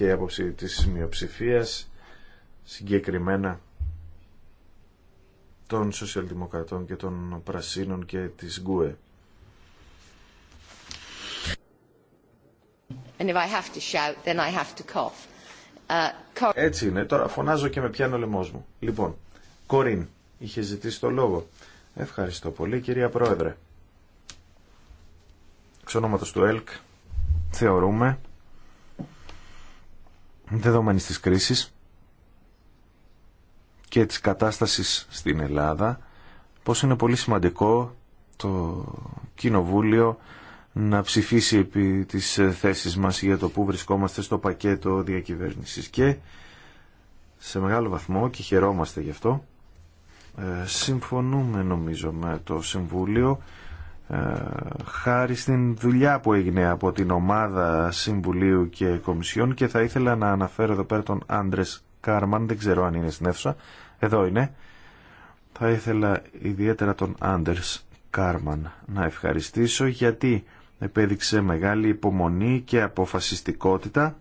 και η άποψη της μειοψηφίας συγκεκριμένα των σοσιαλδημοκρατών και των πρασίνων και της Γκουε. Έτσι είναι. Τώρα φωνάζω και με πιάνω ο μου. Λοιπόν, Κορίν, είχε ζητήσει το λόγο. Ευχαριστώ πολύ κυρία Πρόεδρε. Ξ' του ΕΛΚ θεωρούμε δεδομένης της κρίσης και της κατάστασης στην Ελλάδα πως είναι πολύ σημαντικό το Κοινοβούλιο να ψηφίσει επί της θέσης μας για το που βρισκόμαστε στο πακέτο διακυβέρνησης και σε μεγάλο βαθμό και χαιρόμαστε γι' αυτό ε, συμφωνούμε νομίζω με το Συμβούλιο ε, χάρη στην δουλειά που έγινε από την ομάδα Συμβουλίου και Κομισιόν και θα ήθελα να αναφέρω εδώ πέρα τον Άντρες Κάρμαν, δεν ξέρω αν είναι στην αίθουσα, εδώ είναι. Θα ήθελα ιδιαίτερα τον Άντρες Κάρμαν να ευχαριστήσω γιατί επέδειξε μεγάλη υπομονή και αποφασιστικότητα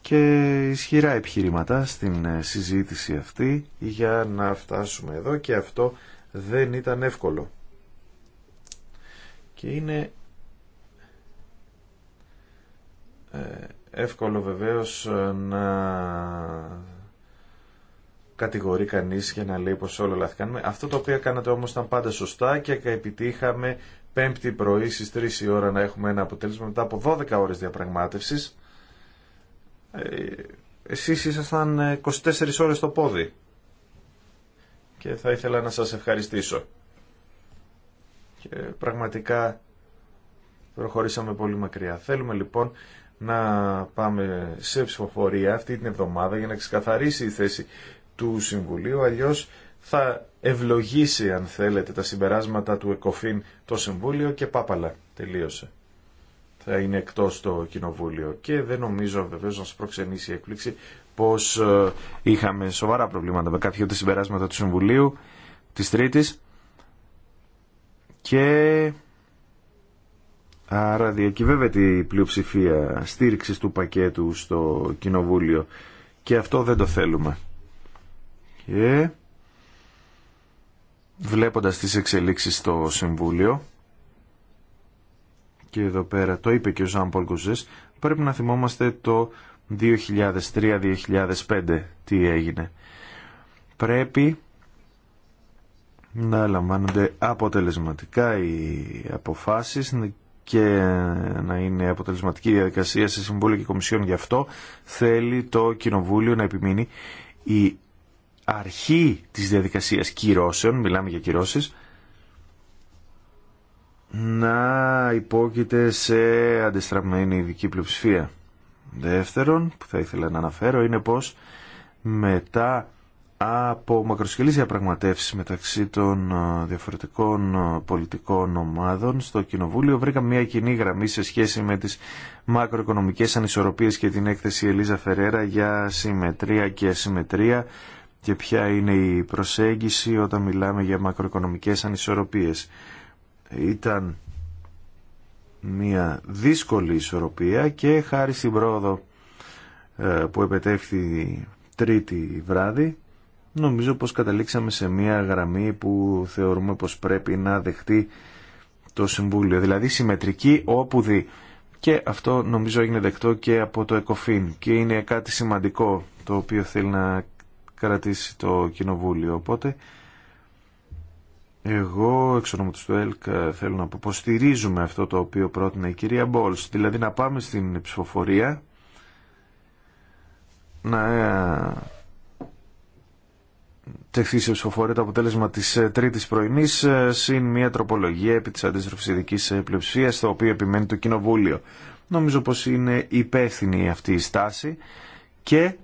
και ισχυρά επιχειρήματα στην ε, συζήτηση αυτή για να φτάσουμε εδώ και αυτό δεν ήταν εύκολο και είναι ε, εύκολο βεβαίως ε, να κατηγορεί κανείς και να λέει πως όλα λάθη Αυτό το οποίο κάνατε όμως ήταν πάντα σωστά και επιτύχαμε πέμπτη πρωί στις 3 η ώρα να έχουμε ένα αποτέλεσμα μετά από 12 ώρες διαπραγμάτευσης. Ε, εσείς ήσασταν 24 ώρες το πόδι και θα ήθελα να σας ευχαριστήσω και πραγματικά προχωρήσαμε πολύ μακριά. Θέλουμε λοιπόν να πάμε σε ψηφοφορία αυτή την εβδομάδα για να ξεκαθαρίσει η θέση του Συμβουλίου, αλλιώς θα ευλογήσει αν θέλετε τα συμπεράσματα του ΕΚΟΦΗΝ το Συμβούλιο και πάπαλα τελείωσε. Θα είναι εκτός το Κοινοβούλιο και δεν νομίζω βεβαίως να σας προξενήσει η έκπληξη πως ε, είχαμε σοβαρά προβλήματα με κάποια από τα συμπεράσματα του Συμβουλίου της Τρίτης και άρα διακυβεύεται η πλειοψηφία στήριξης του πακέτου στο Κοινοβούλιο και αυτό δεν το θέλουμε. Και βλέποντας τις εξελίξεις στο Συμβούλιο και εδώ πέρα το είπε και ο Ζαν Πολκουζές πρέπει να θυμόμαστε το 2003-2005 τι έγινε. Πρέπει να λαμβάνονται αποτελεσματικά οι αποφάσεις και να είναι αποτελεσματική η διαδικασία σε Συμβούλιο και Κομισιόν. Γι' αυτό θέλει το Κοινοβούλιο να επιμείνει η αρχή της διαδικασίας κυρώσεων, μιλάμε για κυρώσεις, να υπόκειται σε αντιστραμμένη ειδική πλειοψηφία. Δεύτερον, που θα ήθελα να αναφέρω, είναι πως μετά από μακροσκελής πραγματεύσεις μεταξύ των ε, διαφορετικών ε, πολιτικών ομάδων στο Κοινοβούλιο βρήκαμε μια κοινή γραμμή σε σχέση με τις μακροοικονομικές ανισορροπίες και την έκθεση Ελίζα Φερέρα για συμμετρία και ασυμμετρία και ποια είναι η προσέγγιση όταν μιλάμε για μακροοικονομικές ανισορροπίες. Ήταν μια δύσκολη ισορροπία και χάρη στην πρόοδο ε, που επετεύχθη τρίτη βράδυ νομίζω πως καταλήξαμε σε μια γραμμή που θεωρούμε πως πρέπει να δεχτεί το Συμβούλιο. Δηλαδή συμμετρική όπου δει. Και αυτό νομίζω έγινε δεκτό και από το ΕΚΟΦΗΝ και είναι κάτι σημαντικό το οποίο θέλει να κρατήσει το Κοινοβούλιο. Οπότε εγώ εξ ονόματος του ΕΛΚ θέλω να πω αυτό το οποίο πρότεινε η κυρία Μπόλς. Δηλαδή να πάμε στην ψηφοφορία να ε, Τεχθεί σε ψηφοφορία το αποτέλεσμα της ε, τρίτης πρωινή ε, συν μια τροπολογία επί της αντίστροφης ειδικής ε, πλειοψηφία, το οποίο επιμένει το Κοινοβούλιο. Νομίζω πω είναι υπεύθυνη αυτή η στάση και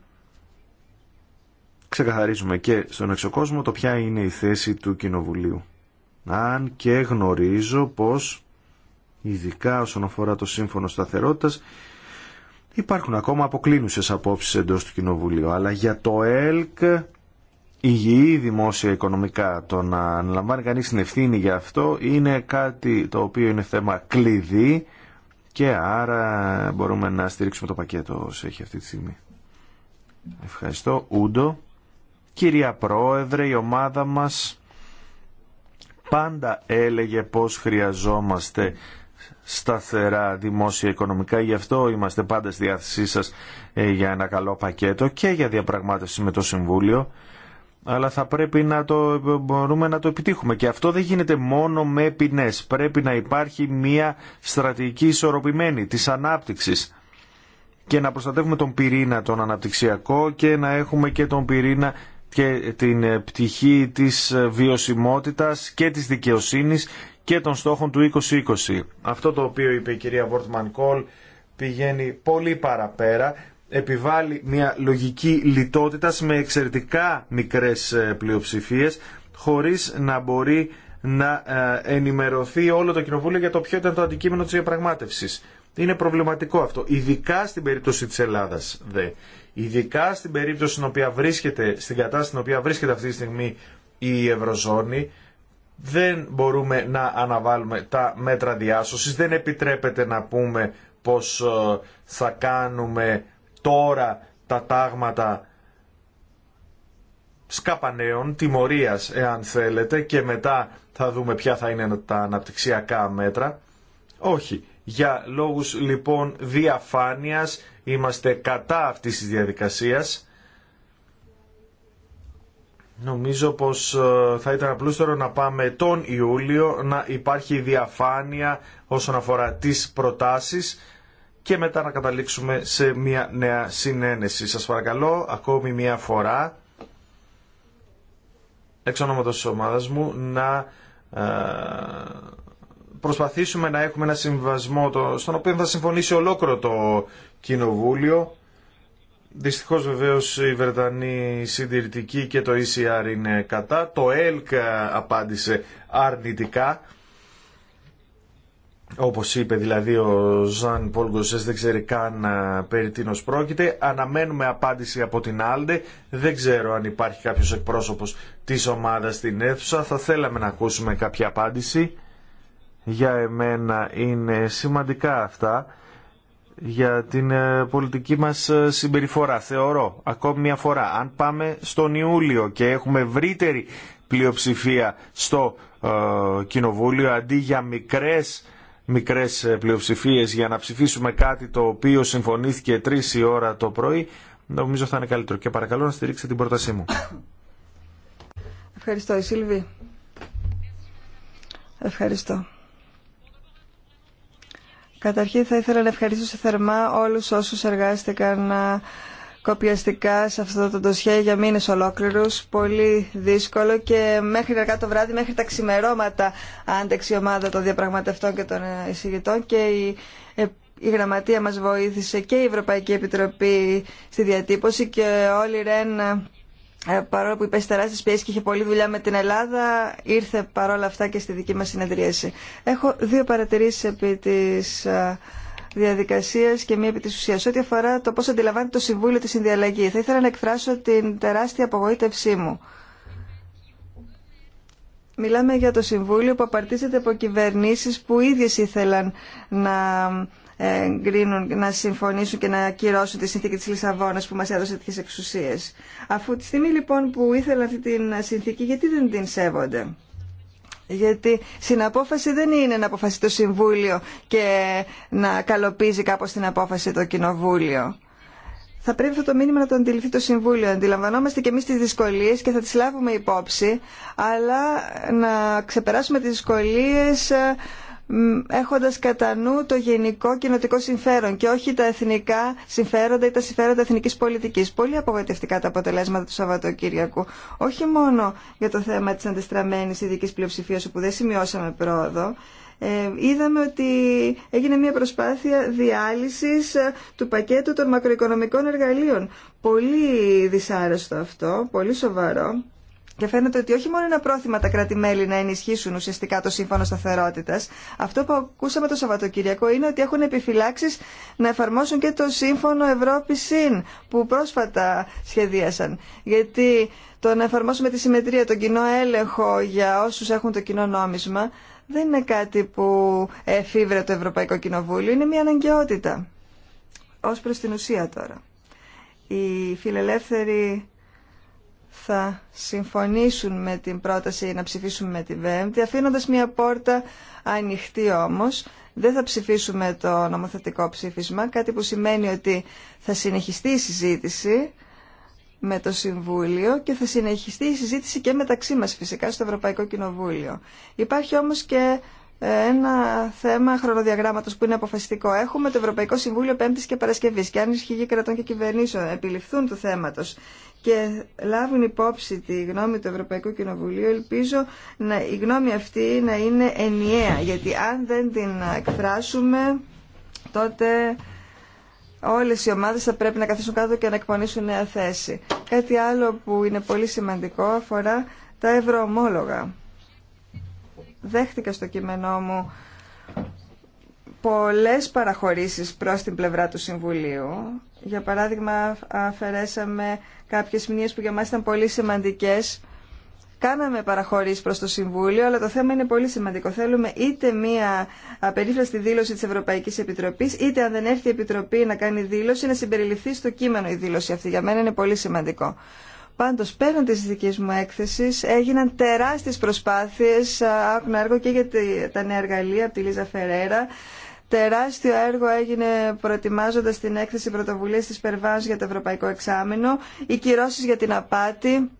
ξεκαθαρίζουμε και στον εξωκόσμο το ποια είναι η θέση του Κοινοβουλίου. Αν και γνωρίζω πως ειδικά όσον αφορά το σύμφωνο σταθερότητας υπάρχουν ακόμα αποκλίνουσες απόψεις εντός του Κοινοβουλίου αλλά για το ΕΛΚ υγιή δημόσια οικονομικά. Το να αναλαμβάνει κανείς την ευθύνη για αυτό είναι κάτι το οποίο είναι θέμα κλειδί και άρα μπορούμε να στηρίξουμε το πακέτο όσο έχει αυτή τη στιγμή. Ευχαριστώ. Ούντο. Κυρία Πρόεδρε, η ομάδα μας πάντα έλεγε πως χρειαζόμαστε σταθερά δημόσια οικονομικά. Γι' αυτό είμαστε πάντα στη διάθεσή σας ε, για ένα καλό πακέτο και για διαπραγμάτευση με το Συμβούλιο αλλά θα πρέπει να το μπορούμε να το επιτύχουμε. Και αυτό δεν γίνεται μόνο με ποινές. Πρέπει να υπάρχει μια στρατηγική ισορροπημένη της ανάπτυξης και να προστατεύουμε τον πυρήνα τον αναπτυξιακό και να έχουμε και τον πυρήνα και την ε, πτυχή της ε, βιωσιμότητας και της δικαιοσύνης και των στόχων του 2020. Αυτό το οποίο είπε η κυρία Βόρτμαν Κόλ πηγαίνει πολύ παραπέρα επιβάλλει μια λογική λιτότητα με εξαιρετικά μικρές ε, πλειοψηφίες χωρίς να μπορεί να ε, ενημερωθεί όλο το κοινοβούλιο για το ποιο ήταν το αντικείμενο της διαπραγμάτευσης. Είναι προβληματικό αυτό, ειδικά στην περίπτωση της Ελλάδας δε. Ειδικά στην περίπτωση στην, οποία βρίσκεται, στην κατάσταση στην οποία βρίσκεται αυτή τη στιγμή η Ευρωζώνη, δεν μπορούμε να αναβάλουμε τα μέτρα διάσωσης, δεν επιτρέπεται να πούμε πως ε, θα κάνουμε τώρα τα τάγματα σκαπανέων, τιμωρίας εάν θέλετε και μετά θα δούμε ποια θα είναι τα αναπτυξιακά μέτρα. Όχι. Για λόγους λοιπόν διαφάνειας είμαστε κατά αυτής της διαδικασίας. Νομίζω πως ε, θα ήταν απλούστερο να πάμε τον Ιούλιο να υπάρχει διαφάνεια όσον αφορά τις προτάσεις και μετά να καταλήξουμε σε μια νέα συνένεση. Σας παρακαλώ ακόμη μια φορά εξ ονόματος της ομάδας μου να ε, προσπαθήσουμε να έχουμε ένα συμβασμό το, στον οποίο θα συμφωνήσει ολόκληρο το Κοινοβούλιο. Δυστυχώς βεβαίως η Βρετανή Συντηρητική και το ECR είναι κατά. Το ΕΛΚ ε, απάντησε αρνητικά. Όπως είπε δηλαδή ο Ζαν Πολγκοσές δεν ξέρει καν περί τίνος πρόκειται. Αναμένουμε απάντηση από την Άλντε. Δεν ξέρω αν υπάρχει κάποιος εκπρόσωπος της ομάδας στην αίθουσα. Θα θέλαμε να ακούσουμε κάποια απάντηση. Για εμένα είναι σημαντικά αυτά για την ε, πολιτική μας ε, συμπεριφορά. Θεωρώ ακόμη μια φορά αν πάμε στον Ιούλιο και έχουμε ευρύτερη πλειοψηφία στο ε, Κοινοβούλιο αντί για μικρές μικρές πλειοψηφίες για να ψηφίσουμε κάτι το οποίο συμφωνήθηκε τρεις η ώρα το πρωί, νομίζω θα είναι καλύτερο. Και παρακαλώ να στηρίξετε την πρότασή μου. Ευχαριστώ, η Σίλβη. Ευχαριστώ. Καταρχήν θα ήθελα να ευχαριστήσω θερμά όλους όσους εργάστηκαν κοπιαστικά σε αυτό το ντοσιέ για μήνες ολόκληρους, πολύ δύσκολο και μέχρι αργά το βράδυ, μέχρι τα ξημερώματα άντεξε η ομάδα των διαπραγματευτών και των εισηγητών και η, ε, η γραμματεία μας βοήθησε και η Ευρωπαϊκή Επιτροπή στη διατύπωση και όλοι ρεν ε, παρόλο που υπέστη τεράστιες πιέσεις και είχε πολλή δουλειά με την Ελλάδα, ήρθε παρόλα αυτά και στη δική μας συνεδρίαση. Έχω δύο παρατηρήσεις επί της ε, διαδικασία και μία επί τη Ό,τι αφορά το πώ αντιλαμβάνεται το Συμβούλιο τη Συνδιαλλαγή, θα ήθελα να εκφράσω την τεράστια απογοήτευσή μου. Μιλάμε για το Συμβούλιο που απαρτίζεται από κυβερνήσει που ίδιε ήθελαν να ε, να συμφωνήσουν και να ακυρώσουν τη συνθήκη της Λισαβόνας που μας έδωσε τέτοιες εξουσίες. Αφού τη στιγμή λοιπόν που ήθελαν αυτή την συνθήκη, γιατί δεν την σέβονται. Γιατί συναπόφαση δεν είναι να αποφασίσει το Συμβούλιο και να καλοπίζει κάπως την απόφαση το Κοινοβούλιο. Θα πρέπει αυτό το μήνυμα να το αντιληφθεί το Συμβούλιο. Αντιλαμβανόμαστε και εμείς τις δυσκολίες και θα τις λάβουμε υπόψη, αλλά να ξεπεράσουμε τις δυσκολίες ε, έχοντας κατά νου το γενικό κοινοτικό συμφέρον και όχι τα εθνικά συμφέροντα ή τα συμφέροντα εθνικής πολιτικής. Πολύ απογοητευτικά τα αποτελέσματα του Σαββατοκύριακου. Όχι μόνο για το θέμα της αντιστραμμένης ειδική πλειοψηφίας όπου δεν σημειώσαμε πρόοδο, ε, είδαμε ότι έγινε μια προσπάθεια διάλυσης ε, του πακέτου των μακροοικονομικών εργαλείων. Πολύ δυσάρεστο αυτό, πολύ σοβαρό και φαίνεται ότι όχι μόνο είναι πρόθυμα τα κράτη-μέλη να ενισχύσουν ουσιαστικά το σύμφωνο σταθερότητα, αυτό που ακούσαμε το Σαββατοκύριακο είναι ότι έχουν επιφυλάξει να εφαρμόσουν και το σύμφωνο Ευρώπη-ΣΥΝ που πρόσφατα σχεδίασαν. Γιατί το να εφαρμόσουμε τη συμμετρία, τον κοινό έλεγχο για όσου έχουν το κοινό νόμισμα, δεν είναι κάτι που εφήβρε το Ευρωπαϊκό Κοινοβούλιο, είναι μια αναγκαιότητα. Ω προ την ουσία τώρα. Οι φιλελεύθεροι θα συμφωνήσουν με την πρόταση να ψηφίσουμε με τη ΒΕΜΤΗ, αφήνοντας μια πόρτα ανοιχτή όμως. Δεν θα ψηφίσουμε το νομοθετικό ψήφισμα, κάτι που σημαίνει ότι θα συνεχιστεί η συζήτηση με το Συμβούλιο και θα συνεχιστεί η συζήτηση και μεταξύ μας φυσικά στο Ευρωπαϊκό Κοινοβούλιο. Υπάρχει όμως και ε, ένα θέμα χρονοδιαγράμματος που είναι αποφασιστικό. Έχουμε το Ευρωπαϊκό Συμβούλιο Πέμπτης και Παρασκευής και αν οι κρατών και κυβερνήσεων επιληφθούν του θέματος και λάβουν υπόψη τη γνώμη του Ευρωπαϊκού Κοινοβουλίου, ελπίζω να, η γνώμη αυτή να είναι ενιαία, γιατί αν δεν την εκφράσουμε, τότε όλες οι ομάδες θα πρέπει να καθίσουν κάτω και να εκπονήσουν νέα θέση. Κάτι άλλο που είναι πολύ σημαντικό αφορά τα ευρωομόλογα. Δέχτηκα στο κείμενό μου πολλές παραχωρήσεις προς την πλευρά του Συμβουλίου. Για παράδειγμα, αφαιρέσαμε κάποιες μνήες που για μας ήταν πολύ σημαντικές. Κάναμε παραχωρήσεις προς το Συμβούλιο, αλλά το θέμα είναι πολύ σημαντικό. Θέλουμε είτε μία απερίφραστη δήλωση της Ευρωπαϊκής Επιτροπής, είτε αν δεν έρθει η Επιτροπή να κάνει δήλωση, να συμπεριληφθεί στο κείμενο η δήλωση αυτή. Για μένα είναι πολύ σημαντικό. Πάντως, πέραν τη δική μου έκθεση, έγιναν τεράστιε προσπάθειε, άκουνα έργο και για τα νέα εργαλεία από τη Λίζα Φερέρα, τεράστιο έργο έγινε προετοιμάζοντα την έκθεση πρωτοβουλίας της Περβάνς για το Ευρωπαϊκό Εξάμεινο, οι κυρώσει για την απάτη,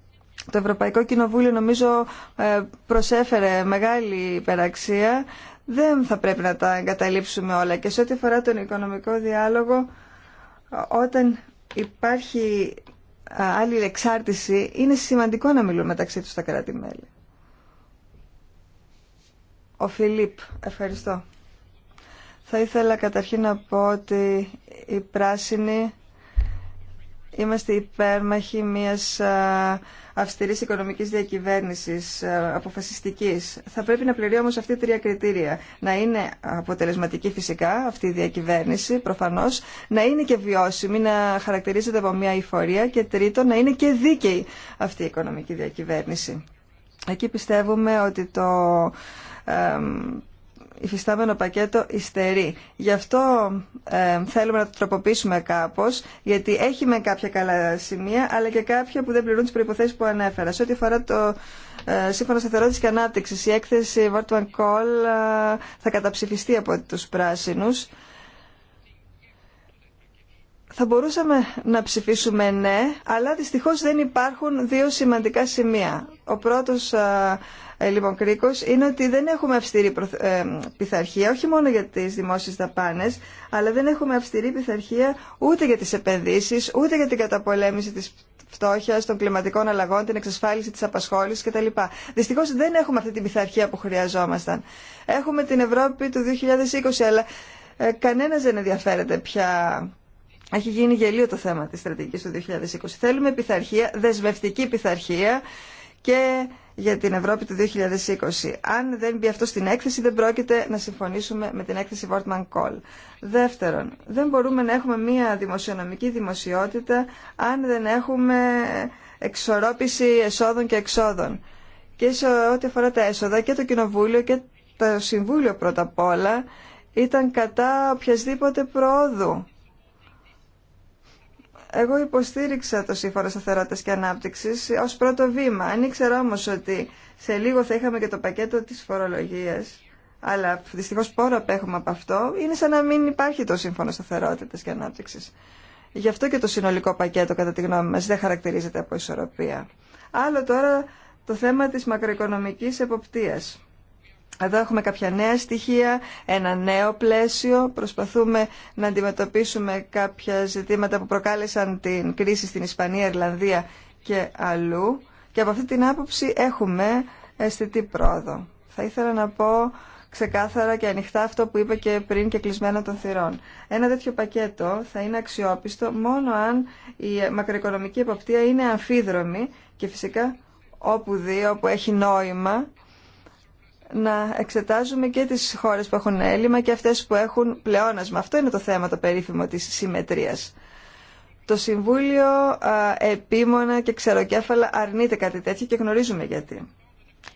το Ευρωπαϊκό Κοινοβούλιο νομίζω ε, προσέφερε μεγάλη υπεραξία. Δεν θα πρέπει να τα εγκαταλείψουμε όλα. Και σε ό,τι αφορά τον οικονομικό διάλογο, όταν υπάρχει ε, άλλη εξάρτηση, είναι σημαντικό να μιλούν μεταξύ τους τα κράτη-μέλη. Ο Φιλίπ, ευχαριστώ. Θα ήθελα καταρχήν να πω ότι οι πράσινοι είμαστε υπέρμαχοι μιας αυστηρής οικονομικής διακυβέρνησης, αποφασιστικής. Θα πρέπει να πληρεί όμως αυτή τρία κριτήρια. Να είναι αποτελεσματική φυσικά αυτή η διακυβέρνηση, προφανώς, να είναι και βιώσιμη, να χαρακτηρίζεται από μια ειφορία και τρίτον, να είναι και δίκαιη αυτή η οικονομική διακυβέρνηση. Εκεί πιστεύουμε ότι το υφιστάμενο πακέτο υστερεί. Γι' αυτό ε, θέλουμε να το τροποποιήσουμε κάπως, γιατί έχει με κάποια καλά σημεία, αλλά και κάποια που δεν πληρούν τις προϋποθέσεις που ανέφερα. Σε ό,τι αφορά το ε, Σύμφωνο Σταθερότητας και Ανάπτυξης, η έκθεση Βόρτμαν Κόλ ε, θα καταψηφιστεί από τους πράσινους. Θα μπορούσαμε να ψηφίσουμε ναι, αλλά δυστυχώς δεν υπάρχουν δύο σημαντικά σημεία. Ο πρώτος ε, λοιπόν κρίκο, είναι ότι δεν έχουμε αυστηρή ε, πειθαρχία όχι μόνο για τι δημόσιε δαπάνε, αλλά δεν έχουμε αυστηρή πειθαρχία ούτε για τι επενδύσει ούτε για την καταπολέμηση τη φτώχεια, των κλιματικών αλλαγών, την εξασφάλιση τη απασχόληση κτλ. Δυστυχώ δεν έχουμε αυτή την πειθαρχία που χρειαζόμασταν. Έχουμε την Ευρώπη του 2020, αλλά ε, κανένα δεν ενδιαφέρεται πια. Έχει γίνει γελίο το θέμα της στρατηγικής του 2020. Θέλουμε πειθαρχία, δεσμευτική πειθαρχία και για την Ευρώπη του 2020. Αν δεν μπει αυτό στην έκθεση, δεν πρόκειται να συμφωνήσουμε με την έκθεση Βόρτμαν Call. Δεύτερον, δεν μπορούμε να έχουμε μία δημοσιονομική δημοσιότητα αν δεν έχουμε εξορόπιση εσόδων και εξόδων. Και σε ό,τι αφορά τα έσοδα και το Κοινοβούλιο και το Συμβούλιο πρώτα απ' όλα ήταν κατά οποιασδήποτε προόδου εγώ υποστήριξα το Σύμφωνο Σταθερότητα και Ανάπτυξη ω πρώτο βήμα. Αν ήξερα όμω ότι σε λίγο θα είχαμε και το πακέτο τη φορολογία, αλλά δυστυχώ πόρο απέχουμε από αυτό, είναι σαν να μην υπάρχει το Σύμφωνο Σταθερότητα και Ανάπτυξη. Γι' αυτό και το συνολικό πακέτο, κατά τη γνώμη μα, δεν χαρακτηρίζεται από ισορροπία. Άλλο τώρα το θέμα τη μακροοικονομική εποπτείας. Εδώ έχουμε κάποια νέα στοιχεία, ένα νέο πλαίσιο. Προσπαθούμε να αντιμετωπίσουμε κάποια ζητήματα που προκάλεσαν την κρίση στην Ισπανία, Ιρλανδία και αλλού. Και από αυτή την άποψη έχουμε αισθητή πρόοδο. Θα ήθελα να πω ξεκάθαρα και ανοιχτά αυτό που είπα και πριν και κλεισμένο των θυρών. Ένα τέτοιο πακέτο θα είναι αξιόπιστο μόνο αν η μακροοικονομική εποπτεία είναι αμφίδρομη και φυσικά όπου δει, όπου έχει νόημα να εξετάζουμε και τις χώρες που έχουν έλλειμμα και αυτές που έχουν πλεόνασμα. Αυτό είναι το θέμα το περίφημο της συμμετρίας. Το Συμβούλιο α, επίμονα και ξεροκέφαλα αρνείται κάτι τέτοιο και γνωρίζουμε γιατί.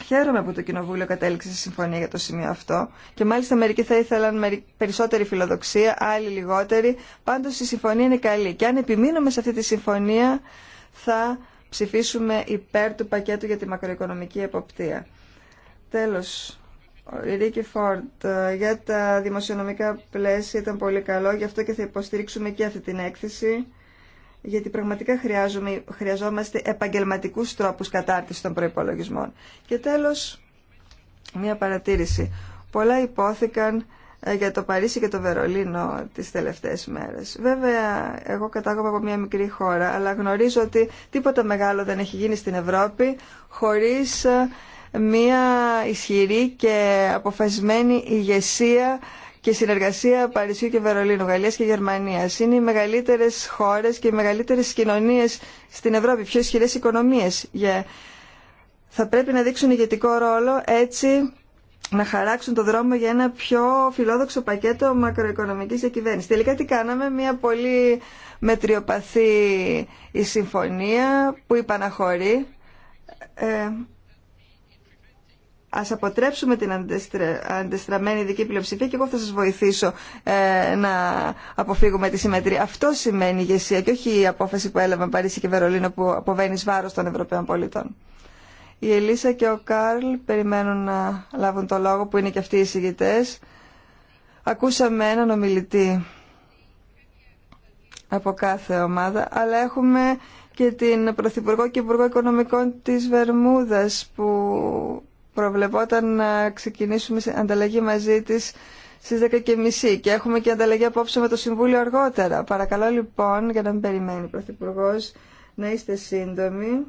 Χαίρομαι που το Κοινοβούλιο κατέληξε σε συμφωνία για το σημείο αυτό και μάλιστα μερικοί θα ήθελαν περισσότερη φιλοδοξία, άλλοι λιγότερη Πάντως η συμφωνία είναι καλή και αν επιμείνουμε σε αυτή τη συμφωνία θα ψηφίσουμε υπέρ του πακέτου για τη μακροοικονομική εποπτεία. Τέλος, η Ρίκη Φόρντ ε, για τα δημοσιονομικά πλαίσια ήταν πολύ καλό, γι' αυτό και θα υποστηρίξουμε και αυτή την έκθεση, γιατί πραγματικά χρειαζόμαστε επαγγελματικούς τρόπους κατάρτισης των προϋπολογισμών. Και τέλος, μία παρατήρηση. Πολλά υπόθηκαν ε, για το Παρίσι και το Βερολίνο τις τελευταίες μέρες. Βέβαια, εγώ κατάγομαι από μια μικρή χώρα, αλλά γνωρίζω ότι τίποτα μεγάλο δεν έχει γίνει στην Ευρώπη χωρίς ε, μια ισχυρή και αποφασισμένη ηγεσία και συνεργασία Παρισιού και Βερολίνου, Γαλλίας και Γερμανίας. Είναι οι μεγαλύτερες χώρες και οι μεγαλύτερες κοινωνίες στην Ευρώπη, πιο ισχυρέ οικονομίες. Yeah. Θα πρέπει να δείξουν ηγετικό ρόλο έτσι να χαράξουν το δρόμο για ένα πιο φιλόδοξο πακέτο μακροοικονομικής διακυβέρνησης. Τελικά τι κάναμε, μια πολύ μετριοπαθή η συμφωνία που υπαναχωρεί. Ε, ας αποτρέψουμε την αντεστραμμένη ειδική πλειοψηφία και εγώ θα σας βοηθήσω ε, να αποφύγουμε τη συμμετρία. Αυτό σημαίνει ηγεσία και όχι η απόφαση που έλαβαν Παρίσι και Βερολίνο που αποβαίνει σβάρος των Ευρωπαίων πολιτών. Η Ελίσσα και ο Κάρλ περιμένουν να λάβουν το λόγο που είναι και αυτοί οι συγγητές. Ακούσαμε έναν ομιλητή από κάθε ομάδα, αλλά έχουμε και την Πρωθυπουργό και Υπουργό Οικονομικών της Βερμούδας που προβλεπόταν να ξεκινήσουμε ανταλλαγή μαζί της στις 10.30 και έχουμε και ανταλλαγή απόψε με το Συμβούλιο αργότερα. Παρακαλώ λοιπόν, για να μην περιμένει ο Πρωθυπουργό, να είστε σύντομοι.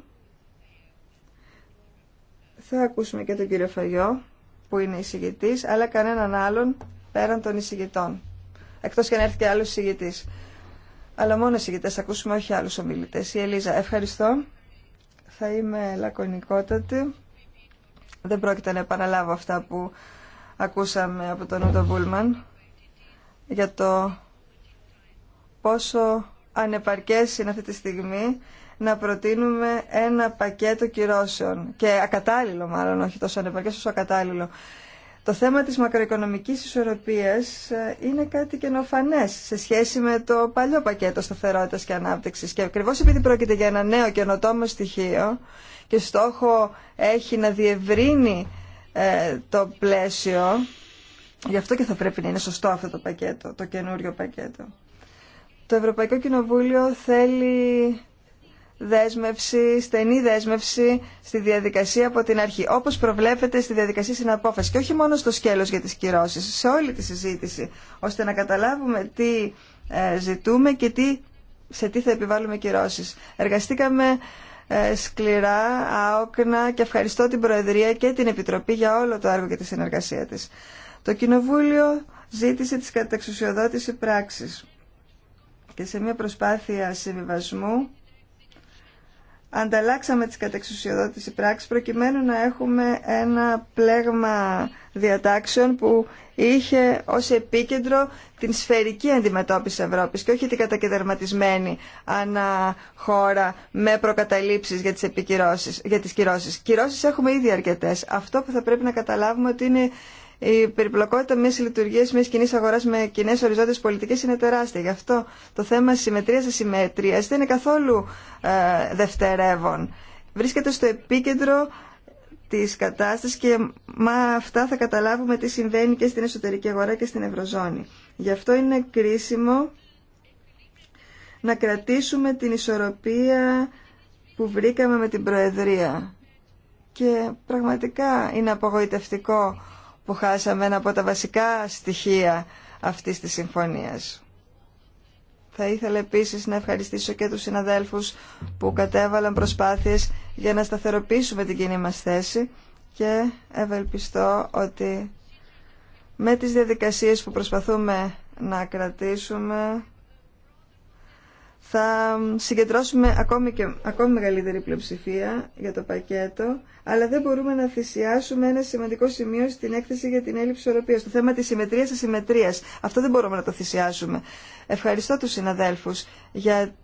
Θα ακούσουμε και τον κύριο Φαγιό, που είναι εισηγητή, αλλά κανέναν άλλον πέραν των εισηγητών. Εκτό και να έρθει και άλλο εισηγητή. Αλλά μόνο θα ακούσουμε όχι άλλου ομιλητέ. Η Ελίζα, ευχαριστώ. Θα είμαι λακωνικότατη. Δεν πρόκειται να επαναλάβω αυτά που ακούσαμε από τον Ούτο Βούλμαν για το πόσο ανεπαρκές είναι αυτή τη στιγμή να προτείνουμε ένα πακέτο κυρώσεων και ακατάλληλο μάλλον, όχι τόσο ανεπαρκές όσο ακατάλληλο. Το θέμα της μακροοικονομικής ισορροπίας ε, είναι κάτι καινοφανές σε σχέση με το παλιό πακέτο σταθερότητας και ανάπτυξης. Και ακριβώ επειδή πρόκειται για ένα νέο καινοτόμο στοιχείο και στόχο έχει να διευρύνει ε, το πλαίσιο, γι' αυτό και θα πρέπει να είναι σωστό αυτό το πακέτο, το καινούριο πακέτο. Το Ευρωπαϊκό Κοινοβούλιο θέλει δέσμευση, στενή δέσμευση στη διαδικασία από την αρχή, όπως προβλέπεται στη διαδικασία συναπόφαση και όχι μόνο στο σκέλος για τις κυρώσει, σε όλη τη συζήτηση, ώστε να καταλάβουμε τι ε, ζητούμε και τι, σε τι θα επιβάλλουμε κυρώσει. Εργαστήκαμε ε, σκληρά, άοκνα και ευχαριστώ την Προεδρία και την Επιτροπή για όλο το έργο και τη συνεργασία τη. Το Κοινοβούλιο ζήτησε τη καταξουσιοδότηση πράξη και σε μια προσπάθεια συμβιβασμού ανταλλάξαμε τις κατεξουσιοδότηση πράξη προκειμένου να έχουμε ένα πλέγμα διατάξεων που είχε ως επίκεντρο την σφαιρική αντιμετώπιση Ευρώπης και όχι την κατακεδερματισμένη ανά χώρα με προκαταλήψεις για τις, για τις κυρώσεις. Κυρώσεις έχουμε ήδη αρκετές. Αυτό που θα πρέπει να καταλάβουμε ότι είναι η περιπλοκότητα μια λειτουργία μια κοινή αγορά με κοινέ οριζόντιε πολιτικέ είναι τεράστια. Γι' αυτό το θέμα συμμετρία δεν είναι καθόλου ε, δευτερεύον. Βρίσκεται στο επίκεντρο τη κατάσταση και μα αυτά θα καταλάβουμε τι συμβαίνει και στην εσωτερική αγορά και στην Ευρωζώνη. Γι' αυτό είναι κρίσιμο να κρατήσουμε την ισορροπία που βρήκαμε με την Προεδρία. Και πραγματικά είναι απογοητευτικό που χάσαμε ένα από τα βασικά στοιχεία αυτής της συμφωνίας. Θα ήθελα επίσης να ευχαριστήσω και τους συναδέλφους που κατέβαλαν προσπάθειες για να σταθεροποιήσουμε την κοινή μας θέση και ευελπιστώ ότι με τις διαδικασίες που προσπαθούμε να κρατήσουμε θα συγκεντρώσουμε ακόμη, και, ακόμη μεγαλύτερη πλειοψηφία για το πακέτο, αλλά δεν μπορούμε να θυσιάσουμε ένα σημαντικό σημείο στην έκθεση για την έλλειψη ισορροπίας, το θέμα της συμμετρίας συμμετρίας Αυτό δεν μπορούμε να το θυσιάσουμε. Ευχαριστώ τους συναδέλφους για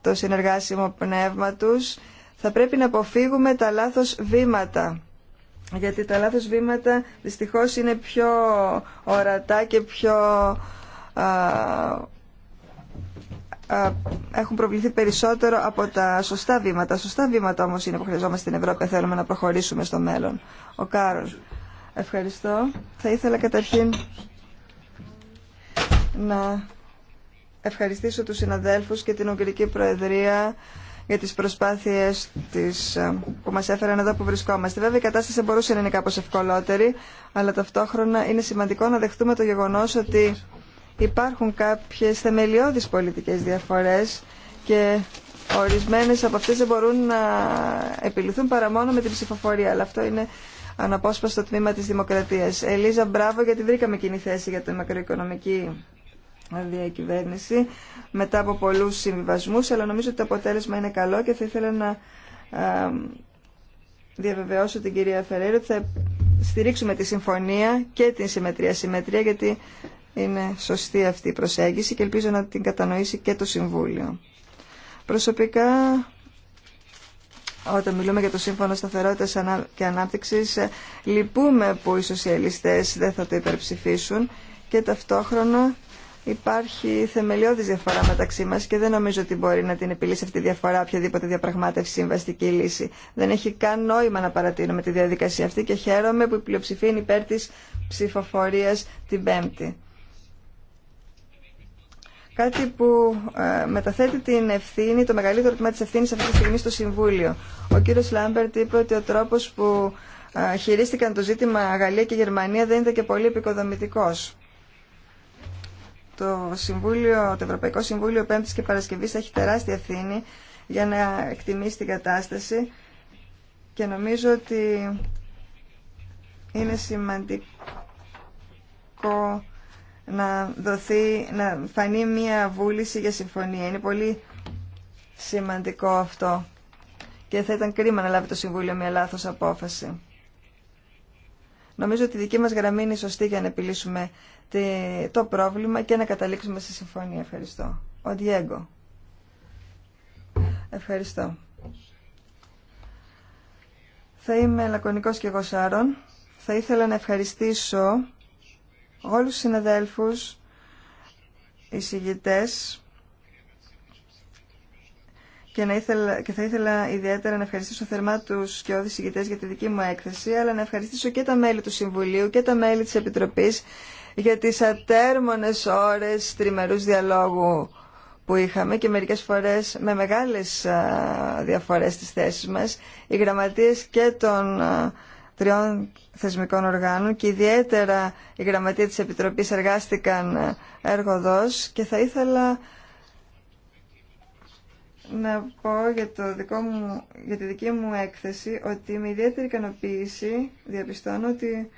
το συνεργάσιμο πνεύμα τους. Θα πρέπει να αποφύγουμε τα λάθος βήματα. Γιατί τα λάθος βήματα δυστυχώς είναι πιο ορατά και πιο α, ε, έχουν προβληθεί περισσότερο από τα σωστά βήματα. Σωστά βήματα όμως είναι που χρειαζόμαστε στην Ευρώπη, θέλουμε να προχωρήσουμε στο μέλλον. Ο Κάρολ. Ευχαριστώ. Θα ήθελα καταρχήν να ευχαριστήσω τους συναδέλφους και την Ουγγρική Προεδρία για τις προσπάθειες ε, που μας έφεραν εδώ που βρισκόμαστε. Βέβαια η κατάσταση μπορούσε να είναι κάπως ευκολότερη, αλλά ταυτόχρονα είναι σημαντικό να δεχτούμε το γεγονός ότι υπάρχουν κάποιες θεμελιώδεις πολιτικές διαφορές και ορισμένες από αυτές δεν μπορούν να επιληθούν παρά μόνο με την ψηφοφορία. Αλλά αυτό είναι αναπόσπαστο τμήμα της δημοκρατίας. Ελίζα, μπράβο γιατί βρήκαμε κοινή θέση για τη μακροοικονομική διακυβέρνηση μετά από πολλούς συμβιβασμούς, αλλά νομίζω ότι το αποτέλεσμα είναι καλό και θα ήθελα να διαβεβαιώσω την κυρία Φεραίρη ότι θα στηρίξουμε τη συμφωνία και την συμμετρία-συμμετρία γιατί είναι σωστή αυτή η προσέγγιση και ελπίζω να την κατανοήσει και το Συμβούλιο. Προσωπικά, όταν μιλούμε για το Σύμφωνο Σταθερότητας και Ανάπτυξης, ε, λυπούμε που οι σοσιαλιστές δεν θα το υπερψηφίσουν και ταυτόχρονα υπάρχει θεμελιώδης διαφορά μεταξύ μας και δεν νομίζω ότι μπορεί να την επιλύσει αυτή τη διαφορά οποιαδήποτε διαπραγμάτευση συμβαστική λύση. Δεν έχει καν νόημα να παρατείνουμε τη διαδικασία αυτή και χαίρομαι που η πλειοψηφία είναι υπέρ της ψηφοφορίας την Πέμπτη. Κάτι που ε, μεταθέτει την ευθύνη, το μεγαλύτερο τμήμα τη ευθύνη αυτή τη στιγμή στο Συμβούλιο. Ο κύριος Λάμπερτ είπε ότι ο τρόπος που ε, χειρίστηκαν το ζήτημα Γαλλία και Γερμανία δεν ήταν και πολύ επικοδομητικό. Το, Συμβούλιο, το Ευρωπαϊκό Συμβούλιο Πέμπτη και Παρασκευής έχει τεράστια ευθύνη για να εκτιμήσει την κατάσταση και νομίζω ότι είναι σημαντικό να δοθεί, να φανεί μία βούληση για συμφωνία. Είναι πολύ σημαντικό αυτό και θα ήταν κρίμα να λάβει το Συμβούλιο μια λάθος απόφαση. Νομίζω ότι η δική μας γραμμή είναι σωστή για να επιλύσουμε το πρόβλημα και να καταλήξουμε σε συμφωνία. Ευχαριστώ. Ο Διέγκο. Ευχαριστώ. Θα είμαι λακωνικός και εγώ Σάρων. Θα ήθελα να ευχαριστήσω όλους τους συναδέλφους οι και, και θα ήθελα ιδιαίτερα να ευχαριστήσω θερμά τους και ηγητές για τη δική μου έκθεση, αλλά να ευχαριστήσω και τα μέλη του Συμβουλίου και τα μέλη της Επιτροπής για τις ατέρμονες ώρες τριμερούς διαλόγου που είχαμε και μερικές φορές με μεγάλες διαφορές στις θέσεις μας. Οι γραμματείες και των τριών θεσμικών οργάνων και ιδιαίτερα η γραμματεία της Επιτροπής εργάστηκαν εργοδός και θα ήθελα να πω για, το δικό μου, για τη δική μου έκθεση ότι με ιδιαίτερη ικανοποίηση διαπιστώνω ότι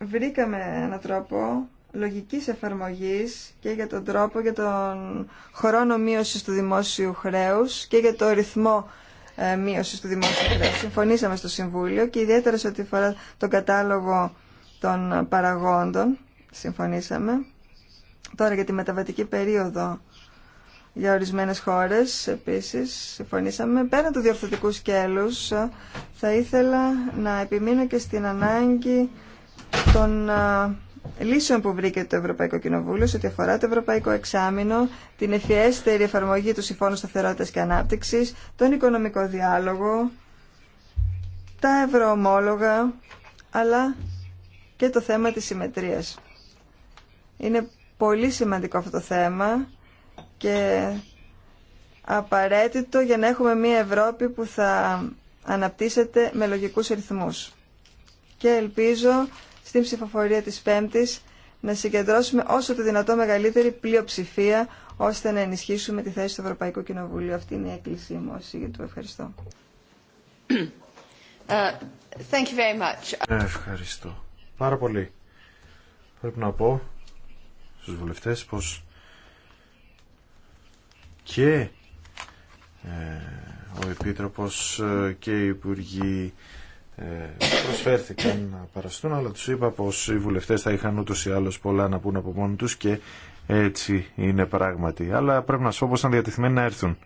βρήκαμε έναν τρόπο λογικής εφαρμογής και για τον τρόπο, για τον χρόνο μείωση του δημόσιου χρέους και για το ρυθμό ε, μείωση του δημόσιου χρέου. Συμφωνήσαμε στο Συμβούλιο και ιδιαίτερα σε ό,τι αφορά τον κατάλογο των παραγόντων. Συμφωνήσαμε. Τώρα για τη μεταβατική περίοδο για ορισμένες χώρες επίσης συμφωνήσαμε. Πέραν του διορθωτικού σκέλους θα ήθελα να επιμείνω και στην ανάγκη των ε, λύσεων που βρήκε το Ευρωπαϊκό Κοινοβούλιο σε ό,τι αφορά το Ευρωπαϊκό Εξάμεινο, την ευφιέστερη εφαρμογή του Συμφώνου σταθερότητα και ανάπτυξη, τον οικονομικό διάλογο, τα ευρωομόλογα, αλλά και το θέμα της συμμετρίας. Είναι πολύ σημαντικό αυτό το θέμα και απαραίτητο για να έχουμε μια Ευρώπη που θα αναπτύσσεται με λογικούς ρυθμούς. Και ελπίζω στην ψηφοφορία της Πέμπτης να συγκεντρώσουμε όσο το δυνατό μεγαλύτερη πλειοψηφία ώστε να ενισχύσουμε τη θέση του Ευρωπαϊκού Κοινοβουλίου. Αυτή είναι η έκκλησή μου Ευχαριστώ. Ε, thank you very much. Ευχαριστώ. Πάρα πολύ. Πρέπει να πω στους βουλευτές πως και ε, ο Επίτροπος ε, και οι Υπουργοί ε, προσφέρθηκαν να παραστούν αλλά τους είπα πως οι βουλευτές θα είχαν ούτως ή άλλως πολλά να πούν από μόνοι τους και έτσι είναι πράγματι αλλά πρέπει να σου πω πως ήταν διατεθειμένοι να έρθουν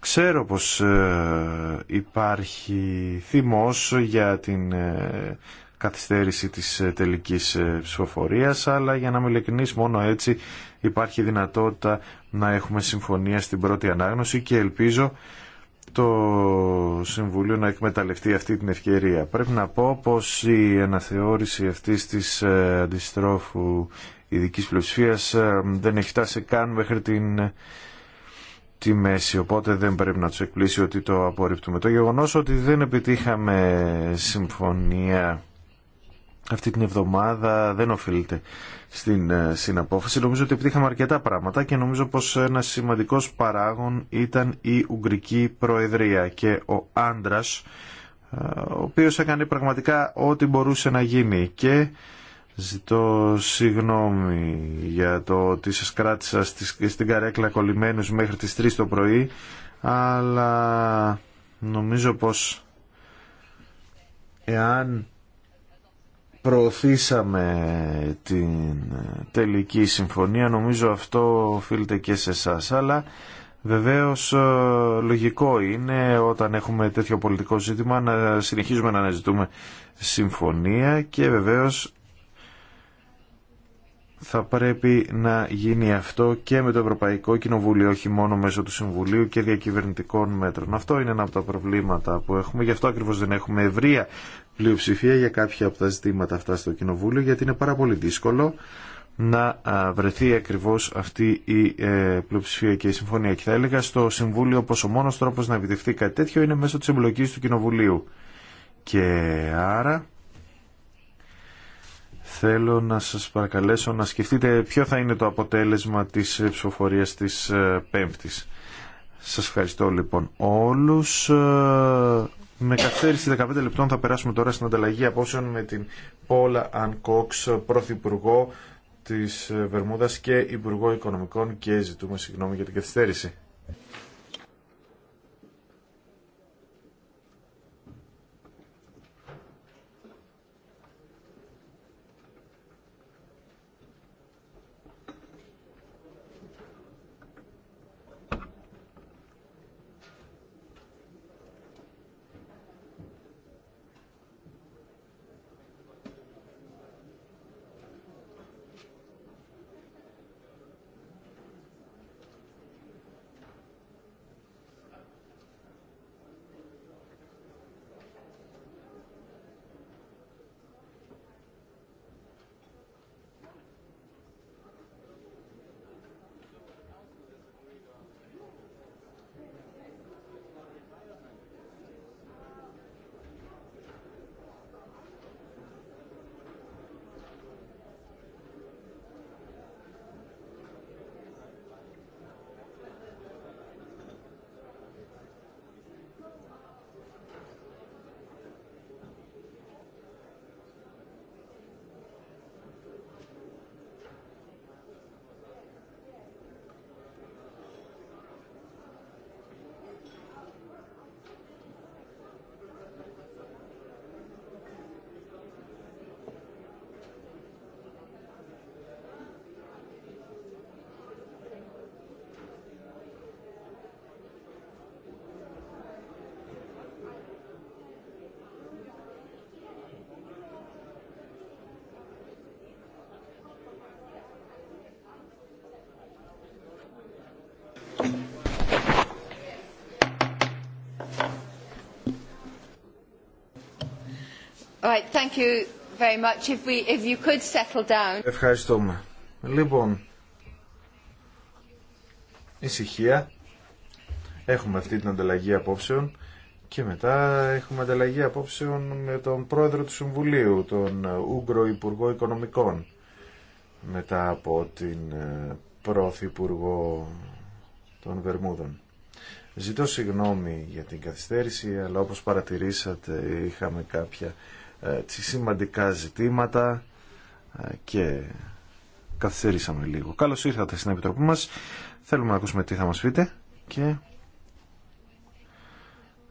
ξέρω πως ε, υπάρχει θυμός για την ε, καθυστέρηση της τελικής ψηφοφορίας αλλά για να είμαι μόνο έτσι υπάρχει δυνατότητα να έχουμε συμφωνία στην πρώτη ανάγνωση και ελπίζω το Συμβουλίο να εκμεταλλευτεί αυτή την ευκαιρία. Πρέπει να πω πως η αναθεώρηση αυτής της ε, αντιστρόφου ειδικής πλειοψηφίας ε, δεν έχει φτάσει καν μέχρι την τη μέση, οπότε δεν πρέπει να τους εκπλήσει ότι το απορρίπτουμε. Το γεγονός ότι δεν επιτύχαμε συμφωνία αυτή την εβδομάδα δεν οφείλεται στην ε, συναπόφαση. Νομίζω ότι επιτύχαμε αρκετά πράγματα και νομίζω πως ένα σημαντικός παράγον ήταν η Ουγγρική Προεδρία και ο άντρα, ε, ο οποίος έκανε πραγματικά ό,τι μπορούσε να γίνει και Ζητώ συγγνώμη για το ότι σα κράτησα στην καρέκλα κολλημένους μέχρι τις 3 το πρωί, αλλά νομίζω πως εάν προωθήσαμε την τελική συμφωνία. Νομίζω αυτό οφείλεται και σε εσά. Αλλά βεβαίως ε, λογικό είναι όταν έχουμε τέτοιο πολιτικό ζήτημα να συνεχίζουμε να αναζητούμε συμφωνία και βεβαίως θα πρέπει να γίνει αυτό και με το Ευρωπαϊκό Κοινοβούλιο, όχι μόνο μέσω του Συμβουλίου και διακυβερνητικών μέτρων. Αυτό είναι ένα από τα προβλήματα που έχουμε, γι' αυτό ακριβώς δεν έχουμε ευρεία πλειοψηφία για κάποια από τα ζητήματα αυτά στο Κοινοβούλιο γιατί είναι πάρα πολύ δύσκολο να βρεθεί ακριβώς αυτή η ε, πλειοψηφία και η συμφωνία. Και θα έλεγα στο Συμβούλιο πως ο μόνος τρόπος να επιτευχθεί κάτι τέτοιο είναι μέσω της εμπλοκής του Κοινοβουλίου. Και άρα θέλω να σας παρακαλέσω να σκεφτείτε ποιο θα είναι το αποτέλεσμα της ψηφοφορία της ε, Πέμπτης. Σας ευχαριστώ λοιπόν όλους. Ε, με καθυστέρηση 15 λεπτών θα περάσουμε τώρα στην ανταλλαγή απόψεων με την Πόλα Ανκόξ, Πρωθυπουργό της Βερμούδας και Υπουργό Οικονομικών και ζητούμε συγγνώμη για την καθυστέρηση. Right, Ευχαριστούμε. Λοιπόν, ησυχία. Έχουμε αυτή την ανταλλαγή απόψεων και μετά έχουμε ανταλλαγή απόψεων με τον πρόεδρο του Συμβουλίου, τον ε, Ούγκρο Υπουργό Οικονομικών, μετά από την ε, Πρωθυπουργό των Βερμούδων. Ζητώ συγγνώμη για την καθυστέρηση, αλλά όπως παρατηρήσατε είχαμε κάποια ε, σημαντικά ζητήματα ε, και καθυστερήσαμε λίγο. Καλώς ήρθατε στην Επιτροπή μας. Θέλουμε να ακούσουμε τι θα μας πείτε και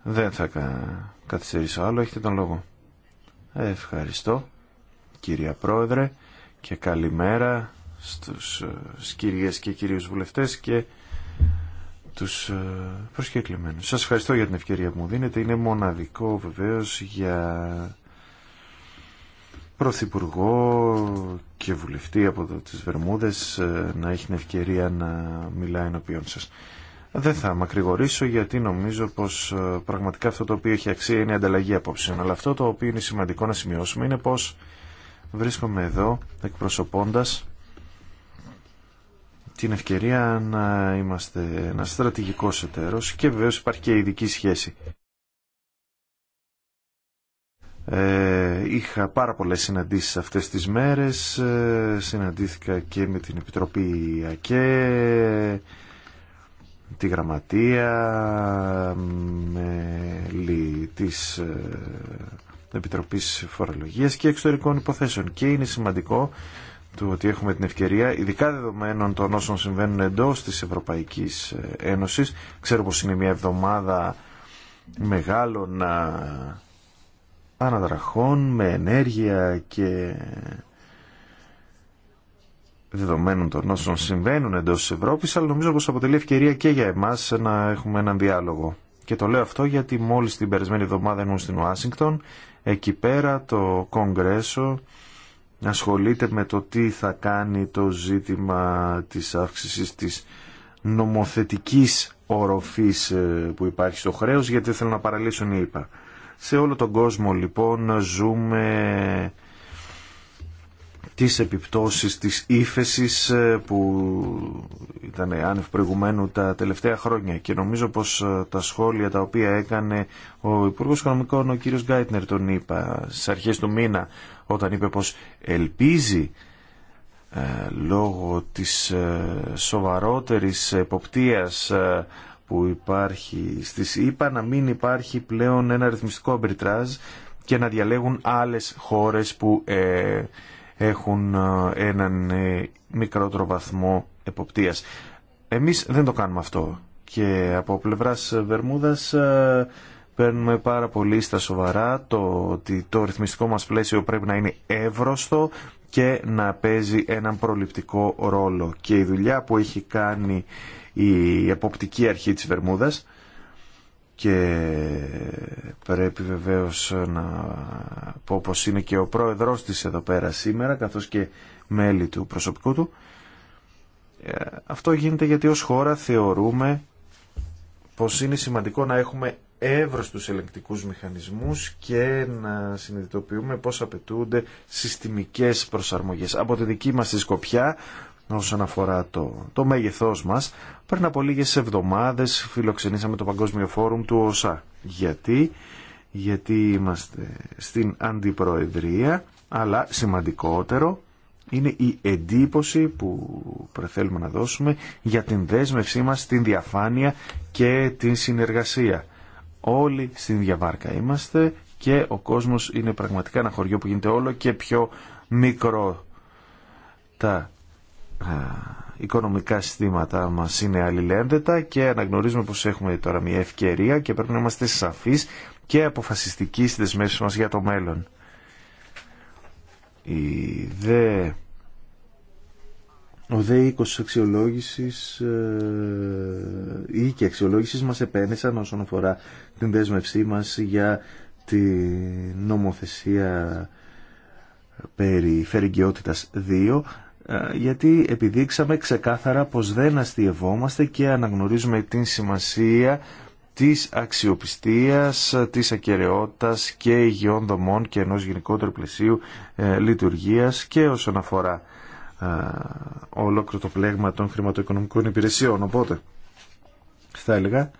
δεν θα καθυστερήσω άλλο. Έχετε τον λόγο. Ευχαριστώ κυρία Πρόεδρε και καλημέρα στους ε, κυρίες και κυρίους βουλευτές και τους προσκεκλημένους. Σας ευχαριστώ για την ευκαιρία που μου δίνετε. Είναι μοναδικό βεβαίως για Πρωθυπουργό και βουλευτή από το, τις Βερμούδες ε, να έχει την ευκαιρία να μιλάει ενώπιον σας. Δεν θα μακρηγορήσω γιατί νομίζω πως ε, πραγματικά αυτό το οποίο έχει αξία είναι η ανταλλαγή απόψεων. Αλλά αυτό το οποίο είναι σημαντικό να σημειώσουμε είναι πως βρίσκομαι εδώ εκπροσωπώντας την ευκαιρία να είμαστε ένα στρατηγικός εταίρος και βεβαίως υπάρχει και ειδική σχέση ε, είχα πάρα πολλές συναντήσεις αυτές τις μέρες. Ε, συναντήθηκα και με την Επιτροπή ΑΚΕ, τη Γραμματεία, με της ε, Επιτροπής Φορολογίας και Εξωτερικών Υποθέσεων. Και είναι σημαντικό το ότι έχουμε την ευκαιρία, ειδικά δεδομένων των όσων συμβαίνουν εντός της Ευρωπαϊκής Ένωσης. Ξέρω πως είναι μια εβδομάδα μεγάλων αναδραχών με ενέργεια και δεδομένων των όσων συμβαίνουν εντός της Ευρώπης, αλλά νομίζω πως αποτελεί ευκαιρία και για εμάς να έχουμε έναν διάλογο. Και το λέω αυτό γιατί μόλις την περασμένη εβδομάδα ήμουν στην Ουάσιγκτον, εκεί πέρα το Κογκρέσο ασχολείται με το τι θα κάνει το ζήτημα της αύξησης της νομοθετικής οροφής ε, που υπάρχει στο χρέος, γιατί θέλουν να παραλύσουν οι ΙΠΑ. Σε όλο τον κόσμο λοιπόν ζούμε τις επιπτώσεις της ύφεσης ε, που ήταν άνευ προηγουμένου τα τελευταία χρόνια και νομίζω πως ε, τα σχόλια τα οποία έκανε ο Υπουργός Οικονομικών ο κύριος Γκάιτνερ τον είπα στις αρχές του μήνα όταν είπε πως ελπίζει ε, λόγω της σοβαρότερης εποπτείας που υπάρχει στις ΗΠΑ να μην υπάρχει πλέον ένα ρυθμιστικό αμπριτράζ και να διαλέγουν άλλες χώρες που ε, έχουν ε, έναν ε, μικρότερο βαθμό εποπτείας. Εμείς δεν το κάνουμε αυτό και από πλευράς Βερμούδας παίρνουμε πάρα πολύ στα σοβαρά το ότι το ρυθμιστικό μας πλαίσιο πρέπει να είναι εύρωστο και να παίζει έναν προληπτικό ρόλο. Και η δουλειά που έχει κάνει η εποπτική αρχή της Βερμούδας και πρέπει βεβαίως να πω πως είναι και ο πρόεδρος της εδώ πέρα σήμερα καθώς και μέλη του προσωπικού του. Ε, αυτό γίνεται γιατί ως χώρα θεωρούμε πως είναι σημαντικό να έχουμε εύρος τους ελεγκτικούς μηχανισμούς και να συνειδητοποιούμε πως απαιτούνται συστημικές προσαρμογές. Από τη δική μας τη σκοπιά όσον αφορά το, το μέγεθός μας. Πριν από λίγες εβδομάδες φιλοξενήσαμε το Παγκόσμιο Φόρουμ του ΟΣΑ. Γιατί, γιατί είμαστε στην αντιπροεδρία, αλλά σημαντικότερο είναι η εντύπωση που θέλουμε να δώσουμε για την δέσμευσή μας, την διαφάνεια και την συνεργασία. Όλοι στην διαβάρκα είμαστε και ο κόσμος είναι πραγματικά ένα χωριό που γίνεται όλο και πιο μικρό. Τα οικονομικά συστήματα μας είναι αλληλένδετα και αναγνωρίζουμε πως έχουμε τώρα μια ευκαιρία και πρέπει να είμαστε σαφείς και αποφασιστικοί στις δεσμεύσεις μας για το μέλλον. Η δε... Ο δε οίκος ή και ε, αξιολόγησης μας επένεσαν όσον αφορά την δέσμευσή μας για τη νομοθεσία περί φερικιότητας 2 ε, γιατί επιδείξαμε ξεκάθαρα πως δεν αστειευόμαστε και αναγνωρίζουμε την σημασία της αξιοπιστίας, της ακαιρεότητας και υγιών δομών και ενός γενικότερου πλαισίου ε, λειτουργίας και όσον αφορά ε, ολόκληρο το πλέγμα των χρηματοοικονομικών υπηρεσιών. Οπότε, θα έλεγα,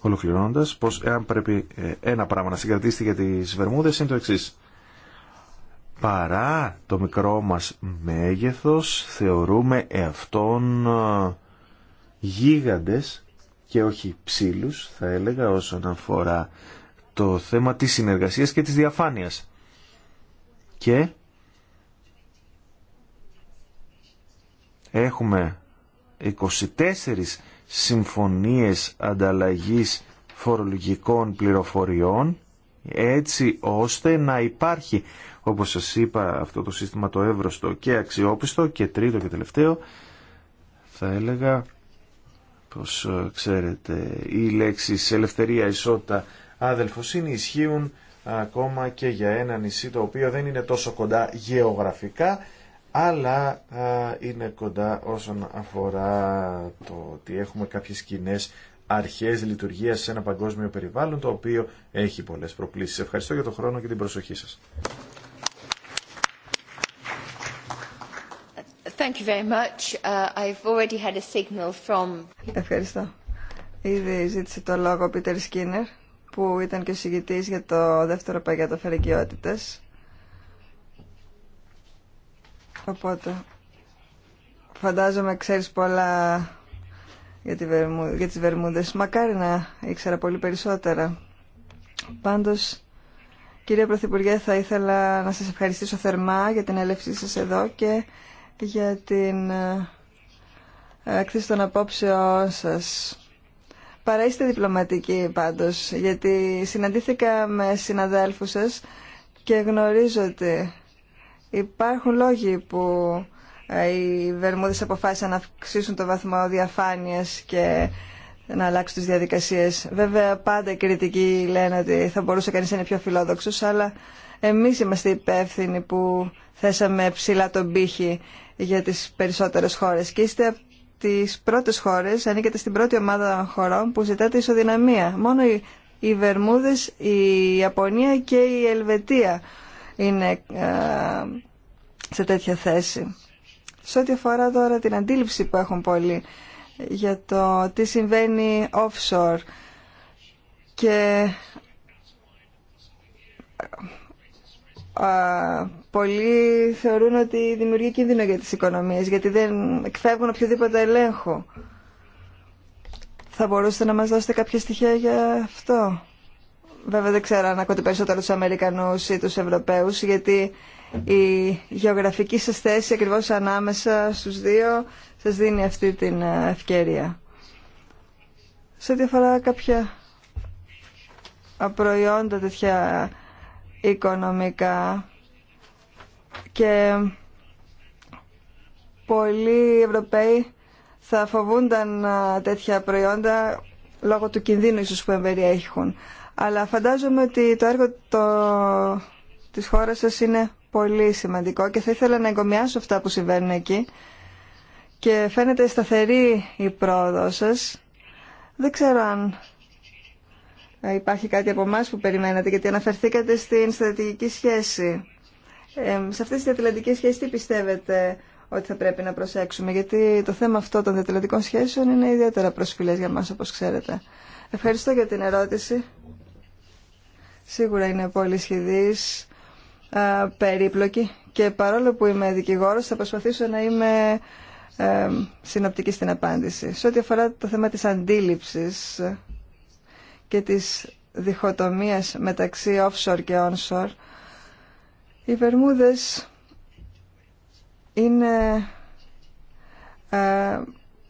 ολοκληρώνοντας, πως εάν πρέπει ένα πράγμα να συγκρατήσετε για τις Βερμούδες είναι το εξής παρά το μικρό μας μέγεθος θεωρούμε εαυτόν γίγαντες και όχι ψήλους θα έλεγα όσον αφορά το θέμα της συνεργασίας και της διαφάνειας. Και έχουμε 24 συμφωνίες ανταλλαγής φορολογικών πληροφοριών έτσι ώστε να υπάρχει, όπως σας είπα, αυτό το σύστημα το εύρωστο και αξιόπιστο και τρίτο και τελευταίο, θα έλεγα, πως ε, ξέρετε, οι λέξεις ελευθερία, ισότητα, αδελφοσύνη ισχύουν ακόμα και για ένα νησί το οποίο δεν είναι τόσο κοντά γεωγραφικά, αλλά ε, είναι κοντά όσον αφορά το ότι έχουμε κάποιες κοινέ Αρχέ λειτουργίας σε ένα παγκόσμιο περιβάλλον το οποίο έχει πολλές προκλήσεις. Ευχαριστώ για τον χρόνο και την προσοχή σας. Ευχαριστώ. Ήδη ζήτησε το λόγο ο Πίτερ Σκίνερ που ήταν και ο συγητής για το δεύτερο παγιάτο φερικιότητες. Οπότε φαντάζομαι ξέρεις πολλά για, τις Βερμούδες. Μακάρι να ήξερα πολύ περισσότερα. Πάντως, κύριε Πρωθυπουργέ, θα ήθελα να σας ευχαριστήσω θερμά για την έλευσή σας εδώ και για την εκθέση των απόψεών σας. Παρά διπλωματική διπλωματικοί πάντως, γιατί συναντήθηκα με συναδέλφους σας και γνωρίζω ότι υπάρχουν λόγοι που ε, οι Βερμούδες αποφάσισαν να αυξήσουν το βαθμό διαφάνειας και να αλλάξουν τις διαδικασίες. Βέβαια πάντα οι κριτικοί λένε ότι θα μπορούσε κανείς να είναι πιο φιλόδοξος, αλλά εμείς είμαστε υπεύθυνοι που θέσαμε ψηλά τον πύχη για τις περισσότερες χώρες και είστε από τις πρώτες χώρες, ανήκετε στην πρώτη ομάδα χωρών που ζητάτε ισοδυναμία. Μόνο οι, οι η Ιαπωνία και η Ελβετία είναι ε, σε τέτοια θέση. Σε ό,τι αφορά τώρα την αντίληψη που έχουν πολλοί για το τι συμβαίνει offshore και πολλοί θεωρούν ότι δημιουργεί κίνδυνο για τις οικονομίες γιατί δεν εκφεύγουν οποιοδήποτε ελέγχο. Θα μπορούσατε να μας δώσετε κάποια στοιχεία για αυτό. Βέβαια δεν ξέρω αν ακούτε περισσότερο τους Αμερικανούς ή τους Ευρωπαίους γιατί η γεωγραφική σας θέση ακριβώς ανάμεσα στους δύο σας δίνει αυτή την ε, ευκαιρία. Σε ό,τι αφορά κάποια προϊόντα τέτοια οικονομικά και πολλοί Ευρωπαίοι θα φοβούνταν ε, τέτοια προϊόντα λόγω του κινδύνου ίσως που εμπεριέχουν. Αλλά φαντάζομαι ότι το έργο το... της χώρας σας είναι πολύ σημαντικό και θα ήθελα να εγκομιάσω αυτά που συμβαίνουν εκεί και φαίνεται σταθερή η πρόοδο σα. Δεν ξέρω αν ε, υπάρχει κάτι από εμά που περιμένατε, γιατί αναφερθήκατε στην στρατηγική σχέση. Ε, σε αυτές τις διατηλαντικές σχέσεις τι πιστεύετε ότι θα πρέπει να προσέξουμε, γιατί το θέμα αυτό των διατηλαντικών σχέσεων είναι ιδιαίτερα προσφυλές για μας, όπως ξέρετε. Ευχαριστώ για την ερώτηση. Σίγουρα είναι πολύ σχηδής ε, περίπλοκη και παρόλο που είμαι δικηγόρος θα προσπαθήσω να είμαι ε, συνοπτική στην απάντηση. Σε ό,τι αφορά το θέμα της αντίληψης και της διχοτομίας μεταξύ offshore και onshore, οι Βερμούδες είναι ε,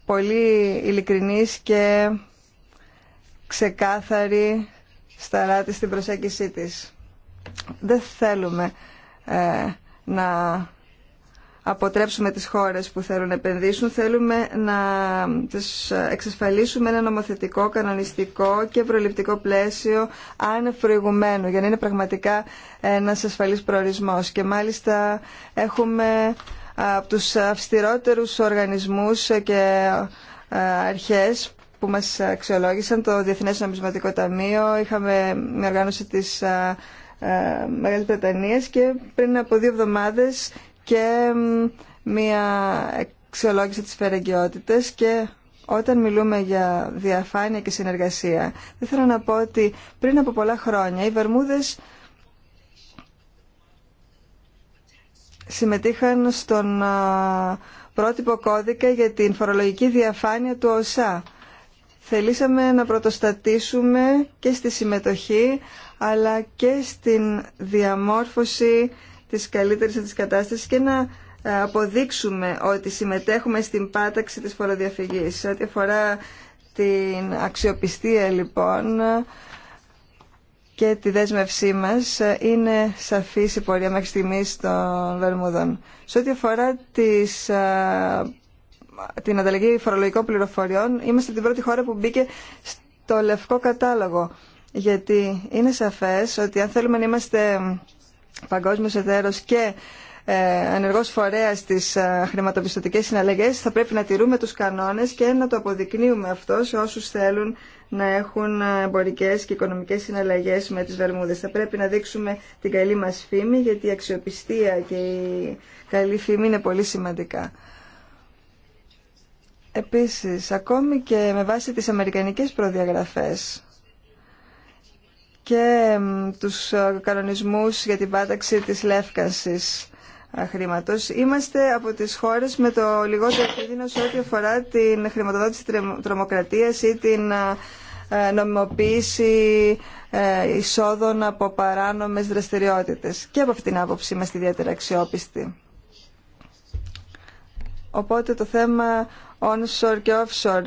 πολύ ειλικρινείς και ξεκάθαρη σταράτη στην προσέγγιση της. Δεν θέλουμε ε, να αποτρέψουμε τις χώρες που θέλουν να επενδύσουν. Θέλουμε να τις εξασφαλίσουμε ένα νομοθετικό, κανονιστικό και προληπτικό πλαίσιο ανεφροηγουμένου για να είναι πραγματικά ένας ασφαλής προορισμός. Και μάλιστα έχουμε ε, από τους αυστηρότερους οργανισμούς και ε, αρχές που μας αξιολόγησαν το Διεθνές Νομισματικό Ταμείο, είχαμε μια οργάνωση της ε, μεγάλη Βρετανίας και πριν από δύο εβδομάδες και μια αξιολόγηση της φερεγγιότητας και όταν μιλούμε για διαφάνεια και συνεργασία, δεν θέλω να πω ότι πριν από πολλά χρόνια οι Βερμούδες συμμετείχαν στον ε, πρότυπο κώδικα για την φορολογική διαφάνεια του ΟΣΑ. Θελήσαμε να πρωτοστατήσουμε και στη συμμετοχή αλλά και στην διαμόρφωση της καλύτερης της κατάστασης και να ε, αποδείξουμε ότι συμμετέχουμε στην πάταξη της φοροδιαφυγής. Ό,τι αφορά την αξιοπιστία λοιπόν και τη δέσμευσή μας ε, είναι σαφής η πορεία μέχρι στιγμής των Βερμούδων. Σε ό,τι αφορά τις, ε, την ανταλλαγή φορολογικών πληροφοριών, είμαστε την πρώτη χώρα που μπήκε στο λευκό κατάλογο γιατί είναι σαφές ότι αν θέλουμε να είμαστε παγκόσμιος εταίρος και ε, ενεργός φορέας στις ε, χρηματοπιστωτικές συναλλαγές θα πρέπει να τηρούμε τους κανόνες και να το αποδεικνύουμε αυτό σε όσους θέλουν να έχουν ε, εμπορικέ και οικονομικές συναλλαγές με τις Βερμούδες. Θα πρέπει να δείξουμε την καλή μας φήμη γιατί η αξιοπιστία και η καλή φήμη είναι πολύ σημαντικά. Επίσης, ακόμη και με βάση τις αμερικανικές προδιαγραφές και τους ε, κανονισμούς για την πάταξη της λεύκανσης ε, χρήματος. Είμαστε από τις χώρες με το λιγότερο κίνδυνο σε ό,τι αφορά την χρηματοδότηση τρομοκρατίας ή την ε, νομιμοποίηση εισόδων από παράνομες δραστηριότητες. Και από αυτήν την άποψη είμαστε ιδιαίτερα αξιόπιστοι. Οπότε το θέμα onshore και offshore.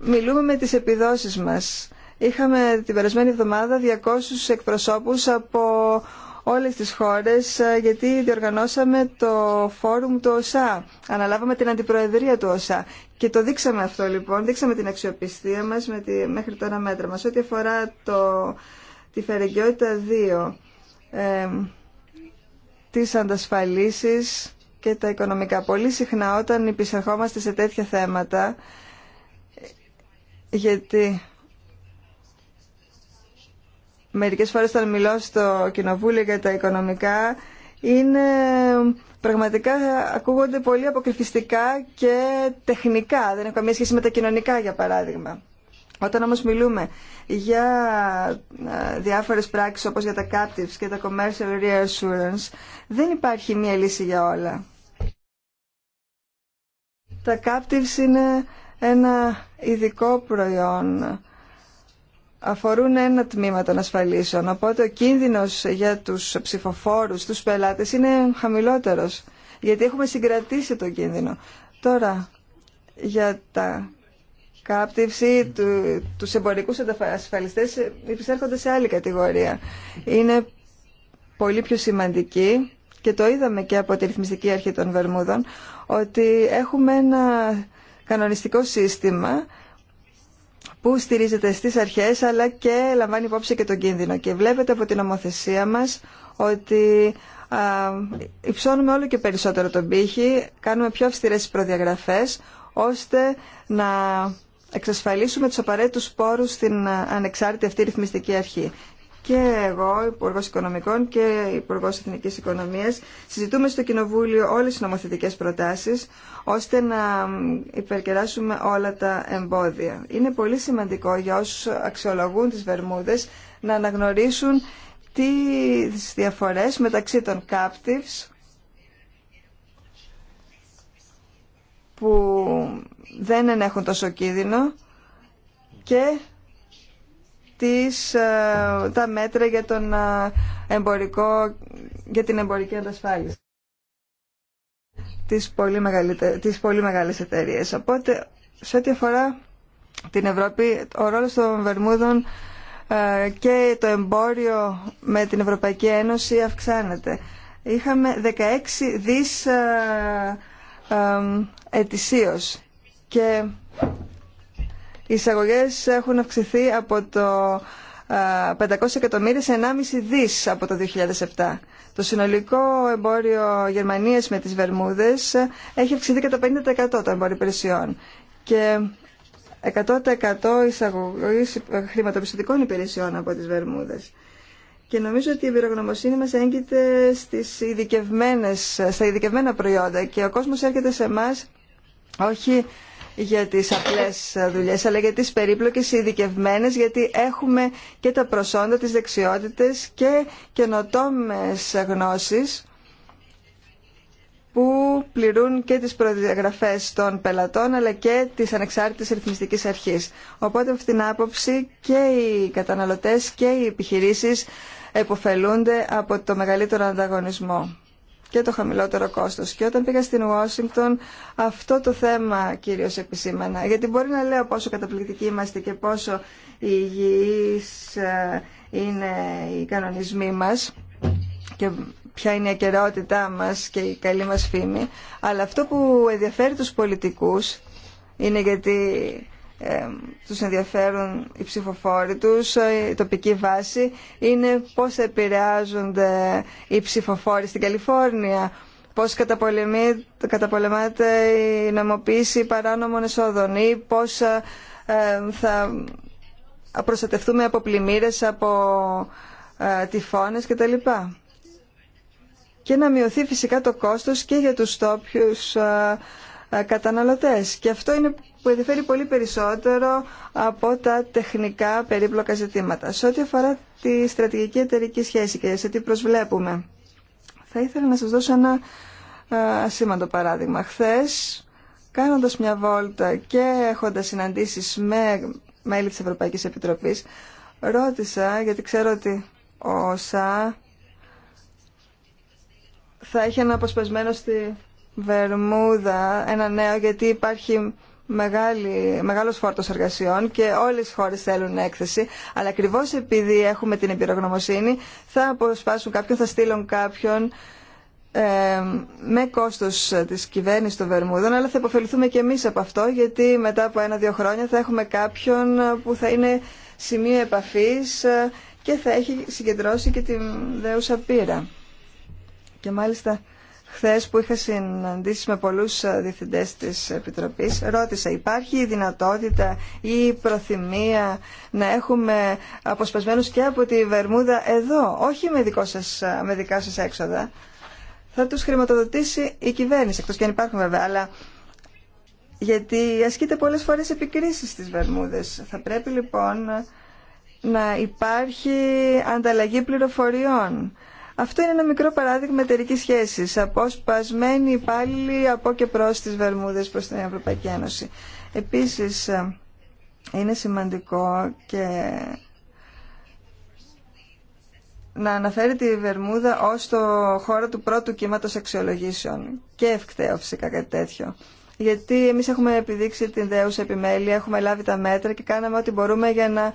Μιλούμε με τις επιδόσεις μας Είχαμε την περασμένη εβδομάδα 200 εκπροσώπους από όλες τις χώρες ε, γιατί διοργανώσαμε το φόρουμ του ΟΣΑ. Αναλάβαμε την αντιπροεδρία του ΟΣΑ και το δείξαμε αυτό λοιπόν, δείξαμε την αξιοπιστία μας με τη, μέχρι τώρα μέτρα μας. Ό,τι αφορά το, τη φερεγγιότητα 2, ε, τις αντασφαλίσεις και τα οικονομικά. Πολύ συχνά όταν υπησερχόμαστε σε τέτοια θέματα, ε, γιατί μερικές φορές όταν μιλώ στο κοινοβούλιο για τα οικονομικά είναι πραγματικά ακούγονται πολύ αποκριφιστικά και τεχνικά. Δεν έχουν καμία σχέση με τα κοινωνικά για παράδειγμα. Όταν όμως μιλούμε για ε, διάφορες πράξεις όπως για τα captives και τα commercial reassurance δεν υπάρχει μία λύση για όλα. Τα captives είναι ένα ειδικό προϊόν αφορούν ένα τμήμα των ασφαλίσεων, οπότε ο κίνδυνος για τους ψηφοφόρους, τους πελάτες είναι χαμηλότερος, γιατί έχουμε συγκρατήσει τον κίνδυνο. Τώρα, για τα κάπτυψη, του, τους εμπορικούς ασφαλιστές υπησέρχονται σε άλλη κατηγορία. Είναι πολύ πιο σημαντική και το είδαμε και από τη ρυθμιστική αρχή των Βερμούδων, ότι έχουμε ένα κανονιστικό σύστημα που στηρίζεται στις αρχές αλλά και λαμβάνει υπόψη και τον κίνδυνο. Και βλέπετε από την νομοθεσία μας ότι α, υψώνουμε όλο και περισσότερο τον πύχη, κάνουμε πιο αυστηρές προδιαγραφές ώστε να εξασφαλίσουμε τους απαραίτητους πόρους στην ανεξάρτητη αυτή ρυθμιστική αρχή και εγώ, Υπουργό Οικονομικών και Υπουργό Εθνική Οικονομία, συζητούμε στο Κοινοβούλιο όλε τι νομοθετικέ προτάσει, ώστε να υπερκεράσουμε όλα τα εμπόδια. Είναι πολύ σημαντικό για όσου αξιολογούν τι Βερμούδε να αναγνωρίσουν τι διαφορέ μεταξύ των captives που δεν ενέχουν τόσο κίνδυνο και τις, ε, τα μέτρα για, τον ε, εμπορικό, για την εμπορική αντασφάλιση τις πολύ, τις πολύ μεγάλες εταιρείες. Οπότε, σε ό,τι αφορά την Ευρώπη, ο ρόλος των Βερμούδων ε, και το εμπόριο με την Ευρωπαϊκή Ένωση αυξάνεται. Είχαμε 16 δις ετησίως και οι εισαγωγέ έχουν αυξηθεί από το 500 ε, εκατομμύρια σε 1,5 δις από το 2007. Το συνολικό εμπόριο Γερμανίας με τις Βερμούδες έχει αυξηθεί κατά 50% το εμπόριο υπηρεσιών και 100% εισαγωγής ε, χρηματοπιστωτικών υπηρεσιών από τις Βερμούδες. Και νομίζω ότι η εμπειρογνωμοσύνη μας έγκυται στις ειδικευμένες, στα ειδικευμένα προϊόντα και ο κόσμος έρχεται σε εμά όχι για τις απλές δουλειές, αλλά για τις περίπλοκες ειδικευμένε, γιατί έχουμε και τα προσόντα, τις δεξιότητες και καινοτόμες γνώσεις που πληρούν και τις προδιαγραφές των πελατών αλλά και της ανεξάρτητης ρυθμιστικής αρχής. Οπότε από αυτήν την άποψη και οι καταναλωτές και οι επιχειρήσεις εποφελούνται από το μεγαλύτερο ανταγωνισμό και το χαμηλότερο κόστος. Και όταν πήγα στην Ουάσιγκτον αυτό το θέμα κυρίως επισήμανα. Γιατί μπορεί να λέω πόσο καταπληκτικοί είμαστε και πόσο υγιείς ε, είναι οι κανονισμοί μας και ποια είναι η ακεραιότητά μας και η καλή μας φήμη. Αλλά αυτό που ενδιαφέρει τους πολιτικούς είναι γιατί ε, τους ενδιαφέρουν οι ψηφοφόροι τους, ε, η τοπική βάση, είναι πώς επηρεάζονται οι ψηφοφόροι στην Καλιφόρνια, πώς καταπολεμάται η νομοποίηση παράνομων εσόδων ή πώς ε, θα προστατευτούμε από πλημμύρες, από τυφώνες κτλ. Και να μειωθεί φυσικά το κόστος και για τους τόπιους ε, καταναλωτές. Και αυτό είναι που ενδιαφέρει πολύ περισσότερο από τα τεχνικά περίπλοκα ζητήματα. Σε ό,τι αφορά τη στρατηγική εταιρική σχέση και σε τι προσβλέπουμε, θα ήθελα να σας δώσω ένα ε, σήμαντο παράδειγμα. Χθες, κάνοντας μια βόλτα και έχοντας συναντήσεις με μέλη της Ευρωπαϊκής Επιτροπής, ρώτησα, γιατί ξέρω ότι όσα θα έχει ένα αποσπασμένο στη Βερμούδα ένα νέο γιατί υπάρχει μεγάλη, μεγάλος φόρτος εργασιών και όλες οι χώρες θέλουν έκθεση αλλά ακριβώ επειδή έχουμε την εμπειρογνωμοσύνη θα αποσπάσουν κάποιον, θα στείλουν κάποιον ε, με κόστος της κυβέρνησης των Βερμούδων αλλά θα υποφεληθούμε και εμείς από αυτό γιατί μετά από ένα-δύο χρόνια θα έχουμε κάποιον που θα είναι σημείο επαφής ε, και θα έχει συγκεντρώσει και την δέουσα πείρα. Και μάλιστα Χθε που είχα συναντήσει με πολλούς ε, διευθυντές της επιτροπή, ρώτησα υπάρχει η δυνατότητα ή η προθυμία να έχουμε αποσπασμένους και από τη Βερμούδα εδώ, όχι με, δικό σας, ε, με δικά σα έξοδα. Θα τους χρηματοδοτήσει η κυβέρνηση, εκτός και αν υπάρχουν βέβαια, αλλά γιατί ασκείται πολλές φορές επικρίσεις στις Βερμούδες. Θα πρέπει λοιπόν να υπάρχει ανταλλαγή πληροφοριών αυτό είναι ένα μικρό παράδειγμα εταιρική σχέση. απόσπασμένη υπάλληλοι από και προ τι Βερμούδε προ την Ευρωπαϊκή Ένωση. Επίση, ε, είναι σημαντικό και να αναφέρει τη Βερμούδα ω το χώρο του πρώτου κύματο αξιολογήσεων. Και ευκταίο φυσικά κάτι τέτοιο. Γιατί εμείς έχουμε επιδείξει την δέουσα επιμέλεια, έχουμε λάβει τα μέτρα και κάναμε ό,τι μπορούμε για να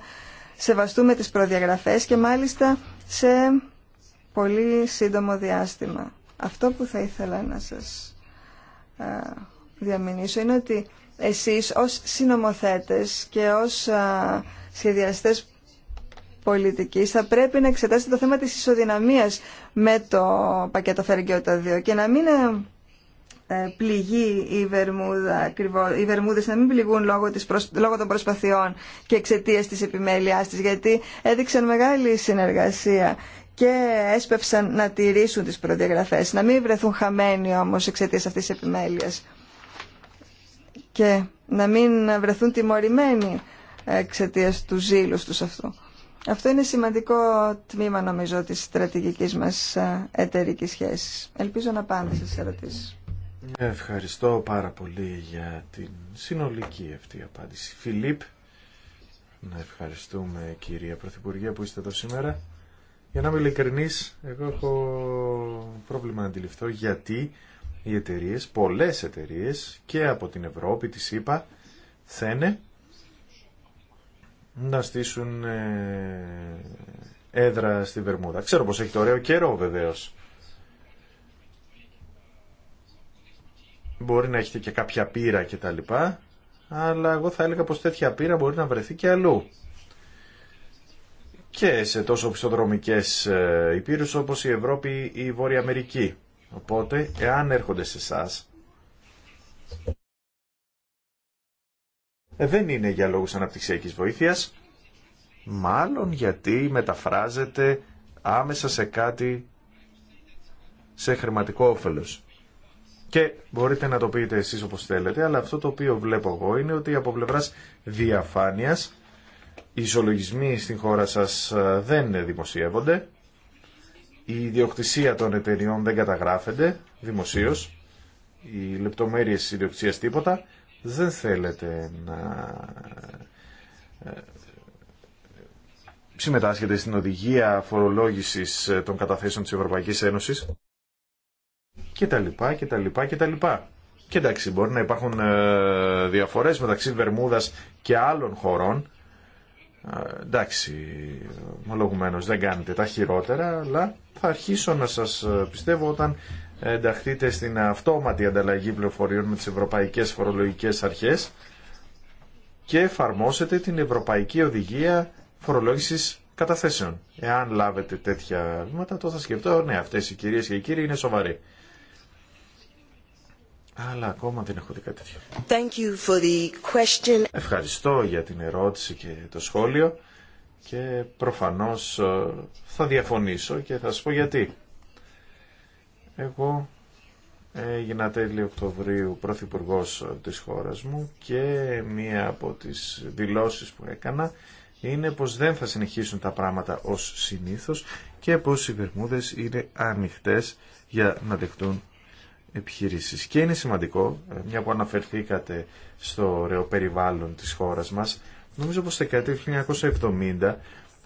σεβαστούμε τι προδιαγραφέ και μάλιστα σε πολύ σύντομο διάστημα. Αυτό που θα ήθελα να σας ε, διαμηνήσω είναι ότι εσείς ως συνομοθέτες και ως ε, σχεδιαστές πολιτικής θα πρέπει να εξετάσετε το θέμα της ισοδυναμίας με το πακέτο Φεργκιώτα 2 και να μην ε, πληγεί η Βερμούδα, οι Βερμούδες να μην πληγούν λόγω, της λόγω των προσπαθειών και εξαιτία της επιμέλειάς της γιατί έδειξαν μεγάλη συνεργασία και έσπευσαν να τηρήσουν τις προδιαγραφές, να μην βρεθούν χαμένοι όμως εξαιτίας αυτής της επιμέλειας και να μην βρεθούν τιμωρημένοι εξαιτίας του ζήλους τους αυτού. Αυτό είναι σημαντικό τμήμα νομίζω της στρατηγικής μας ε, εταιρική σχέσης. Ελπίζω να απάντησα σε ερωτήσει. Ευχαριστώ πάρα πολύ για την συνολική αυτή απάντηση. Φιλίπ, να ευχαριστούμε κυρία Πρωθυπουργέ που είστε εδώ σήμερα. Για να είμαι ειλικρινή, εγώ έχω πρόβλημα να αντιληφθώ γιατί οι εταιρείε, πολλέ εταιρείε και από την Ευρώπη, τη είπα, θένε να στήσουν ε, έδρα στη Βερμούδα. Ξέρω πως έχει το ωραίο καιρό βεβαίως. Μπορεί να έχετε και κάποια πύρα κτλ. αλλά εγώ θα έλεγα πως τέτοια πύρα μπορεί να βρεθεί και αλλού και σε τόσο πιστοδρομικές ε, υπήρους όπως η Ευρώπη ή η Βόρεια Αμερική. Οπότε, εάν έρχονται σε εσά. Ε, δεν είναι για λόγους αναπτυξιακής βοήθειας, μάλλον γιατί μεταφράζεται άμεσα σε κάτι σε χρηματικό όφελος. Και μπορείτε να το πείτε εσείς όπως θέλετε, αλλά αυτό το οποίο βλέπω εγώ είναι ότι από πλευράς διαφάνειας οι ισολογισμοί στην χώρα σας ε, δεν δημοσιεύονται, η ιδιοκτησία των εταιριών δεν καταγράφεται δημοσίως, οι λεπτομέρειες της ιδιοκτησίας τίποτα, δεν θέλετε να ε, συμμετάσχετε στην οδηγία φορολόγησης ε, των καταθέσεων της Ευρωπαϊκής Ένωσης και τα λοιπά και τα λοιπά και τα λοιπά. Και εντάξει, μπορεί να υπάρχουν διαφορές μεταξύ Βερμούδας και άλλων χωρών, εντάξει, ομολογουμένως δεν κάνετε τα χειρότερα, αλλά θα αρχίσω να σας ε, πιστεύω όταν ενταχθείτε στην αυτόματη ανταλλαγή πληροφοριών με τις ευρωπαϊκές φορολογικές αρχές και εφαρμόσετε την Ευρωπαϊκή Οδηγία Φορολόγησης Καταθέσεων. Εάν λάβετε τέτοια βήματα, τότε θα σκεφτώ, ναι, αυτές οι κυρίες και οι κύριοι είναι σοβαροί αλλά ακόμα δεν έχω δει κάτι τέτοιο. Ευχαριστώ για την ερώτηση και το σχόλιο και προφανώς ε, θα διαφωνήσω και θα σας πω γιατί. Εγώ έγινα τέλη Οκτωβρίου πρωθυπουργός ε, της χώρας μου και μία από τις δηλώσεις που έκανα είναι πως δεν θα συνεχίσουν τα πράγματα ως συνήθως και πως οι Βερμούδες είναι ανοιχτές για να δεχτούν επιχειρήσεις. Και είναι σημαντικό, ε, μια που αναφερθήκατε στο ωραίο περιβάλλον της χώρας μας, νομίζω πως το 1970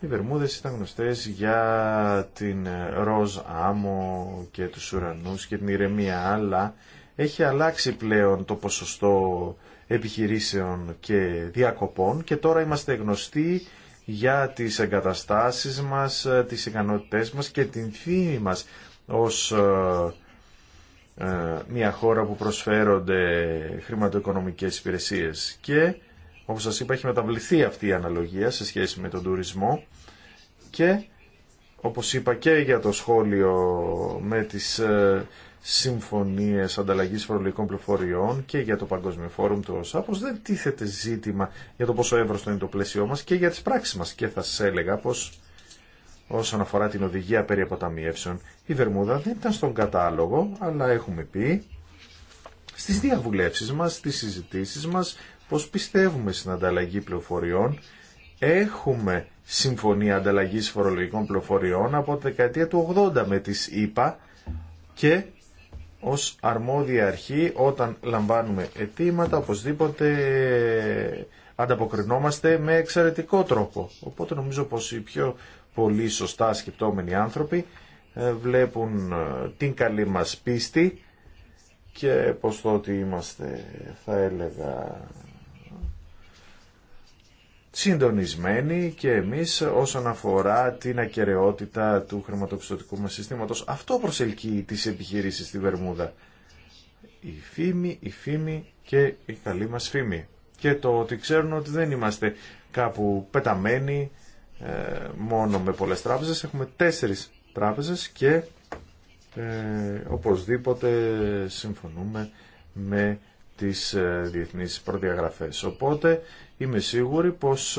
οι Βερμούδες ήταν γνωστές για την ε, ροζ άμμο και τους ουρανούς και την ηρεμία, αλλά έχει αλλάξει πλέον το ποσοστό επιχειρήσεων και διακοπών και τώρα είμαστε γνωστοί για τις εγκαταστάσεις μας, ε, τις ικανότητές μας και την φήμη μας ως ε, μια χώρα που προσφέρονται χρηματοοικονομικές υπηρεσίες και όπως σας είπα έχει μεταβληθεί αυτή η αναλογία σε σχέση με τον τουρισμό και όπως είπα και για το σχόλιο με τις ε, συμφωνίες ανταλλαγής φορολογικών πληροφοριών και για το Παγκόσμιο Φόρουμ του ΩΣΑ, πως δεν τίθεται ζήτημα για το πόσο εύρωστο είναι το πλαίσιό μας και για τις πράξεις μας. Και θα σας έλεγα πως όσον αφορά την οδηγία περί αποταμιεύσεων. Η Βερμούδα δεν ήταν στον κατάλογο, αλλά έχουμε πει στις διαβουλεύσεις μας, στις συζητήσεις μας, πως πιστεύουμε στην ανταλλαγή πληροφοριών. Έχουμε συμφωνία ανταλλαγής φορολογικών πληροφοριών από τη δεκαετία του 80 με τις ΗΠΑ και ως αρμόδια αρχή όταν λαμβάνουμε αιτήματα οπωσδήποτε ανταποκρινόμαστε με εξαιρετικό τρόπο. Οπότε νομίζω πως η πιο πολύ σωστά σκεπτόμενοι άνθρωποι ε, βλέπουν ε, την καλή μας πίστη και πως το ότι είμαστε θα έλεγα συντονισμένοι και εμείς όσον αφορά την ακαιρεότητα του χρηματοπιστωτικού μας συστήματος. Αυτό προσελκύει τις επιχειρήσεις στη Βερμούδα. Η φήμη, η φήμη και η καλή μας φήμη. Και το ότι ξέρουν ότι δεν είμαστε κάπου πεταμένοι μόνο με πολλές τράπεζες, έχουμε τέσσερις τράπεζες και ε, οπωσδήποτε συμφωνούμε με τις διεθνείς προδιαγραφές. Οπότε είμαι σίγουρη πως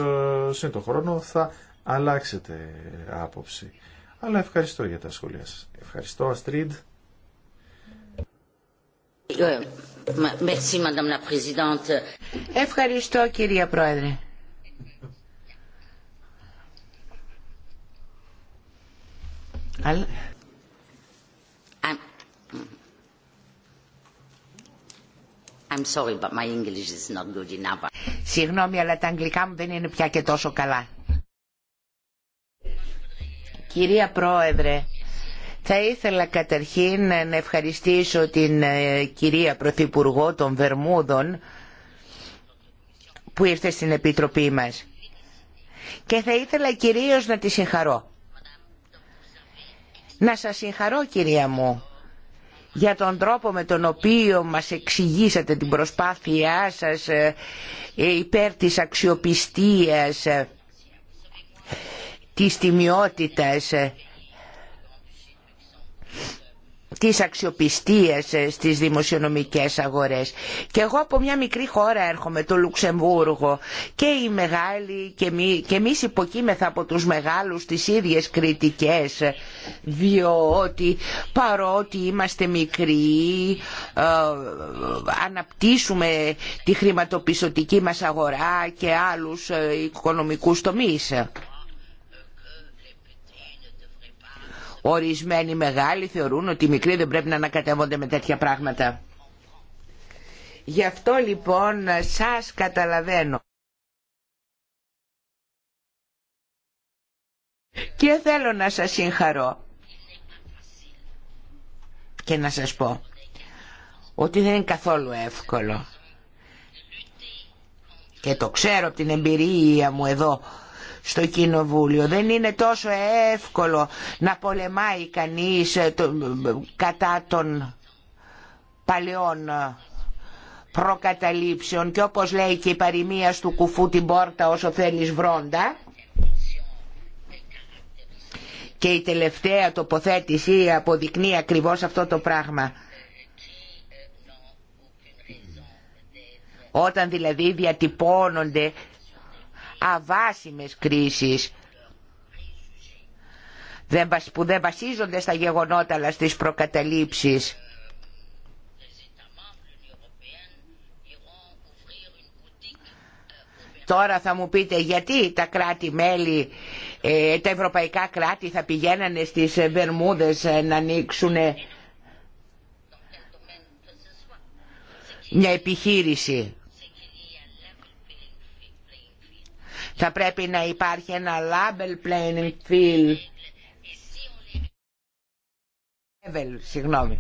σε το χρόνο θα αλλάξετε άποψη. Αλλά ευχαριστώ για τα σχόλια σας. Ευχαριστώ Αστρίντ. Ευχαριστώ κυρία Πρόεδρε. Συγγνώμη, αλλά τα αγγλικά μου δεν είναι πια και τόσο καλά. Κυρία Πρόεδρε, θα ήθελα καταρχήν να ευχαριστήσω την ε, κυρία Πρωθυπουργό των Βερμούδων που ήρθε στην Επιτροπή μας. Και θα ήθελα κυρίως να τη συγχαρώ. Να σας συγχαρώ κυρία μου για τον τρόπο με τον οποίο μας εξηγήσατε την προσπάθειά σας ε, ε, υπέρ της αξιοπιστίας, ε, της τιμιότητας της αξιοπιστίας ε, στις δημοσιονομικές αγορές. Και εγώ από μια μικρή χώρα έρχομαι, το Λουξεμβούργο, και οι μεγάλοι και, εμεί, εμείς υποκείμεθα από τους μεγάλους τις ίδιες κριτικές, διότι παρότι είμαστε μικροί ε, αναπτύσσουμε τη χρηματοπιστωτική μας αγορά και άλλους ε, οικονομικούς τομείς. Ορισμένοι μεγάλοι θεωρούν ότι οι μικροί δεν πρέπει να ανακατεύονται με τέτοια πράγματα. Γι' αυτό λοιπόν σας καταλαβαίνω. Και θέλω να σας συγχαρώ και να σας πω ότι δεν είναι καθόλου εύκολο και το ξέρω από την εμπειρία μου εδώ στο κοινοβούλιο. Δεν είναι τόσο εύκολο να πολεμάει κανείς ε, ε, κατά των παλαιών ε, προκαταλήψεων και όπως λέει και η παροιμία του κουφού την πόρτα όσο θέλεις βρόντα και η τελευταία τοποθέτηση αποδεικνύει ακριβώς αυτό το πράγμα. Όταν δηλαδή διατυπώνονται αβάσιμες κρίσεις που δεν βασίζονται στα γεγονότα αλλά στις προκαταλήψεις. Τώρα θα μου πείτε γιατί τα κράτη-μέλη, ε, τα ευρωπαϊκά κράτη θα πηγαίνανε στις Βερμούδες ε, να ανοίξουν μια επιχείρηση. Θα πρέπει να υπάρχει ένα label playing field. Level, συγγνώμη.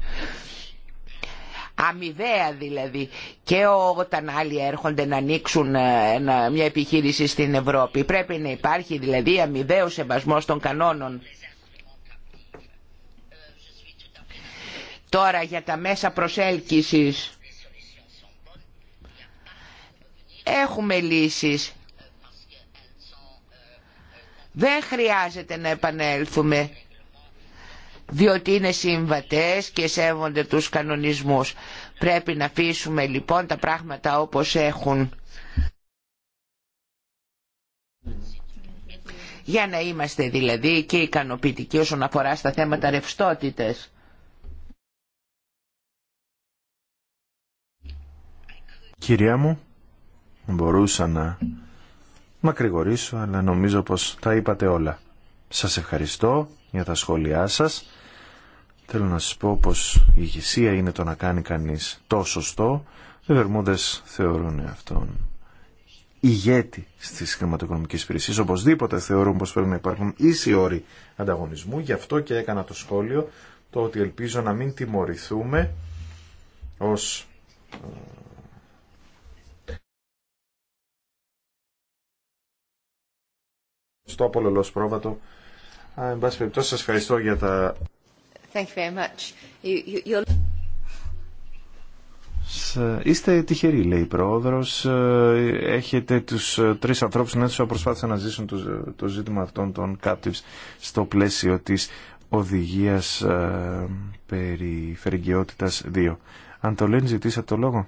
Αμοιβαία δηλαδή και όταν άλλοι έρχονται να ανοίξουν ε, μια επιχείρηση στην Ευρώπη. Πρέπει να υπάρχει δηλαδή αμοιβαίο σεβασμό των κανόνων. Τώρα για τα μέσα προσέλκυσης έχουμε λύσεις. Δεν χρειάζεται να επανέλθουμε διότι είναι συμβατές και σέβονται τους κανονισμούς. Πρέπει να αφήσουμε λοιπόν τα πράγματα όπως έχουν για να είμαστε δηλαδή και ικανοποιητικοί όσον αφορά στα θέματα ρευστότητες. Κυρία μου, μπορούσα να μακρηγορήσω, αλλά νομίζω πως τα είπατε όλα. Σας ευχαριστώ για τα σχόλιά σας. Θέλω να σας πω πως η ηγεσία είναι το να κάνει κανείς το σωστό. Οι Βερμούδες θεωρούν αυτόν ηγέτη στις χρηματοοικονομικές υπηρεσίες. Οπωσδήποτε θεωρούν πως πρέπει να υπάρχουν ίσοι όροι ανταγωνισμού. Γι' αυτό και έκανα το σχόλιο το ότι ελπίζω να μην τιμωρηθούμε ως ε, στο απολωλό πρόβατο. εν πάση περιπτώσει, σας ευχαριστώ για τα... Thank you very much. You, you, Είστε τυχεροί, λέει η πρόεδρο. Ε, έχετε τους ε, τρεις ανθρώπους που προσπάθησαν να ζήσουν το, ζήτημα αυτών των captives στο πλαίσιο της οδηγίας ε, περί 2. Αν το λένε, ζητήσατε το λόγο.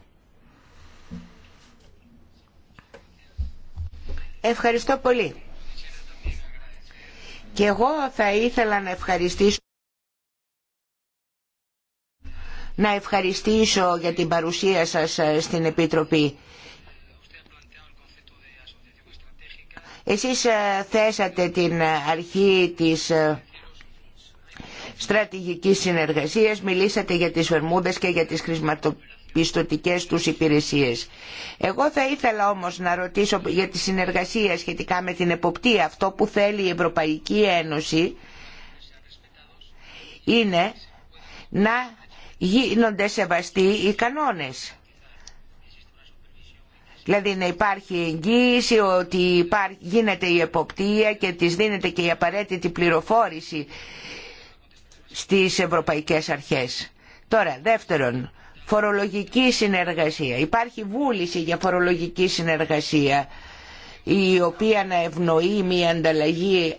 Ευχαριστώ πολύ. Και εγώ θα ήθελα να ευχαριστήσω να ευχαριστήσω για την παρουσία σας ε, στην Επιτροπή. Εσείς ε, θέσατε την ε, αρχή της στρατηγικής συνεργασίας, μιλήσατε για τις Βερμούδες και για τις χρησματοποιήσεις πιστοτικές τους υπηρεσίες. Εγώ θα ήθελα όμως να ρωτήσω για τη συνεργασία σχετικά με την εποπτεία. Αυτό που θέλει η Ευρωπαϊκή Ένωση είναι να γίνονται σεβαστοί οι κανόνες. Δηλαδή να υπάρχει εγγύηση ότι γίνεται η εποπτεία και της δίνεται και η απαραίτητη πληροφόρηση στις ευρωπαϊκές αρχές. Τώρα, δεύτερον, φορολογική συνεργασία. Υπάρχει βούληση για φορολογική συνεργασία η οποία να ευνοεί μια ανταλλαγή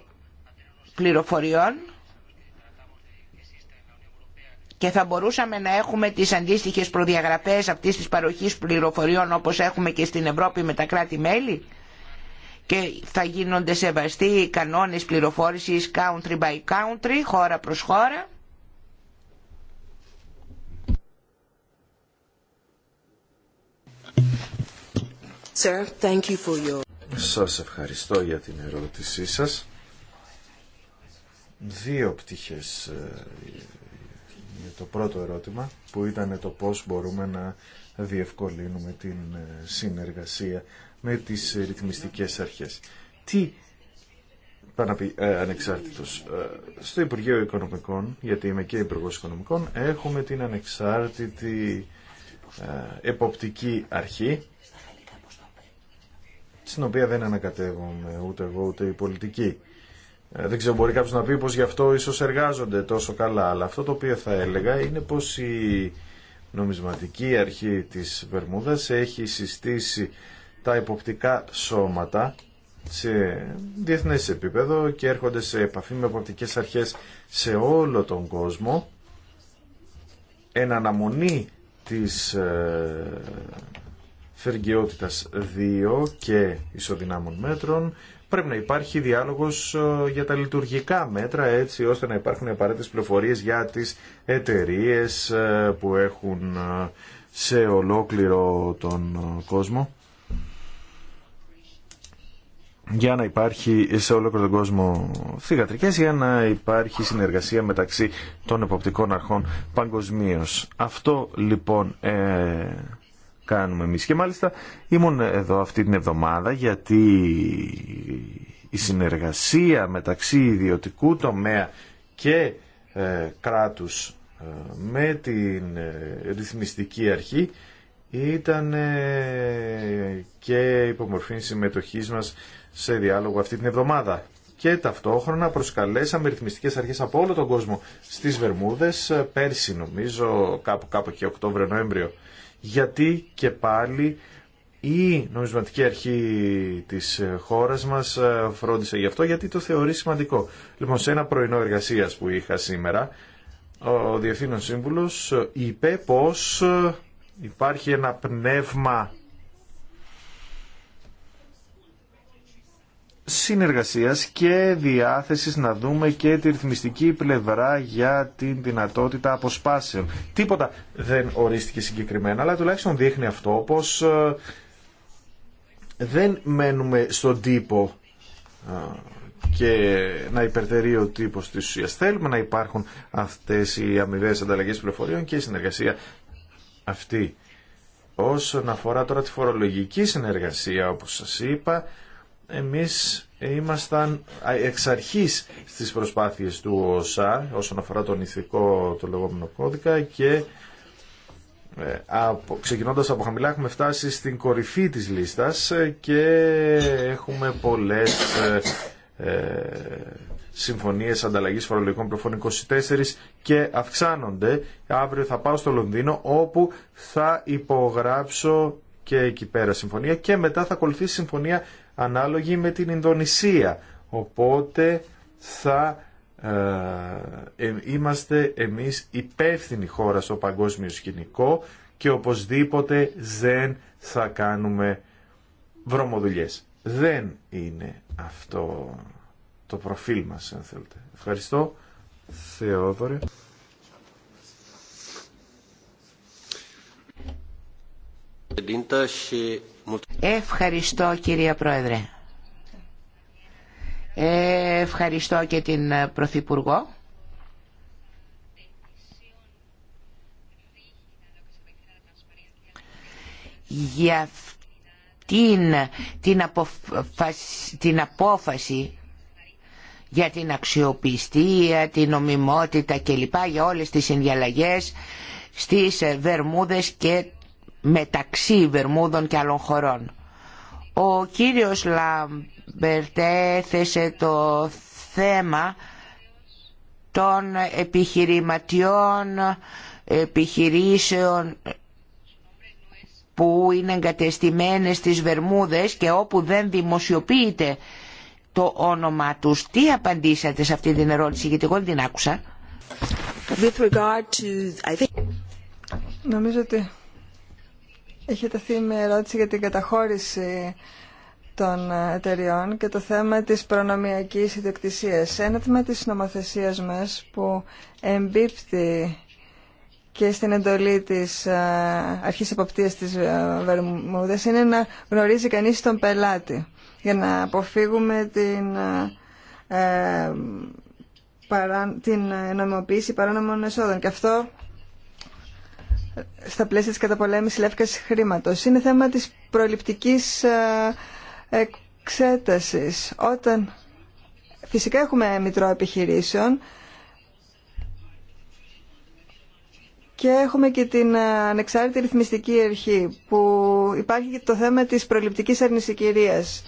πληροφοριών και θα μπορούσαμε να έχουμε τις αντίστοιχες προδιαγραφές αυτής της παροχής πληροφοριών όπως έχουμε και στην Ευρώπη με τα κράτη-μέλη και θα γίνονται σεβαστοί οι κανόνες πληροφόρησης country by country, χώρα προς χώρα Sir, thank you for Σας ευχαριστώ για την ερώτησή σας. Δύο πτυχές ε, για το πρώτο ερώτημα που ήταν το πώς μπορούμε να διευκολύνουμε την ε, συνεργασία με τις ρυθμιστικές αρχές. Τι πάνω πει ε, ανεξάρτητος. Ε, στο Υπουργείο Οικονομικών, γιατί είμαι και Υπουργός Οικονομικών, έχουμε την ανεξάρτητη εποπτική αρχή στην οποία δεν ανακατεύομαι ούτε εγώ ούτε η πολιτική. Ε, δεν ξέρω, μπορεί κάποιο να πει πως γι' αυτό ίσως εργάζονται τόσο καλά, αλλά αυτό το οποίο θα έλεγα είναι πως η νομισματική αρχή της Βερμούδας έχει συστήσει τα υποπτικά σώματα σε διεθνές επίπεδο και έρχονται σε επαφή με υποπτικές αρχές σε όλο τον κόσμο εν αναμονή της ε, φεργαιότητας 2 και ισοδυνάμων μέτρων, πρέπει να υπάρχει διάλογος ε, για τα λειτουργικά μέτρα έτσι ώστε να υπάρχουν απαραίτητες πληροφορίες για τις εταιρείε ε, που έχουν ε, σε ολόκληρο τον κόσμο για να υπάρχει σε ολόκληρο τον κόσμο θηγατρικές για να υπάρχει συνεργασία μεταξύ των εποπτικών αρχών παγκοσμίω. Αυτό λοιπόν κάνουμε εμείς. Και μάλιστα ήμουν εδώ αυτή την εβδομάδα γιατί η συνεργασία μεταξύ ιδιωτικού τομέα και ε, κράτους ε, με την ε, ρυθμιστική αρχή ήταν ε, και υπομορφή συμμετοχή μας σε διάλογο αυτή την εβδομάδα. Και ταυτόχρονα προσκαλέσαμε ρυθμιστικές αρχές από όλο τον κόσμο στις Βερμούδες πέρσι νομίζω κάπου, κάπου και Οκτώβριο-Νοέμβριο γιατί και πάλι η νομισματική αρχή της χώρας μας ε, φρόντισε γι' αυτό γιατί το θεωρεί σημαντικό. Λοιπόν, σε ένα πρωινό εργασίας που είχα σήμερα, ο Διευθύνων Σύμβουλος είπε πως ε, υπάρχει ένα πνεύμα συνεργασίας και διάθεσης να δούμε και τη ρυθμιστική πλευρά για την δυνατότητα αποσπάσεων. Τίποτα δεν ορίστηκε συγκεκριμένα, αλλά τουλάχιστον δείχνει αυτό πως ε, δεν μένουμε στον τύπο ε, και να υπερτερεί ο τύπος της ουσίας. Θέλουμε να υπάρχουν αυτές οι αμοιβέ ανταλλαγές πληροφοριών και η συνεργασία αυτή. Όσον αφορά τώρα τη φορολογική συνεργασία, όπως σας είπα, εμείς ήμασταν εξ αρχής στις προσπάθειες του ΟΣΑ όσον αφορά τον ηθικό το λεγόμενο κώδικα και ε, από, ξεκινώντας από χαμηλά έχουμε φτάσει στην κορυφή της λίστας και έχουμε πολλές ε, ε συμφωνίες ανταλλαγής φορολογικών προφών 24 και αυξάνονται. Αύριο θα πάω στο Λονδίνο όπου θα υπογράψω και εκεί πέρα συμφωνία και μετά θα ακολουθήσει συμφωνία ανάλογη με την Ινδονησία. Οπότε θα ε, είμαστε εμείς υπεύθυνη χώρα στο παγκόσμιο σκηνικό και οπωσδήποτε δεν θα κάνουμε βρωμοδουλειές. Δεν είναι αυτό το προφίλ μας, αν θέλετε. Ευχαριστώ, Θεόδωρε. Ευχαριστώ κυρία Πρόεδρε. Ευχαριστώ και την Πρωθυπουργό. για την, την, αποφαση, για την αξιοπιστία, την ομιμότητα κλπ. για όλες τις συνδιαλλαγές στις Βερμούδες και μεταξύ Βερμούδων και άλλων χωρών. Ο κύριος Λαμπερτέ έθεσε το θέμα των επιχειρηματιών επιχειρήσεων που είναι εγκατεστημένες στις Βερμούδες και όπου δεν δημοσιοποιείται το όνομά τους. Τι απαντήσατε σε αυτή την ερώτηση, γιατί εγώ δεν την άκουσα. Είχε τεθεί μια ερώτηση για την καταχώρηση των εταιριών και το θέμα της προνομιακής ιδιοκτησίας. Ένα θέμα της νομοθεσίας μας που εμπίπτει και στην εντολή της ε, αρχής εποπτείας της ε, Βερμούδας είναι να γνωρίζει κανείς τον πελάτη για να αποφύγουμε την, ε, την νομιμοποίηση παράνομων εσόδων. Και αυτό στα πλαίσια της καταπολέμησης λεύκας χρήματος. Είναι θέμα της προληπτικής ε, εξέτασης. Όταν φυσικά έχουμε μητρό επιχειρήσεων και έχουμε και την ε, ανεξάρτητη ρυθμιστική αρχή που υπάρχει και το θέμα της προληπτικής αρνησικηρίας.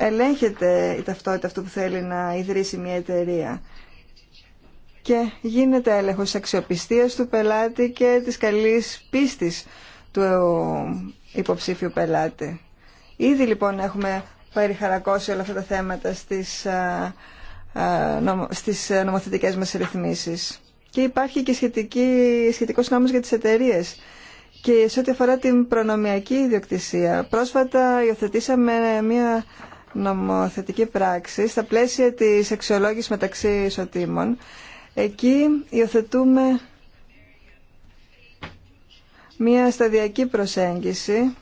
Ελέγχεται η ταυτότητα αυτού που θέλει να ιδρύσει μια εταιρεία και γίνεται έλεγχος αξιοπιστίας του πελάτη και της καλής πίστης του υποψήφιου πελάτη. Ήδη λοιπόν έχουμε περιχαρακώσει όλα αυτά τα θέματα στις, ε, ε, στις ε, νομοθετικές μας Και υπάρχει και σχετική, σχετικός νόμος για τις εταιρείε. Και σε ό,τι αφορά την προνομιακή ιδιοκτησία, πρόσφατα υιοθετήσαμε μια νομοθετική πράξη στα πλαίσια της αξιολόγησης μεταξύ ισοτήμων Εκεί υιοθετούμε μία σταδιακή προσέγγιση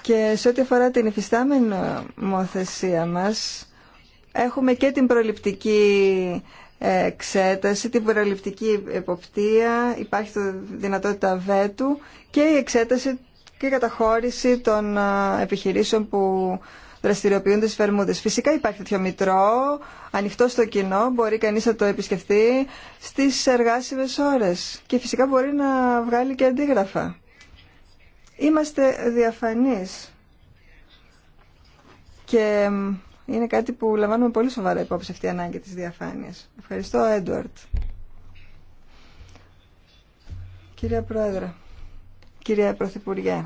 και σε ό,τι αφορά την υφιστάμενη νομοθεσία μας έχουμε και την προληπτική εξέταση, την προληπτική εποπτεία, υπάρχει το δυνατότητα βέτου και η εξέταση και η καταχώρηση των επιχειρήσεων που δραστηριοποιούνται στι φερμούδε. Φυσικά υπάρχει τέτοιο μητρό, ανοιχτό στο κοινό, μπορεί κανεί να το επισκεφτεί στι εργάσιμες ώρε. Και φυσικά μπορεί να βγάλει και αντίγραφα. Είμαστε διαφανείς και είναι κάτι που λαμβάνουμε πολύ σοβαρά υπόψη αυτή η ανάγκη της διαφάνειας. Ευχαριστώ, Έντουαρτ. Κυρία Πρόεδρε, κυρία Πρωθυπουργέ,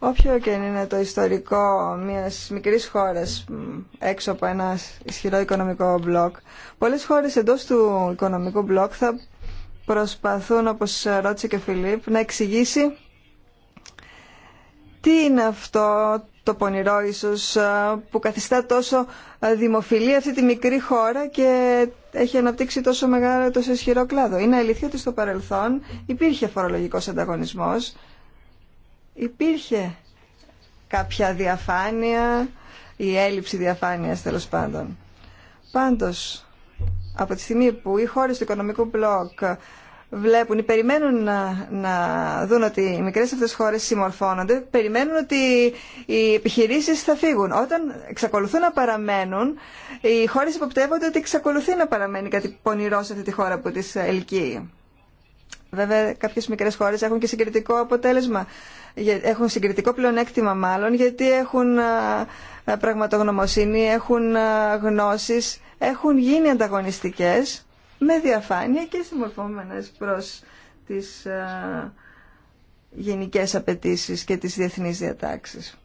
Όποιο και είναι το ιστορικό μιας μικρής χώρας έξω από ένα ισχυρό οικονομικό μπλοκ, πολλές χώρες εντός του οικονομικού μπλοκ θα προσπαθούν, όπως ρώτησε και ο Φιλίπ, να εξηγήσει τι είναι αυτό το πονηρό ίσως που καθιστά τόσο δημοφιλή αυτή τη μικρή χώρα και έχει αναπτύξει τόσο μεγάλο, τόσο ισχυρό κλάδο. Είναι αλήθεια ότι στο παρελθόν υπήρχε φορολογικός ανταγωνισμός υπήρχε κάποια διαφάνεια ή έλλειψη διαφάνειας τέλος πάντων. Πάντως, από τη στιγμή που οι χώρες του οικονομικού μπλοκ βλέπουν ή περιμένουν να, να δουν ότι οι μικρές αυτές χώρες συμμορφώνονται, περιμένουν ότι οι επιχειρήσεις θα φύγουν. Όταν εξακολουθούν να παραμένουν, οι χώρες υποπτεύονται ότι εξακολουθεί να παραμένει κάτι πονηρό σε αυτή τη χώρα που τις ελκύει. Βέβαια, κάποιες μικρέ χώρε έχουν και συγκριτικό αποτέλεσμα. Έχουν συγκριτικό πλεονέκτημα μάλλον, γιατί έχουν πραγματογνωμοσύνη, έχουν γνώσεις, έχουν γίνει ανταγωνιστικέ με διαφάνεια και συμμορφωμένες προς τις γενικέ απαιτήσει και τις διεθνεί διατάξεις.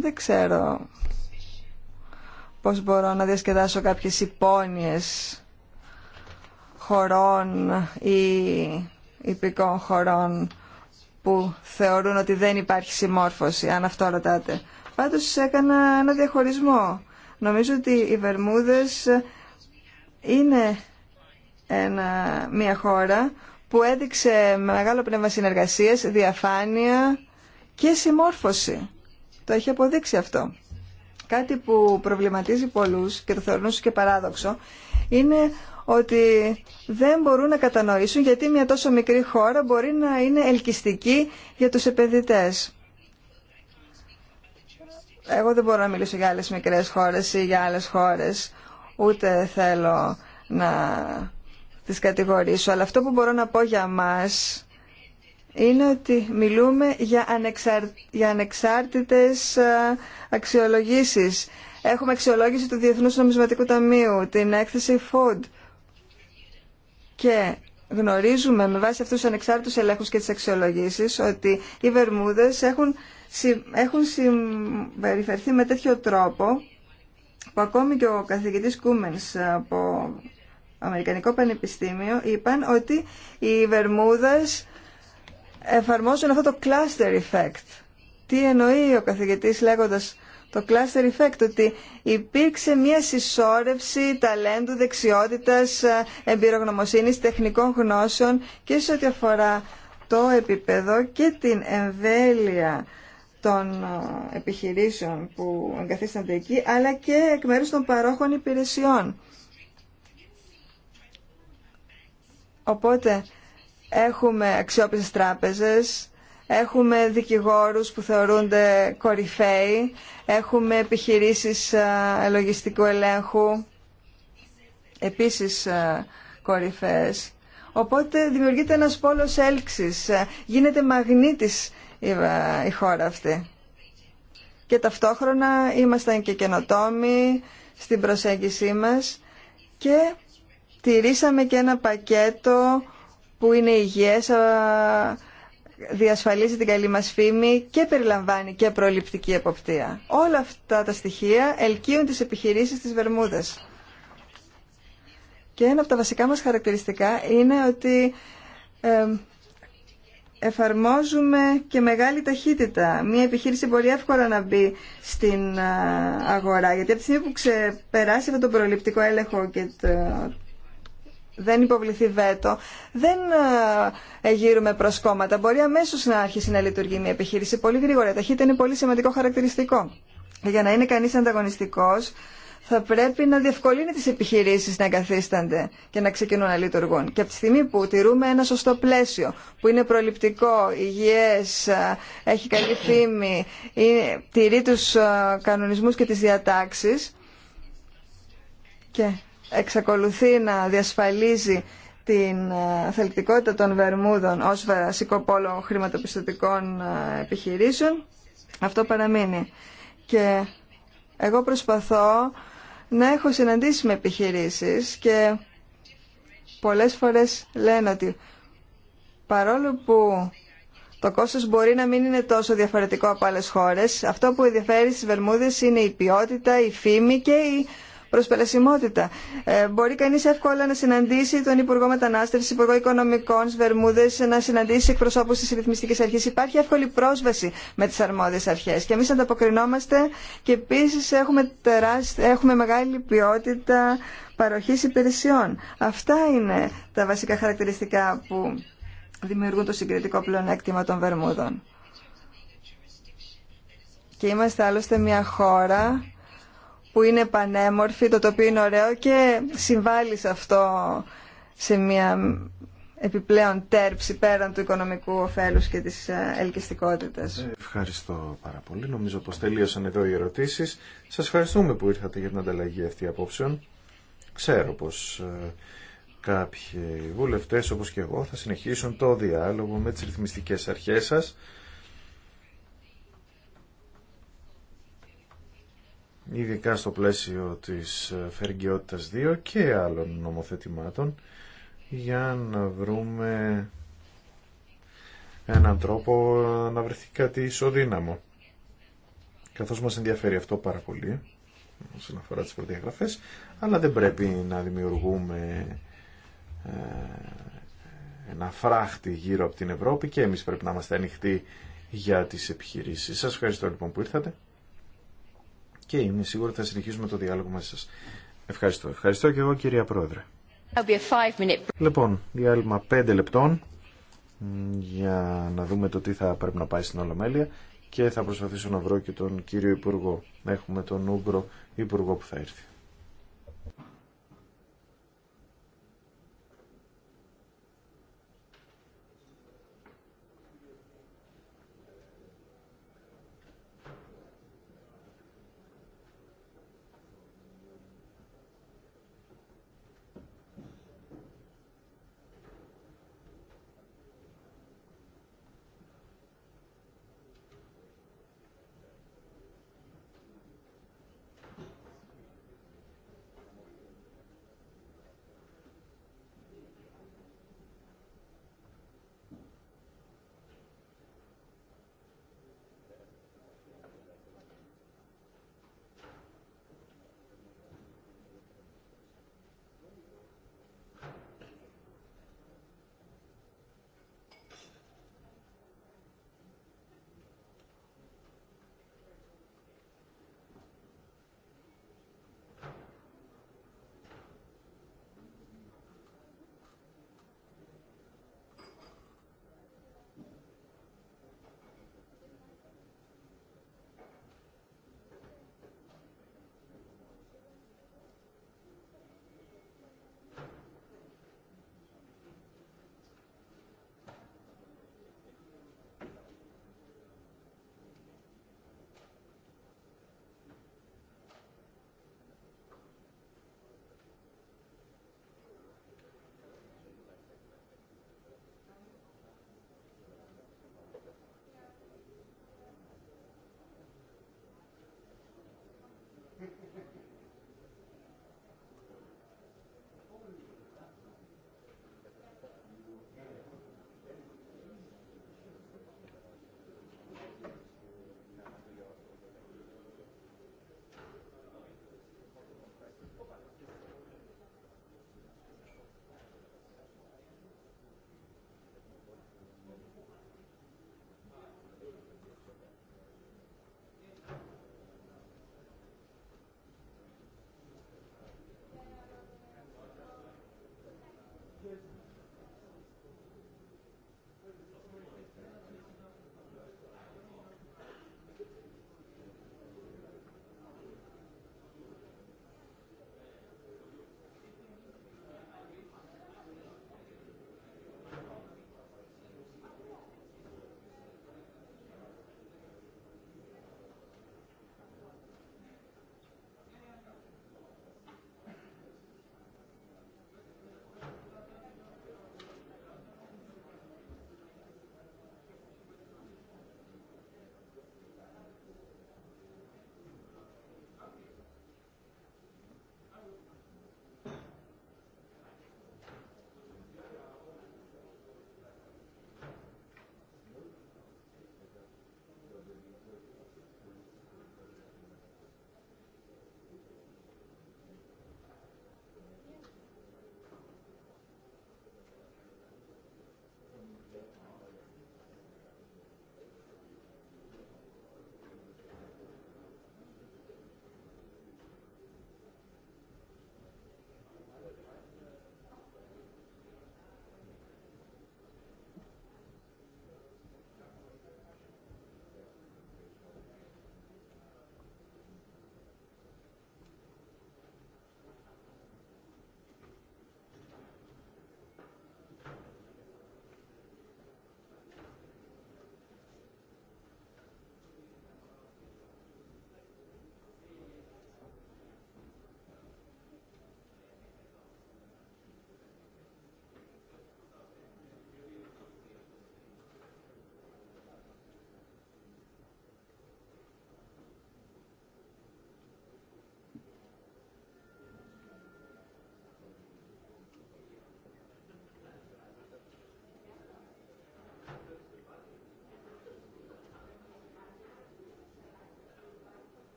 Δεν ξέρω πώς μπορώ να διασκεδάσω κάποιες υπόνοιες χωρών ή υπηκών χωρών που θεωρούν ότι δεν υπάρχει συμμόρφωση, αν αυτό ρωτάτε. Πάντως έκανα ένα διαχωρισμό. Νομίζω ότι οι Βερμούδες είναι ένα, μια χώρα που έδειξε με μεγάλο πνεύμα συνεργασίας, διαφάνεια και συμμόρφωση. Το έχει αποδείξει αυτό. Κάτι που προβληματίζει πολλούς και το θεωρούν και παράδοξο είναι ότι δεν μπορούν να κατανοήσουν γιατί μια τόσο μικρή χώρα μπορεί να είναι ελκυστική για τους επενδυτές. Εγώ δεν μπορώ να μιλήσω για άλλες μικρές χώρες ή για άλλες χώρες, ούτε θέλω να τις κατηγορήσω, αλλά αυτό που μπορώ να πω για μας είναι ότι μιλούμε για, ανεξάρ... για ανεξάρτητες ε, αξιολογήσεις. Έχουμε αξιολόγηση του Διεθνούς Νομισματικού Ταμείου, την έκθεση Food, και γνωρίζουμε με βάση αυτούς τους ανεξάρτητους ελέγχους και τις αξιολογήσεις ότι οι Βερμούδες έχουν, συμπεριφερθεί με τέτοιο τρόπο που ακόμη και ο καθηγητής Κούμενς από Αμερικανικό Πανεπιστήμιο είπαν ότι οι Βερμούδες εφαρμόζουν αυτό το cluster effect. Τι εννοεί ο καθηγητής λέγοντας το cluster effect, ότι υπήρξε μια συσσόρευση ταλέντου, δεξιότητας, εμπειρογνωμοσύνης, τεχνικών γνώσεων και σε ό,τι αφορά το επίπεδο και την εμβέλεια των ε, επιχειρήσεων που εγκαθίστανται εκεί, αλλά και εκ μέρους των παρόχων υπηρεσιών. Οπότε έχουμε αξιόπιστες τράπεζες, Έχουμε δικηγόρους που θεωρούνται κορυφαίοι, έχουμε επιχειρήσεις ε, λογιστικού ελέγχου, επίσης ε, κορυφαίες. Οπότε δημιουργείται ένας πόλος έλξης, ε, γίνεται μαγνήτης η χώρα αυτή. Και ταυτόχρονα ήμασταν και καινοτόμοι στην προσέγγισή μας και τηρήσαμε και ένα πακέτο που είναι υγιές διασφαλίζει την καλή μας φήμη και περιλαμβάνει και προληπτική εποπτεία. Όλα αυτά τα στοιχεία ελκύουν τις επιχειρήσεις της Βερμούδας. Και ένα από τα βασικά μας χαρακτηριστικά είναι ότι εφαρμόζουμε και μεγάλη ταχύτητα. Μία επιχείρηση μπορεί εύκολα να μπει στην αγορά, γιατί από τη στιγμή που ξεπεράσει αυτόν τον προληπτικό έλεγχο και το δεν υποβληθεί βέτο, δεν ε, γύρουμε προς κόμματα. Μπορεί αμέσω να άρχισει να λειτουργεί μια επιχείρηση πολύ γρήγορα. Ταχύτητα είναι πολύ σημαντικό χαρακτηριστικό. Για να είναι κανεί ανταγωνιστικό, θα πρέπει να διευκολύνει τι επιχειρήσει να εγκαθίστανται και να ξεκινούν να λειτουργούν. Και από τη στιγμή που τηρούμε ένα σωστό πλαίσιο, που είναι προληπτικό, υγιές, ε, έχει καλή φήμη, ε, τηρεί του κανονισμού και τι διατάξει. και εξακολουθεί να διασφαλίζει την ε, θελκτικότητα των Βερμούδων ως βασικό πόλο χρηματοπιστωτικών ε, επιχειρήσεων, αυτό παραμείνει. Και εγώ προσπαθώ να έχω συναντήσει με επιχειρήσεις και πολλές φορές λένε ότι παρόλο που το κόστος μπορεί να μην είναι τόσο διαφορετικό από άλλες χώρες, αυτό που ενδιαφέρει στις Βερμούδες είναι η ποιότητα, η φήμη και η προσπελασιμότητα. Ε, μπορεί κανεί εύκολα να συναντήσει τον Υπουργό Μετανάστευση, Υπουργό Οικονομικών, Βερμούδε, να συναντήσει εκπροσώπου τη ρυθμιστική αρχή. Υπάρχει εύκολη πρόσβαση με τι αρμόδιε αρχέ. Και εμεί ανταποκρινόμαστε και επίση έχουμε, έχουμε μεγάλη ποιότητα παροχή υπηρεσιών. Αυτά είναι τα βασικά χαρακτηριστικά που δημιουργούν το συγκριτικό πλεονέκτημα των Βερμούδων. Και είμαστε άλλωστε μια χώρα που είναι πανέμορφη, το τοπίο είναι ωραίο και συμβάλλει σε αυτό σε μια επιπλέον τέρψη πέραν του οικονομικού ωφέλους και της ε, ελκυστικότητας. Ευχαριστώ πάρα πολύ. Νομίζω πως τελείωσαν εδώ οι ερωτήσεις. Σας ευχαριστούμε που ήρθατε για την ανταλλαγή αυτή απόψεων. Ξέρω πως ε, κάποιοι βουλευτές όπως και εγώ θα συνεχίσουν το διάλογο με τις ρυθμιστικές αρχές σας. ειδικά στο πλαίσιο της ε, Φεργιότητας 2 και άλλων νομοθετημάτων για να βρούμε έναν τρόπο να βρεθεί κάτι ισοδύναμο. Καθώς μας ενδιαφέρει αυτό πάρα πολύ όσον αφορά τις προδιαγραφές, αλλά δεν πρέπει να δημιουργούμε ε, ένα φράχτη γύρω από την Ευρώπη και εμείς πρέπει να είμαστε ανοιχτοί για τις επιχειρήσεις. Σας ευχαριστώ λοιπόν που ήρθατε και είμαι ότι θα συνεχίσουμε το διάλογο μαζί σας. Ευχαριστώ. Ευχαριστώ και εγώ κυρία Πρόεδρε. Λοιπόν, διάλειμμα 5 λεπτών για να δούμε το τι θα πρέπει να πάει στην Ολομέλεια και θα προσπαθήσω να βρω και τον κύριο Υπουργό. Έχουμε τον Ούγκρο Υπουργό που θα έρθει.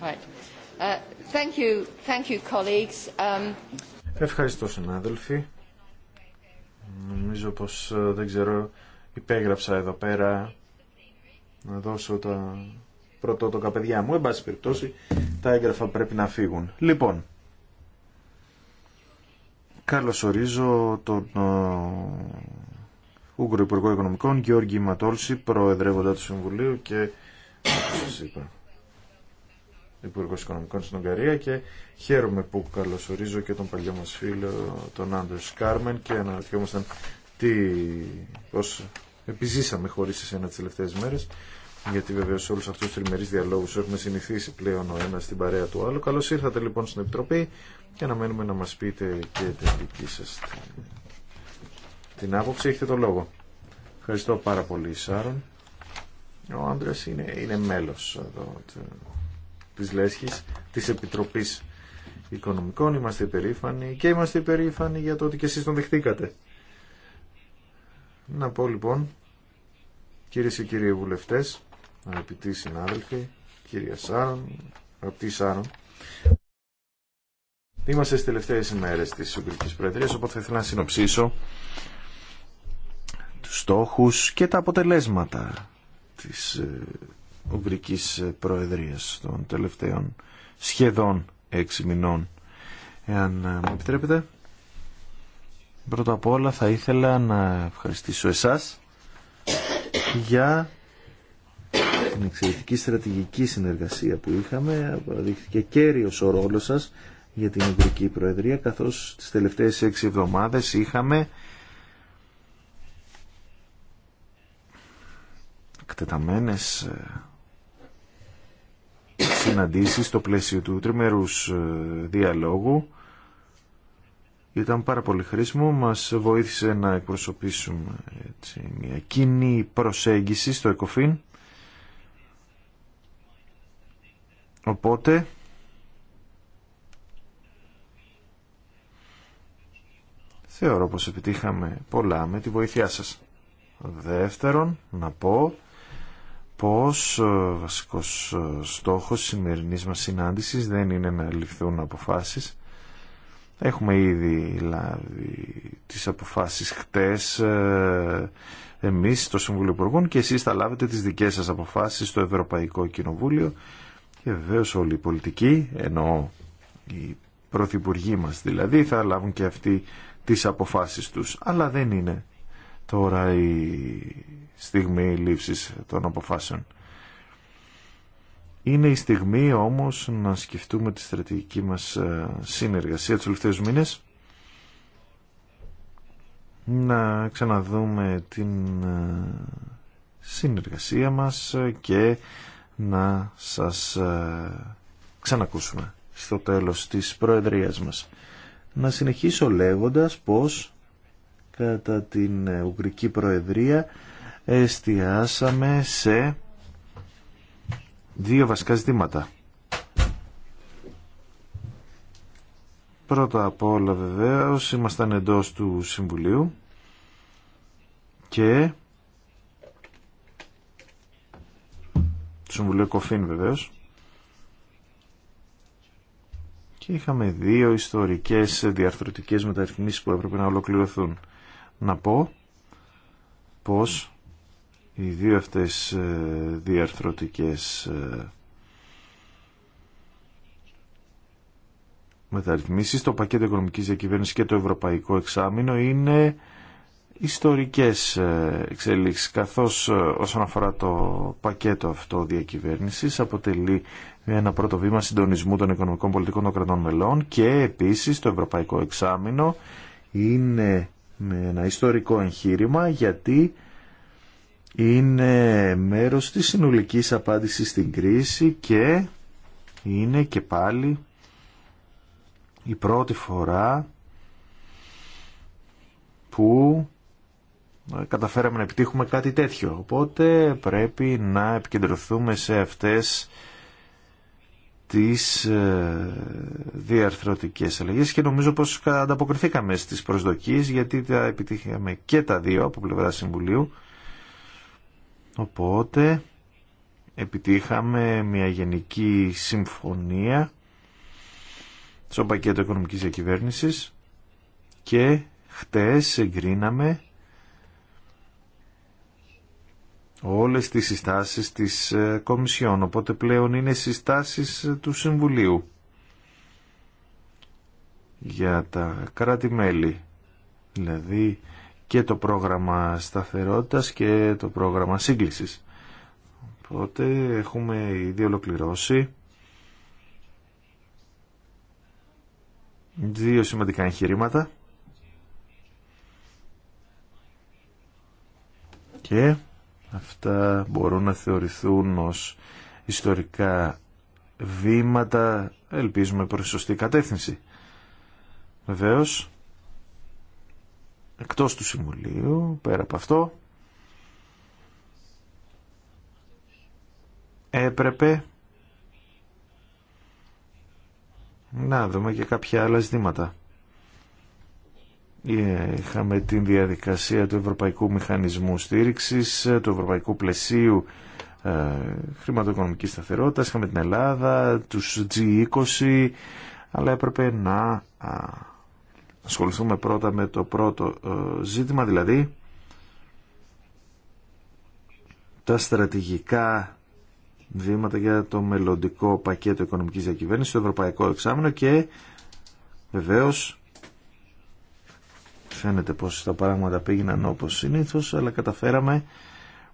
Uh, um, Ευχαριστώ συνάδελφοι. Νομίζω πως ε, δεν ξέρω, υπέγραψα εδώ πέρα να δώσω τα πρωτότοκα παιδιά μου. Εν πάση περιπτώσει, τα έγγραφα πρέπει να φύγουν. Λοιπόν, ορίζω τον ε, Ούγκρο Υπουργό Οικονομικών, Γιώργη Ματόλση, Προεδρεύοντα του Συμβουλίου και... Υπουργό Οικονομικών στην Ουγγαρία και χαίρομαι που καλωσορίζω και τον παλιό μας φίλο τον άντρε Κάρμεν και αναρωτιόμασταν τι, πώς επιζήσαμε χωρίς εσένα τις τελευταίες μέρες γιατί βεβαίω σε όλους αυτούς τους τριμερείς διαλόγους έχουμε συνηθίσει πλέον ο ένας στην παρέα του άλλου. Καλώς ήρθατε λοιπόν στην Επιτροπή και αναμένουμε να μας πείτε και την δική σας την, άποψη. Έχετε το λόγο. Ευχαριστώ πάρα πολύ Σάρων. Ο άντρε είναι, είναι μέλος εδώ της Λέσχης, της Επιτροπής Οικονομικών. Είμαστε υπερήφανοι και είμαστε υπερήφανοι για το ότι και εσείς τον δεχτήκατε. Να πω λοιπόν, κύριε και κύριοι βουλευτές, αγαπητοί συνάδελφοι, κυρία Σάρων, αγαπητοί Σάρων, Είμαστε στις τελευταίες ημέρες της Ουγγρικής Προεδρίας, οπότε θα ήθελα να συνοψίσω τους στόχους και τα αποτελέσματα της ε, Ουγγρικής Προεδρίας των τελευταίων σχεδόν έξι μηνών. Εάν ε, μου επιτρέπετε, πρώτα απ' όλα θα ήθελα να ευχαριστήσω εσάς για την εξαιρετική στρατηγική συνεργασία που είχαμε. Αποδείχθηκε κέριος ο ρόλος σας για την Ουγγρική Προεδρία, καθώς τις τελευταίες έξι εβδομάδες είχαμε εκτεταμένες ε, συναντήσεις στο πλαίσιο του τριμερούς ε, διαλόγου. Ήταν πάρα πολύ χρήσιμο, μας βοήθησε να εκπροσωπήσουμε έτσι, μια κοινή προσέγγιση στο ΕΚΟΦΗΝ. Οπότε, θεωρώ πως επιτύχαμε πολλά με τη βοήθειά σας. Δεύτερον, να πω πως ε, βασικός ε, στόχος σημερινής μας συνάντησης δεν είναι να ληφθούν αποφάσεις. Έχουμε ήδη λάβει δηλαδή, τις αποφάσεις χτες ε, εμείς στο Συμβούλιο Υπουργών και εσείς θα λάβετε τις δικές σας αποφάσεις στο Ευρωπαϊκό Κοινοβούλιο και βεβαίω όλοι οι πολιτικοί, ενώ οι πρωθυπουργοί μας δηλαδή, θα λάβουν και αυτοί τις αποφάσεις τους. Αλλά δεν είναι τώρα η στιγμή λήψης των αποφάσεων. Είναι η στιγμή όμως να σκεφτούμε τη στρατηγική μας ε, συνεργασία του τελευταίους μήνες να ξαναδούμε την ε, συνεργασία μας και να σας ε, ξανακούσουμε στο τέλος της προεδρίας μας. Να συνεχίσω λέγοντας πως κατά την Ουγγρική Προεδρία εστιάσαμε σε δύο βασικά ζητήματα. Πρώτα απ' όλα βεβαίως ήμασταν εντός του Συμβουλίου και του Συμβουλίου Κοφίν βεβαίως και είχαμε δύο ιστορικές διαρθρωτικές μεταρρυθμίσεις που έπρεπε να ολοκληρωθούν. Να πω πως οι δύο αυτές ε, διαρθρωτικές ε, μεταρρυθμίσεις, το πακέτο οικονομικής διακυβέρνησης και το ευρωπαϊκό εξάμεινο είναι ιστορικές ε, εξελίξεις καθώς όσον αφορά το πακέτο αυτό διακυβέρνησης αποτελεί ένα πρώτο βήμα συντονισμού των οικονομικών πολιτικών των κρατών μελών και επίσης το ευρωπαϊκό εξάμεινο είναι ένα ιστορικό εγχείρημα γιατί είναι μέρος της συνολικής απάντησης στην κρίση και είναι και πάλι η πρώτη φορά που ε, καταφέραμε να επιτύχουμε κάτι τέτοιο. Οπότε πρέπει να επικεντρωθούμε σε αυτές τις ε, διαρθρωτικές αλλαγές και νομίζω πως ανταποκριθήκαμε στις προσδοκίες γιατί τα επιτύχαμε και τα δύο από πλευρά Συμβουλίου Οπότε επιτύχαμε μια γενική συμφωνία στο πακέτο οικονομικής διακυβέρνησης και χτες εγκρίναμε όλες τις συστάσεις της ε, Κομισιόν, οπότε πλέον είναι συστάσεις ε, του Συμβουλίου για τα κράτη-μέλη. Δηλαδή και το πρόγραμμα σταθερότητας και το πρόγραμμα σύγκλησης. Οπότε έχουμε ήδη ολοκληρώσει δύο σημαντικά εγχειρήματα και αυτά μπορούν να θεωρηθούν ως ιστορικά βήματα ελπίζουμε προς σωστή κατεύθυνση. Βεβαίως εκτός του Συμβουλίου, πέρα από αυτό, έπρεπε να δούμε και κάποια άλλα ζητήματα. Ε, είχαμε την διαδικασία του Ευρωπαϊκού Μηχανισμού Στήριξης, του Ευρωπαϊκού Πλαισίου ε, Χρηματοοικονομικής Σταθερότητας, είχαμε την Ελλάδα, τους G20, αλλά έπρεπε να ασχοληθούμε πρώτα με το πρώτο ε, ζήτημα, δηλαδή τα στρατηγικά βήματα για το μελλοντικό πακέτο οικονομικής διακυβέρνησης, το ευρωπαϊκό εξάμεινο και βεβαίως φαίνεται πως τα πράγματα πήγαιναν όπως συνήθως, αλλά καταφέραμε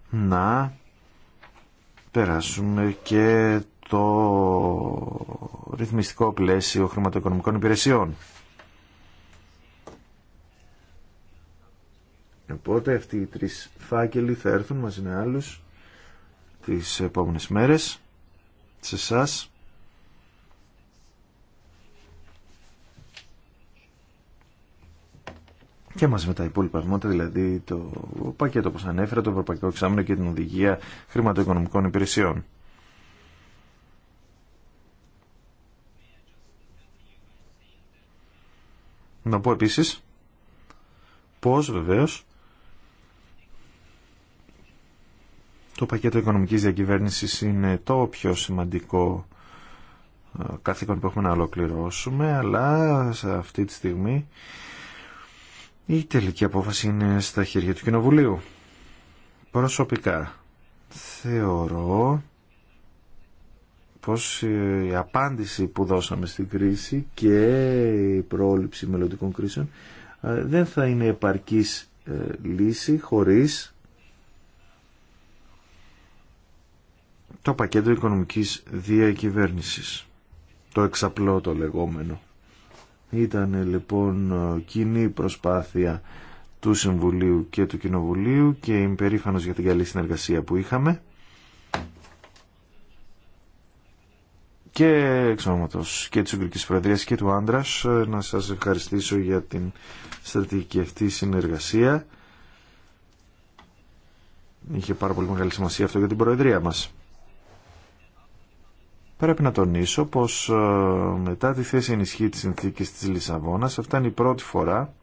να περάσουμε και το ρυθμιστικό πλαίσιο χρηματοοικονομικών υπηρεσιών. Οπότε αυτοί οι τρεις φάκελοι θα έρθουν μαζί με άλλους τις επόμενες μέρες σε εσά. και μαζί με τα υπόλοιπα δηλαδή το πακέτο όπως ανέφερα, το Ευρωπαϊκό Εξάμεινο και την Οδηγία Χρηματοοικονομικών Υπηρεσιών. Να πω επίσης πώς βεβαίως Το πακέτο οικονομικής διακυβέρνησης είναι το πιο σημαντικό ε, καθήκον που έχουμε να ολοκληρώσουμε, αλλά σε αυτή τη στιγμή η τελική απόφαση είναι στα χέρια του Κοινοβουλίου. Προσωπικά θεωρώ πως η απάντηση που δώσαμε στην κρίση και η πρόληψη μελλοντικών κρίσεων ε, δεν θα είναι επαρκής ε, λύση χωρίς το πακέτο οικονομικής διακυβέρνησης. Το εξαπλώτο το λεγόμενο. Ήταν λοιπόν κοινή προσπάθεια του Συμβουλίου και του Κοινοβουλίου και είμαι περήφανος για την καλή συνεργασία που είχαμε. Και εξ και της Ουγγρικής Προεδρίας και του Άντρας να σας ευχαριστήσω για την στρατηγική αυτή συνεργασία. Είχε πάρα πολύ μεγάλη σημασία αυτό για την Προεδρία μας. Πρέπει να τονίσω πως ε, μετά τη θέση ενισχύ της συνθήκης της Λισαβόνας αυτά είναι η πρώτη φορά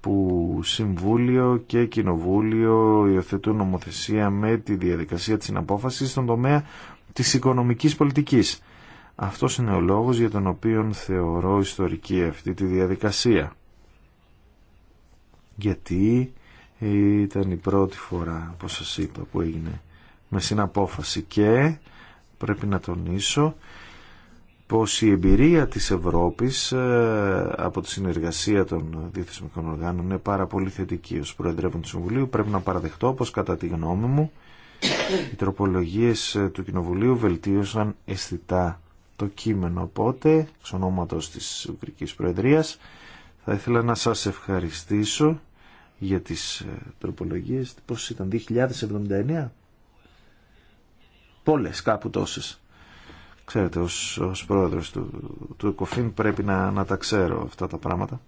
που Συμβούλιο και Κοινοβούλιο υιοθετούν νομοθεσία με τη διαδικασία της συναπόφασης στον τομέα της οικονομικής πολιτικής. Αυτός είναι ο λόγος για τον οποίο θεωρώ ιστορική αυτή τη διαδικασία. Γιατί ήταν η πρώτη φορά, όπως σας είπα, που έγινε με συναπόφαση και πρέπει να τονίσω πως η εμπειρία της Ευρώπης ε, από τη συνεργασία των διεθνικών οργάνων είναι πάρα πολύ θετική. Ως Προεδρεύον του Συμβουλίου πρέπει να παραδεχτώ πως κατά τη γνώμη μου οι τροπολογίες ε, του Κοινοβουλίου βελτίωσαν αισθητά το κείμενο. Οπότε, εξ ονόματος της Ουκρικής Προεδρίας, θα ήθελα να σας ευχαριστήσω για τις ε, τροπολογίες. Πώς ήταν, 2079? Πόλες, κάπου τόσες. Ξέρετε, ως, ως πρόεδρος του, του ΕΚΟΦΗΝ πρέπει να, να τα ξέρω αυτά τα πράγματα.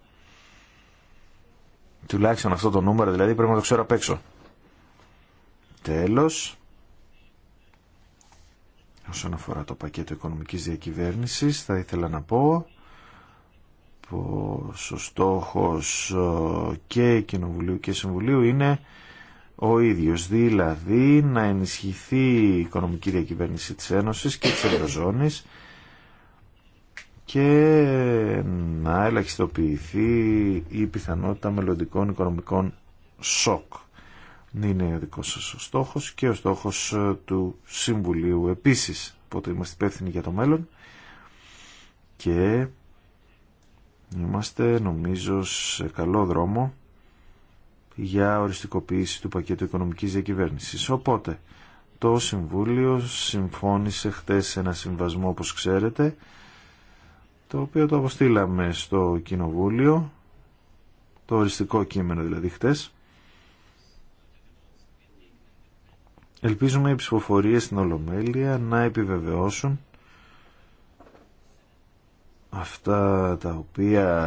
Τουλάχιστον αυτό το νούμερο δηλαδή πρέπει να το ξέρω απ' έξω. Τέλος. Όσον αφορά το πακέτο οικονομικής διακυβέρνησης θα ήθελα να πω πως ο στόχος ε, και Κοινοβουλίου και Συμβουλίου είναι ο ίδιος, δηλαδή να ενισχυθεί η οικονομική διακυβέρνηση της Ένωσης και της Ευρωζώνης και να ελαχιστοποιηθεί η πιθανότητα μελλοντικών οικονομικών σοκ. Είναι ο δικός σας ο στόχος και ο στόχος ε, του Συμβουλίου επίσης, οπότε είμαστε υπεύθυνοι για το μέλλον και είμαστε νομίζω σε καλό δρόμο για οριστικοποίηση του πακέτου οικονομικής διακυβέρνησης. Οπότε, το Συμβούλιο συμφώνησε χτες σε ένα συμβασμό, όπως ξέρετε, το οποίο το αποστήλαμε στο Κοινοβούλιο, το οριστικό κείμενο δηλαδή χτες. Ελπίζουμε οι ψηφοφορίες στην Ολομέλεια να επιβεβαιώσουν αυτά τα οποία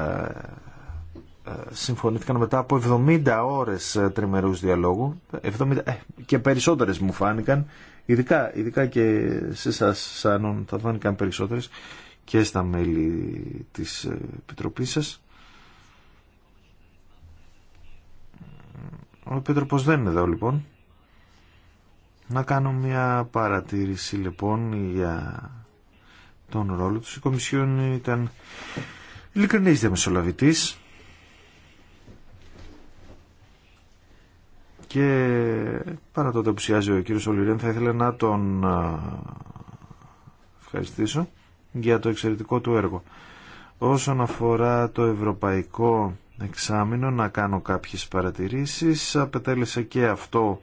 συμφωνήθηκαν μετά από 70 ώρες ε, τριμερούς διαλόγου 70, ε, και περισσότερες μου φάνηκαν ειδικά, ειδικά και σε σας σαν θα φάνηκαν περισσότερες και στα μέλη της ε, Επιτροπής σας Ο Επίτροπος δεν είναι εδώ λοιπόν να κάνω μια παρατήρηση λοιπόν για τον ρόλο του. Η Κομισιόν ήταν ειλικρινής διαμεσολαβητής και παρά το που σιάζει ο κύριος Ολυρέν θα ήθελα να τον ευχαριστήσω για το εξαιρετικό του έργο. Όσον αφορά το ευρωπαϊκό εξάμεινο να κάνω κάποιες παρατηρήσεις απετέλεσε και αυτό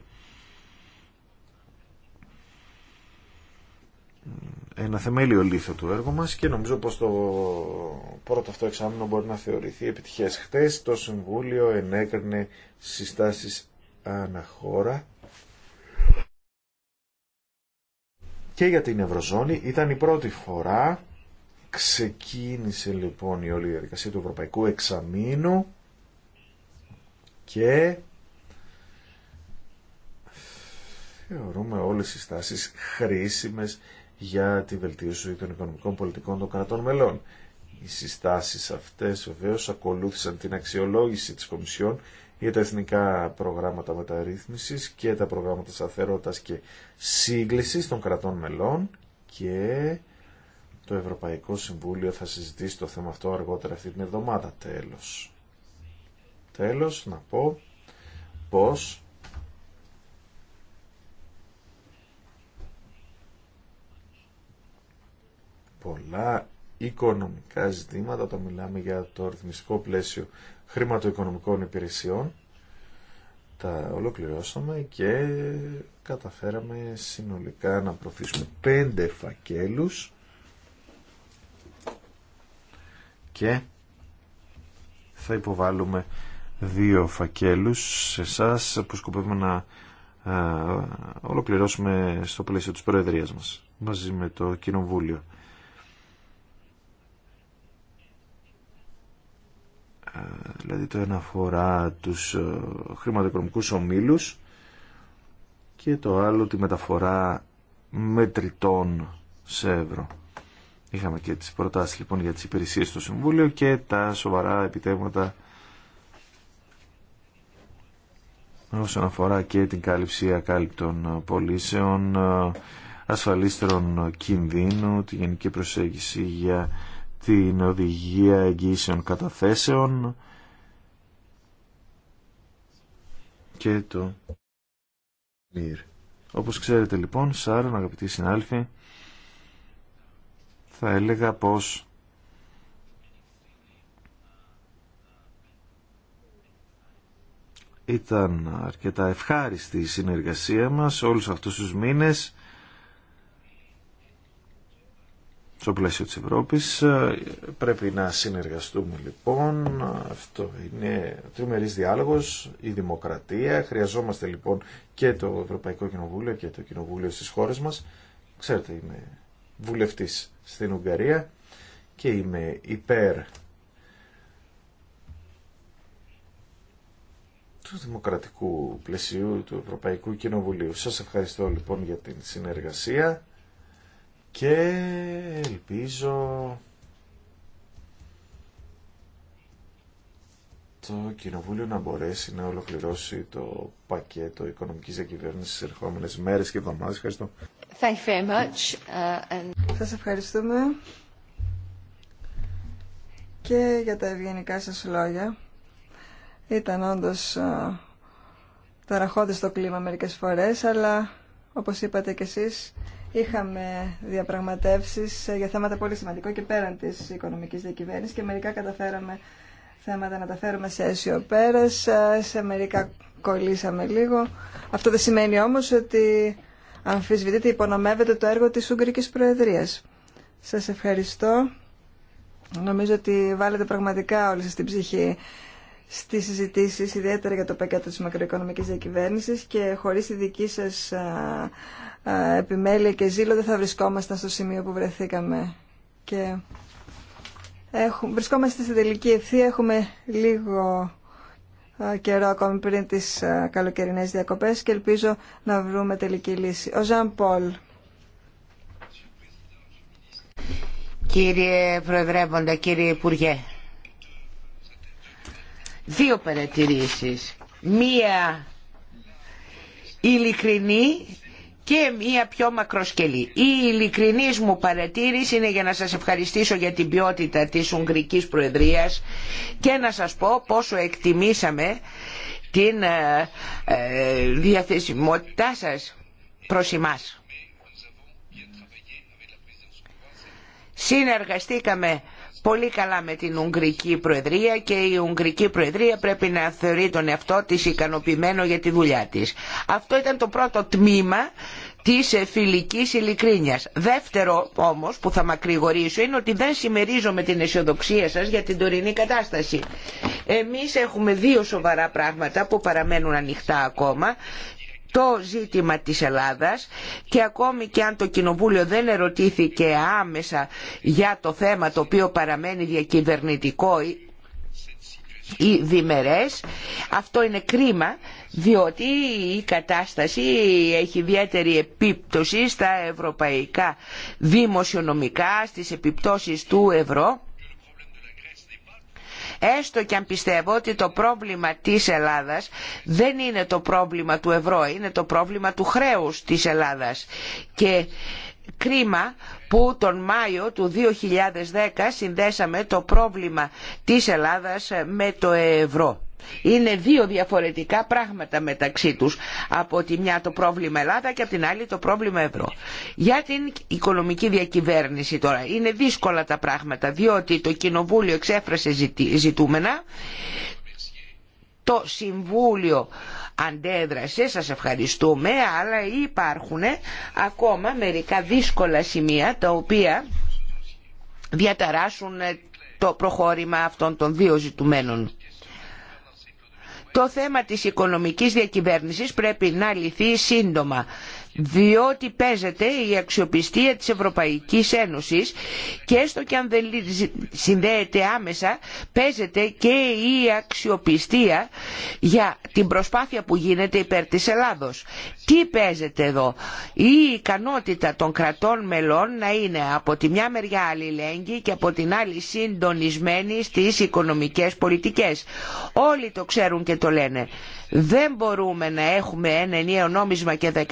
ένα θεμέλιο λίθο του έργου μας και νομίζω πως το πρώτο αυτό εξάμεινο μπορεί να θεωρηθεί επιτυχές. Χτες το Συμβούλιο ενέκρινε συστάσεις αναχώρα και για την Ευρωζώνη. Ήταν η πρώτη φορά, ξεκίνησε λοιπόν η όλη διαδικασία του Ευρωπαϊκού Εξαμήνου και θεωρούμε όλες οι στάσεις χρήσιμες για τη βελτίωση των οικονομικών πολιτικών των κρατών μελών. Οι συστάσεις αυτές βεβαίως ακολούθησαν την αξιολόγηση της Κομισιόν για τα εθνικά προγράμματα μεταρρύθμισης και τα προγράμματα σταθερότητας και σύγκλησης των κρατών μελών και το Ευρωπαϊκό Συμβούλιο θα συζητήσει το θέμα αυτό αργότερα αυτή την εβδομάδα. Τέλος. Τέλος, να πω πως πολλά οικονομικά ζητήματα, το μιλάμε για το ρυθμιστικό πλαίσιο χρηματοοικονομικών υπηρεσιών. Τα ολοκληρώσαμε και καταφέραμε συνολικά να προωθήσουμε πέντε φακέλους και θα υποβάλουμε δύο φακέλους σε εσά που σκοπεύουμε να ολοκληρώσουμε στο πλαίσιο της Προεδρίας μας μαζί με το Κοινοβούλιο. δηλαδή το ένα αφορά τους ε, χρηματοοικονομικούς ομίλους και το άλλο τη μεταφορά μετρητών σε ευρώ. Είχαμε και τις προτάσεις λοιπόν για τις υπηρεσίες στο Συμβούλιο και τα σοβαρά επιτεύγματα όσον αφορά και την κάλυψη ακάλυπτων πωλήσεων, ε, ασφαλίστερων κινδύνου, τη γενική προσέγγιση για την οδηγία Εγγύσεων καταθέσεων και το Όπω Όπως ξέρετε λοιπόν, Σάρων, αγαπητοί συνάλφοι, θα έλεγα πως ήταν αρκετά ευχάριστη η συνεργασία μας όλους αυτούς τους μήνες στο πλαίσιο της Ευρώπης. Ε, πρέπει να συνεργαστούμε λοιπόν. Αυτό είναι τριμερής διάλογος, η δημοκρατία. Χρειαζόμαστε λοιπόν και το Ευρωπαϊκό Κοινοβούλιο και το Κοινοβούλιο στις χώρες μας. Ξέρετε είμαι βουλευτής στην Ουγγαρία και είμαι υπέρ του δημοκρατικού πλαισίου του Ευρωπαϊκού Κοινοβουλίου. Σας ευχαριστώ λοιπόν για την συνεργασία και ελπίζω το Κοινοβούλιο να μπορέσει να ολοκληρώσει το πακέτο οικονομικής διακυβέρνησης στις ερχόμενες μέρες και εβδομάδες. Ευχαριστώ. Thank you very much. Uh, and... Σας ευχαριστούμε και για τα ευγενικά σας λόγια. Ήταν όντως uh, ταραχώδες το κλίμα μερικές φορές, αλλά όπως είπατε κι εσείς, Είχαμε διαπραγματεύσεις για θέματα πολύ σημαντικό και πέραν της οικονομικής διακυβέρνηση και μερικά καταφέραμε θέματα να τα φέρουμε σε αίσιο πέρα. σε μερικά κολλήσαμε λίγο. Αυτό δεν σημαίνει όμως ότι αμφισβητείται, υπονομεύετε το έργο της Ουγγρική Προεδρίας. Σας ευχαριστώ. Νομίζω ότι βάλετε πραγματικά όλοι σας την ψυχή στις συζητήσεις, ιδιαίτερα για το πακέτο της μακροοικονομικής διακυβέρνησης και χωρίς τη δική σας επιμέλεια και ζήλο δεν θα βρισκόμασταν στο σημείο που βρεθήκαμε. Και έχουμε, βρισκόμαστε στην τελική ευθεία, έχουμε λίγο καιρό ακόμη πριν τις καλοκαιρινές διακοπές και ελπίζω να βρούμε τελική λύση. Ο Ζαν Πολ. Κύριε Προεδρεύοντα, κύριε Υπουργέ, Δύο παρατηρήσεις. Μία ειλικρινή και μία πιο μακροσκελή. Η ειλικρινή μου παρατήρηση είναι για να σας ευχαριστήσω για την ποιότητα της Ουγγρικής Προεδρίας και να σας πω πόσο εκτιμήσαμε την ε, ε, διαθεσιμότητά σας προς εμάς. Συνεργαστήκαμε πολύ καλά με την Ουγγρική Προεδρία και η Ουγγρική Προεδρία πρέπει να θεωρεί τον εαυτό της ικανοποιημένο για τη δουλειά της. Αυτό ήταν το πρώτο τμήμα της φιλικής ειλικρίνειας. Δεύτερο όμως που θα μακρηγορήσω είναι ότι δεν συμμερίζομαι την αισιοδοξία σας για την τωρινή κατάσταση. Εμείς έχουμε δύο σοβαρά πράγματα που παραμένουν ανοιχτά ακόμα το ζήτημα της Ελλάδας και ακόμη και αν το Κοινοβούλιο δεν ερωτήθηκε άμεσα για το θέμα το οποίο παραμένει διακυβερνητικό ή διμερές αυτό είναι κρίμα διότι η κατάσταση έχει ιδιαίτερη επίπτωση στα ευρωπαϊκά δημοσιονομικά στις επιπτώσεις του ευρώ έστω και αν πιστεύω ότι το πρόβλημα της Ελλάδας δεν είναι το πρόβλημα του ευρώ, είναι το πρόβλημα του χρέους της Ελλάδας. Και κρίμα που τον Μάιο του 2010 συνδέσαμε το πρόβλημα της Ελλάδας με το ευρώ. Είναι δύο διαφορετικά πράγματα μεταξύ τους. Από τη μια το πρόβλημα Ελλάδα και από την άλλη το πρόβλημα ευρώ. Για την οικονομική διακυβέρνηση τώρα είναι δύσκολα τα πράγματα διότι το Κοινοβούλιο εξέφρασε ζητούμενα, το Συμβούλιο αντέδρασε, σας ευχαριστούμε, αλλά υπάρχουν ακόμα μερικά δύσκολα σημεία τα οποία διαταράσσουν το προχώρημα αυτών των δύο ζητουμένων. Το θέμα της οικονομικής διακυβέρνησης πρέπει να λυθεί σύντομα διότι παίζεται η αξιοπιστία της Ευρωπαϊκής Ένωσης και έστω και αν δεν συνδέεται άμεσα παίζεται και η αξιοπιστία για την προσπάθεια που γίνεται υπέρ της Ελλάδος. Τι παίζεται εδώ. Η ικανότητα των κρατών μελών να είναι από τη μια μεριά αλληλέγγυη και από την άλλη συντονισμένη στις οικονομικές πολιτικές. Όλοι το ξέρουν και το λένε. Δεν μπορούμε να έχουμε ένα ενιαίο νόμισμα και 17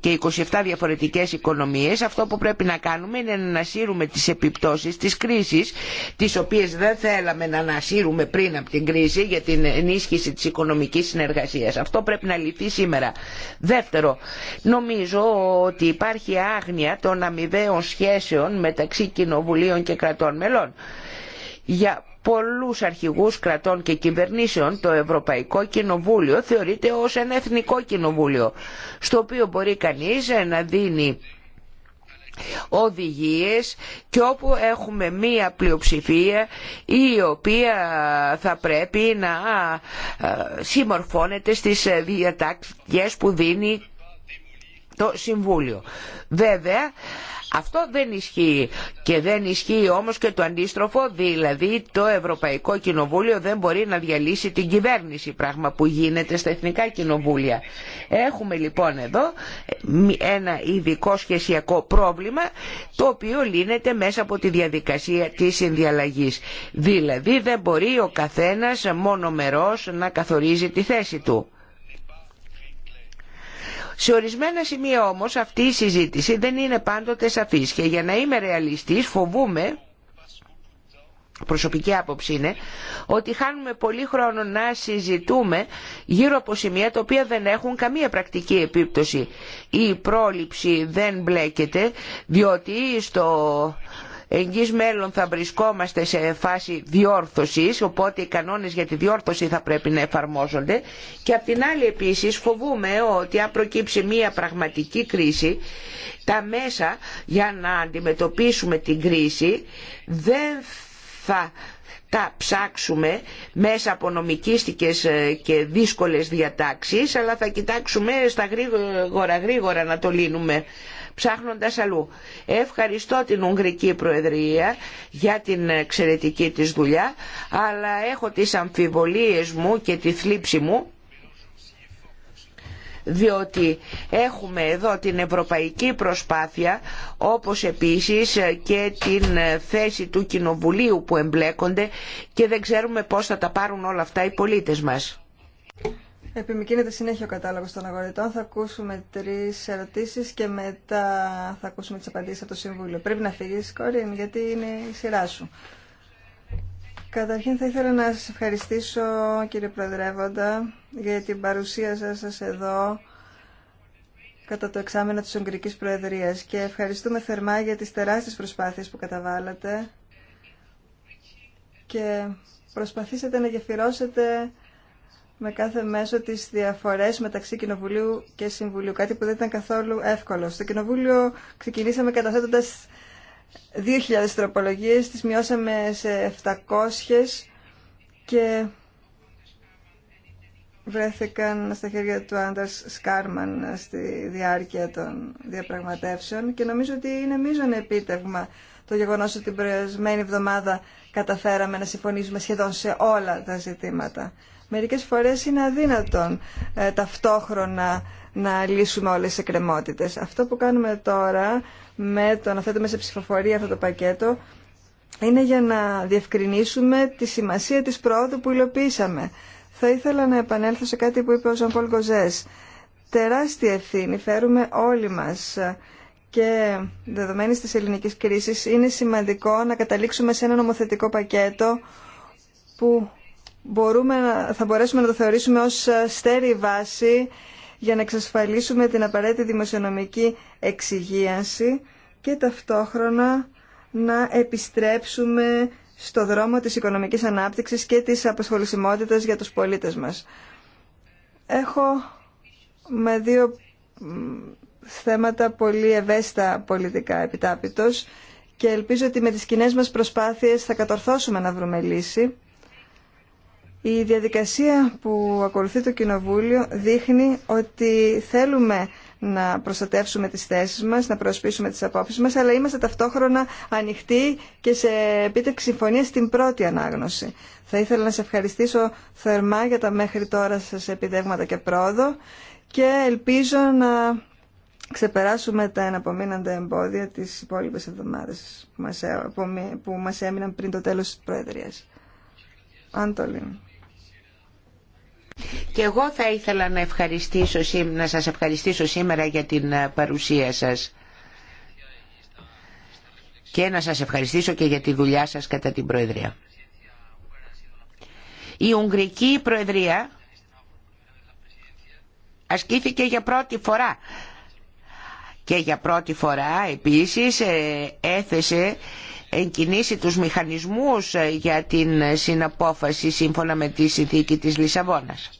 και 27 διαφορετικές οικονομίες αυτό που πρέπει να κάνουμε είναι να ανασύρουμε τις επιπτώσεις της κρίσης τις οποίες δεν θέλαμε να ανασύρουμε πριν από την κρίση για την ενίσχυση της οικονομικής συνεργασίας. Αυτό πρέπει να λυθεί σήμερα. Δεύτερο, νομίζω ότι υπάρχει άγνοια των αμοιβαίων σχέσεων μεταξύ κοινοβουλίων και κρατών μελών. Για πολλούς αρχηγούς κρατών και κυβερνήσεων το Ευρωπαϊκό Κοινοβούλιο θεωρείται ως ένα εθνικό κοινοβούλιο στο οποίο μπορεί κανείς να δίνει οδηγίες και όπου έχουμε μία πλειοψηφία η οποία θα πρέπει να συμμορφώνεται στις ε, διατάξεις που δίνει το Συμβούλιο. Βέβαια αυτό δεν ισχύει και δεν ισχύει όμως και το αντίστροφο, δηλαδή το Ευρωπαϊκό Κοινοβούλιο δεν μπορεί να διαλύσει την κυβέρνηση, πράγμα που γίνεται στα Εθνικά Κοινοβούλια. Έχουμε λοιπόν εδώ ένα ειδικό σχεσιακό πρόβλημα το οποίο λύνεται μέσα από τη διαδικασία της συνδιαλλαγής. Δηλαδή δεν μπορεί ο καθένας μονομερός να καθορίζει τη θέση του. Σε ορισμένα σημεία όμως αυτή η συζήτηση δεν είναι πάντοτε σαφής και για να είμαι ρεαλιστής φοβούμε προσωπική άποψη είναι ότι χάνουμε πολύ χρόνο να συζητούμε γύρω από σημεία τα οποία δεν έχουν καμία πρακτική επίπτωση. Η πρόληψη δεν μπλέκεται διότι στο εγγύς μέλλον θα βρισκόμαστε σε φάση διόρθωσης, οπότε οι κανόνες για τη διόρθωση θα πρέπει να εφαρμόζονται και απ' την άλλη επίσης φοβούμε ότι αν προκύψει μια πραγματική κρίση, τα μέσα για να αντιμετωπίσουμε την κρίση δεν θα τα ψάξουμε μέσα από νομικίστικες ε, και δύσκολες διατάξεις αλλά θα κοιτάξουμε στα γρήγορα να το λύνουμε ψάχνοντας αλλού. Ευχαριστώ την Ουγγρική Προεδρία για την εξαιρετική της δουλειά, αλλά έχω τις αμφιβολίες μου και τη θλίψη μου διότι έχουμε εδώ την ευρωπαϊκή προσπάθεια όπως επίσης και την θέση του κοινοβουλίου που εμπλέκονται και δεν ξέρουμε πώς θα τα πάρουν όλα αυτά οι πολίτες μας. Επιμηκύνεται συνέχεια ο κατάλογος των αγορετών. Θα ακούσουμε τρεις ερωτήσεις και μετά θα ακούσουμε τι απαντήσει από το Συμβούλιο. Πρέπει να φύγει Κορίν, γιατί είναι η σειρά σου. Καταρχήν θα ήθελα να σας ευχαριστήσω, κύριε Προεδρεύοντα, για την παρουσία σας, εδώ κατά το εξάμεινο της Ουγγρικής Προεδρίας και ευχαριστούμε θερμά για τις τεράστιες προσπάθειες που καταβάλατε και προσπαθήσατε να γεφυρώσετε με κάθε μέσο τις διαφορές μεταξύ Κοινοβουλίου και Συμβουλίου, κάτι που δεν ήταν καθόλου εύκολο. Στο Κοινοβούλιο ξεκινήσαμε καταθέτοντας 2.000 τροπολογίες, τις μειώσαμε σε 700 και βρέθηκαν στα χέρια του Άντερ Σκάρμαν στη διάρκεια των διαπραγματεύσεων και νομίζω ότι είναι μείζον επίτευγμα το γεγονός ότι την προηγουμένη εβδομάδα καταφέραμε να συμφωνήσουμε σχεδόν σε όλα τα ζητήματα. Μερικές φορές είναι αδύνατον ε, ταυτόχρονα να λύσουμε όλες τις εκκρεμότητες. Αυτό που κάνουμε τώρα με το να θέτουμε σε ψηφοφορία αυτό το πακέτο είναι για να διευκρινίσουμε τη σημασία της πρόοδου που υλοποιήσαμε. Θα ήθελα να επανέλθω σε κάτι που είπε ο Ζαν Πολ Τεράστια ευθύνη φέρουμε όλοι μας και δεδομένη της ελληνικής κρίσης είναι σημαντικό να καταλήξουμε σε ένα νομοθετικό πακέτο που θα μπορέσουμε να το θεωρήσουμε ως ε, στέρη βάση για να εξασφαλίσουμε την απαραίτητη δημοσιονομική εξυγίανση και ταυτόχρονα να επιστρέψουμε στο δρόμο της οικονομικής ανάπτυξης και της απασχολησιμότητας για τους πολίτες μας. Έχω με δύο θέματα πολύ ευαίσθητα πολιτικά επιτάπητος και ελπίζω ότι με τις κοινέ μας προσπάθειες θα κατορθώσουμε να βρούμε λύση η διαδικασία που ακολουθεί το Κοινοβούλιο δείχνει ότι θέλουμε να προστατεύσουμε τις θέσεις μας, να προσπίσουμε τις απόψεις μας, αλλά είμαστε ταυτόχρονα ανοιχτοί και σε επίτευξη συμφωνία στην πρώτη ανάγνωση. Θα ήθελα να σε ευχαριστήσω θερμά για τα μέχρι τώρα σας επιδεύματα και πρόοδο και ελπίζω να ξεπεράσουμε τα εναπομείναντα εμπόδια τις υπόλοιπε εβδομάδες που μας έμειναν πριν το τέλος της Προεδρίας. Και εγώ θα ήθελα να, ευχαριστήσω, να σας ευχαριστήσω σήμερα για την ε, παρουσία σας και να σας ευχαριστήσω και για τη δουλειά σας κατά την Προεδρία. Η Ουγγρική Προεδρία ασκήθηκε για πρώτη φορά και για πρώτη φορά επίσης ε, έθεσε εγκινήσει τους μηχανισμούς ε, για την συναπόφαση σύμφωνα με τη συνθήκη της Λισαβόνας.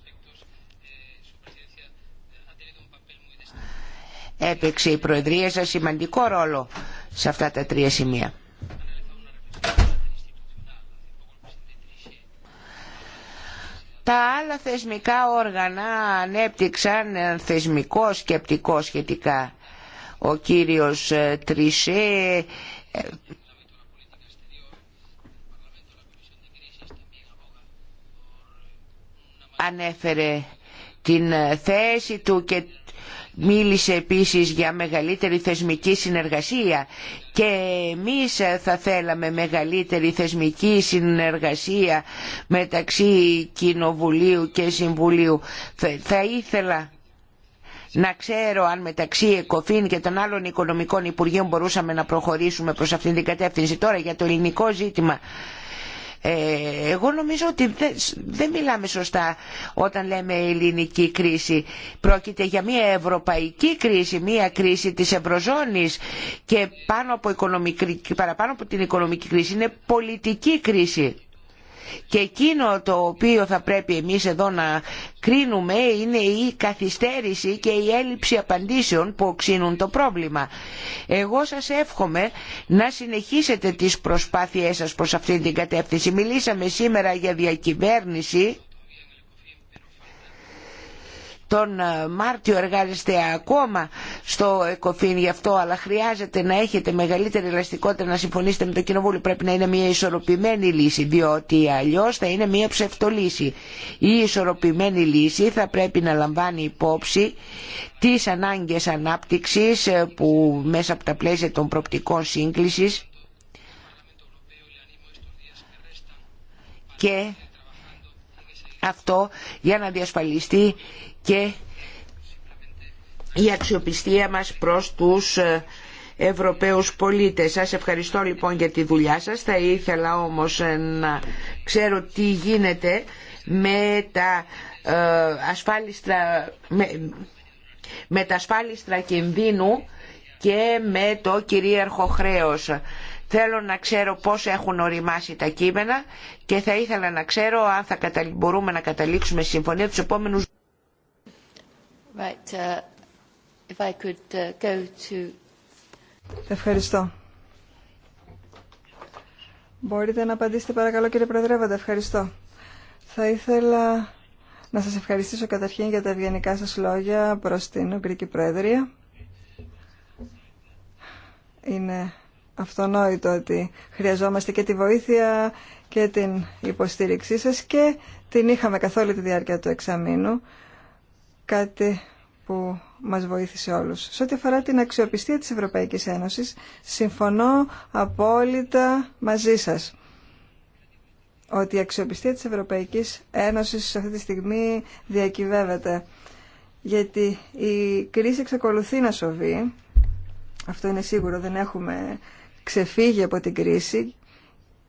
Έπαιξε η Προεδρία σας σημαντικό ρόλο σε αυτά τα τρία σημεία. Τα άλλα θεσμικά όργανα ανέπτυξαν θεσμικό σκεπτικό σχετικά. Ο κύριος ε, Τρισέ ε, ανέφερε την θέση του και μίλησε επίσης για μεγαλύτερη θεσμική συνεργασία και εμείς θα θέλαμε μεγαλύτερη θεσμική συνεργασία μεταξύ Κοινοβουλίου και Συμβουλίου. Θα ήθελα να ξέρω αν μεταξύ ΕΚΟΦΗΝ και των άλλων οικονομικών υπουργείων μπορούσαμε να προχωρήσουμε προς αυτήν την κατεύθυνση. Τώρα για το ελληνικό ζήτημα ε, εγώ νομίζω ότι δεν μιλάμε σωστά όταν λέμε ελληνική κρίση. Πρόκειται για μια ευρωπαϊκή κρίση, μια κρίση της Ευρωζώνης και πάνω παραπάνω από την οικονομική κρίση είναι πολιτική κρίση. Και εκείνο το οποίο θα πρέπει εμείς εδώ να κρίνουμε είναι η καθυστέρηση και η έλλειψη απαντήσεων που οξύνουν το πρόβλημα. Εγώ σας εύχομαι να συνεχίσετε τις προσπάθειές σας προς αυτήν την κατεύθυνση. Μιλήσαμε σήμερα για διακυβέρνηση τον ε, Μάρτιο εργάζεστε ακόμα στο ΕΚΟΦΗΝ γι' αυτό, αλλά χρειάζεται να έχετε μεγαλύτερη ελαστικότητα να συμφωνήσετε με το Κοινοβούλιο. Πρέπει να είναι μια ισορροπημένη λύση, διότι αλλιώ θα είναι μια ψευτολύση. Η ισορροπημένη λύση θα πρέπει να λαμβάνει υπόψη τις ανάγκες ανάπτυξης ε, που μέσα από τα πλαίσια των προπτικών σύγκλησης και αυτό για να διασφαλιστεί και η αξιοπιστία μας προς τους ε, Ευρωπαίους πολίτες. Σας ευχαριστώ λοιπόν για τη δουλειά σας. Θα ήθελα όμως ε, να ξέρω τι γίνεται με τα ε, ασφάλιστρα, με, με τα ασφάλιστρα κινδύνου και με το κυρίαρχο χρέος. Θέλω να ξέρω πώς έχουν οριμάσει τα κείμενα και θα ήθελα να ξέρω αν θα μπορούμε να καταλήξουμε συμφωνία τους επόμενους Uh, uh, Ευχαριστώ. Μπορείτε να απαντήσετε παρακαλώ κύριε Προεδρεύοντα. Ευχαριστώ. Θα ήθελα να σας ευχαριστήσω καταρχήν για τα ευγενικά σας λόγια προς την Ουγγρική Προεδρία. Είναι αυτονόητο ότι χρειαζόμαστε και τη βοήθεια και την υποστήριξή σας και την είχαμε καθ' όλη τη διάρκεια του εξαμήνου. Κάτι που μας βοήθησε όλους. Σε ό,τι αφορά την αξιοπιστία της Ευρωπαϊκής Ένωσης, συμφωνώ απόλυτα μαζί σας ότι η αξιοπιστία της Ευρωπαϊκής Ένωσης σε αυτή τη στιγμή διακυβεύεται. Γιατί η κρίση εξακολουθεί να σοβεί, αυτό είναι σίγουρο, δεν έχουμε ξεφύγει από την κρίση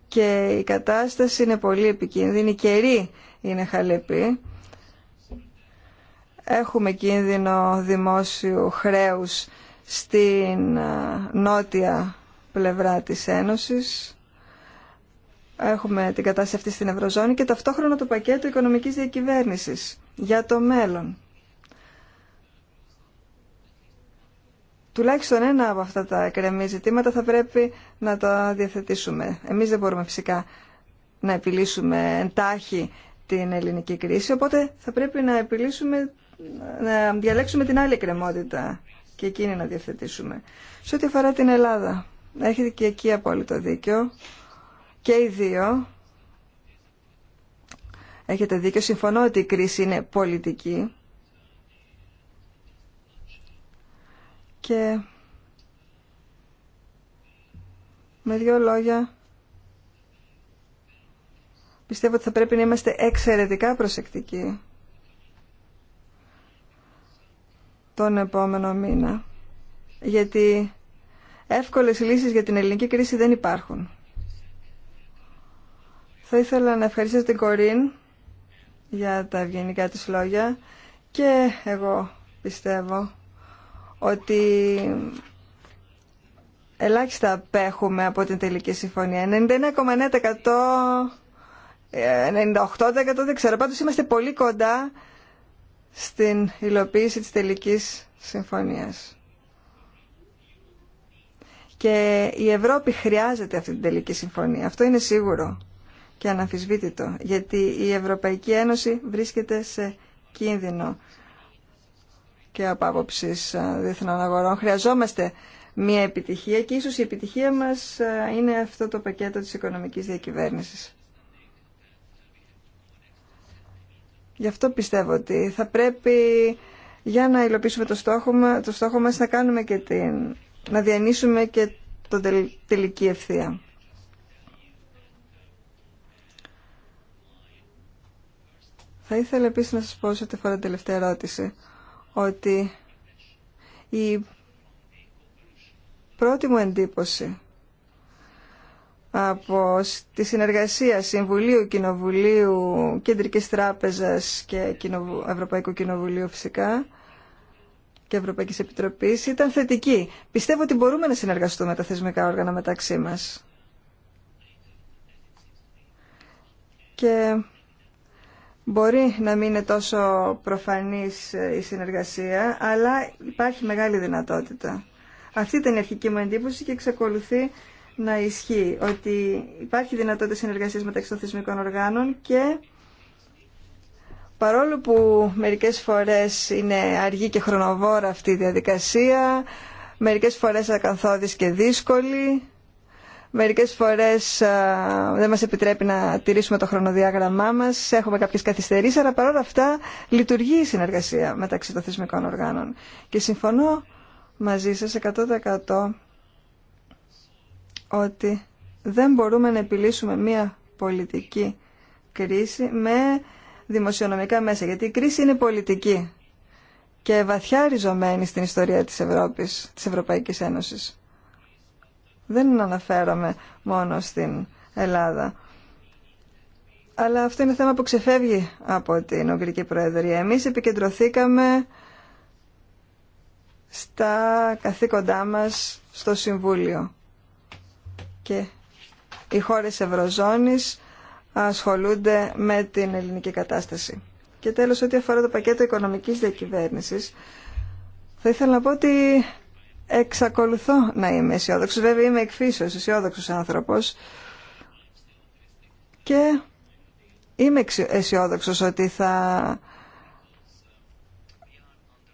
και η κατάσταση είναι πολύ επικίνδυνη, η καιρή είναι χαλεπή έχουμε κίνδυνο δημόσιου χρέους στην ε, νότια πλευρά της Ένωσης. Έχουμε την κατάσταση αυτή στην Ευρωζώνη και ταυτόχρονα το πακέτο οικονομικής διακυβέρνησης για το μέλλον. Τουλάχιστον ένα από αυτά τα εκρεμή ζητήματα θα πρέπει να τα διαθετήσουμε. Εμείς δεν μπορούμε φυσικά να επιλύσουμε εντάχει την ελληνική κρίση, οπότε θα πρέπει να επιλύσουμε να διαλέξουμε την άλλη εκκρεμότητα και εκείνη να διευθετήσουμε. Σε ό,τι αφορά την Ελλάδα, έχετε και εκεί απόλυτο δίκιο. Και οι δύο. Έχετε δίκιο. Συμφωνώ ότι η κρίση είναι πολιτική. Και με δύο λόγια πιστεύω ότι θα πρέπει να είμαστε εξαιρετικά προσεκτικοί τον επόμενο μήνα. Γιατί εύκολες λύσεις για την ελληνική κρίση δεν υπάρχουν. Θα ήθελα να ευχαριστήσω την Κορίν για τα ευγενικά της λόγια και εγώ πιστεύω ότι ελάχιστα απέχουμε από την τελική συμφωνία. 99,9%, 98% ε, δεν ξέρω. Πάντως είμαστε πολύ κοντά στην υλοποίηση της τελικής συμφωνίας. Και η Ευρώπη χρειάζεται αυτή την τελική συμφωνία. Αυτό είναι σίγουρο και αναμφισβήτητο, γιατί η Ευρωπαϊκή Ένωση βρίσκεται σε κίνδυνο και από άποψη ε, διεθνών αγορών. Χρειαζόμαστε μια επιτυχία και ίσως η επιτυχία μας ε, είναι αυτό το πακέτο της οικονομικής διακυβέρνησης. Γι' αυτό πιστεύω ότι θα πρέπει για να υλοποιήσουμε το στόχο, το στόχο μας να κάνουμε και την, να διανύσουμε και το τελική ευθεία. Θα ήθελα επίσης να σας πω σε φορά την τελευταία ερώτηση ότι η πρώτη μου εντύπωση από τη συνεργασία Συμβουλίου, Κοινοβουλίου, Κεντρικής Τράπεζας και Ευρωπαϊκού Κοινοβουλίου φυσικά και Ευρωπαϊκής Επιτροπής ήταν θετική. Πιστεύω ότι μπορούμε να συνεργαστούμε τα θεσμικά όργανα μεταξύ μας. Και μπορεί να μην είναι τόσο προφανής ε, η συνεργασία, αλλά υπάρχει μεγάλη δυνατότητα. Αυτή ήταν η αρχική μου εντύπωση και εξακολουθεί να ισχύει ότι υπάρχει δυνατότητα συνεργασίας μεταξύ των θεσμικών οργάνων και παρόλο που μερικές φορές είναι αργή και χρονοβόρα αυτή η διαδικασία, μερικές φορές ακαθόδης και δύσκολη, μερικές φορές δεν μας επιτρέπει να τηρήσουμε το χρονοδιάγραμμά μας, έχουμε κάποιες καθυστερήσεις, αλλά παρόλα αυτά λειτουργεί η συνεργασία μεταξύ των θεσμικών οργάνων. Και συμφωνώ μαζί σας 100% ότι δεν μπορούμε να επιλύσουμε μία πολιτική κρίση με δημοσιονομικά μέσα, γιατί η κρίση είναι πολιτική και βαθιά ριζωμένη στην ιστορία της Ευρώπης, της Ευρωπαϊκής Ένωσης. Δεν αναφέρομαι μόνο στην Ελλάδα. Αλλά αυτό είναι θέμα που ξεφεύγει από την Ουγγρική Προεδρία. Εμείς επικεντρωθήκαμε στα καθήκοντά μας στο Συμβούλιο και οι χώρες Ευρωζώνης ασχολούνται με την ελληνική κατάσταση. Και τέλος, ό,τι αφορά το πακέτο οικονομικής διακυβέρνησης, θα ήθελα να πω ότι εξακολουθώ να είμαι αισιόδοξο. Βέβαια είμαι εκφύσεως αισιόδοξο άνθρωπος και είμαι αισιόδοξο ότι θα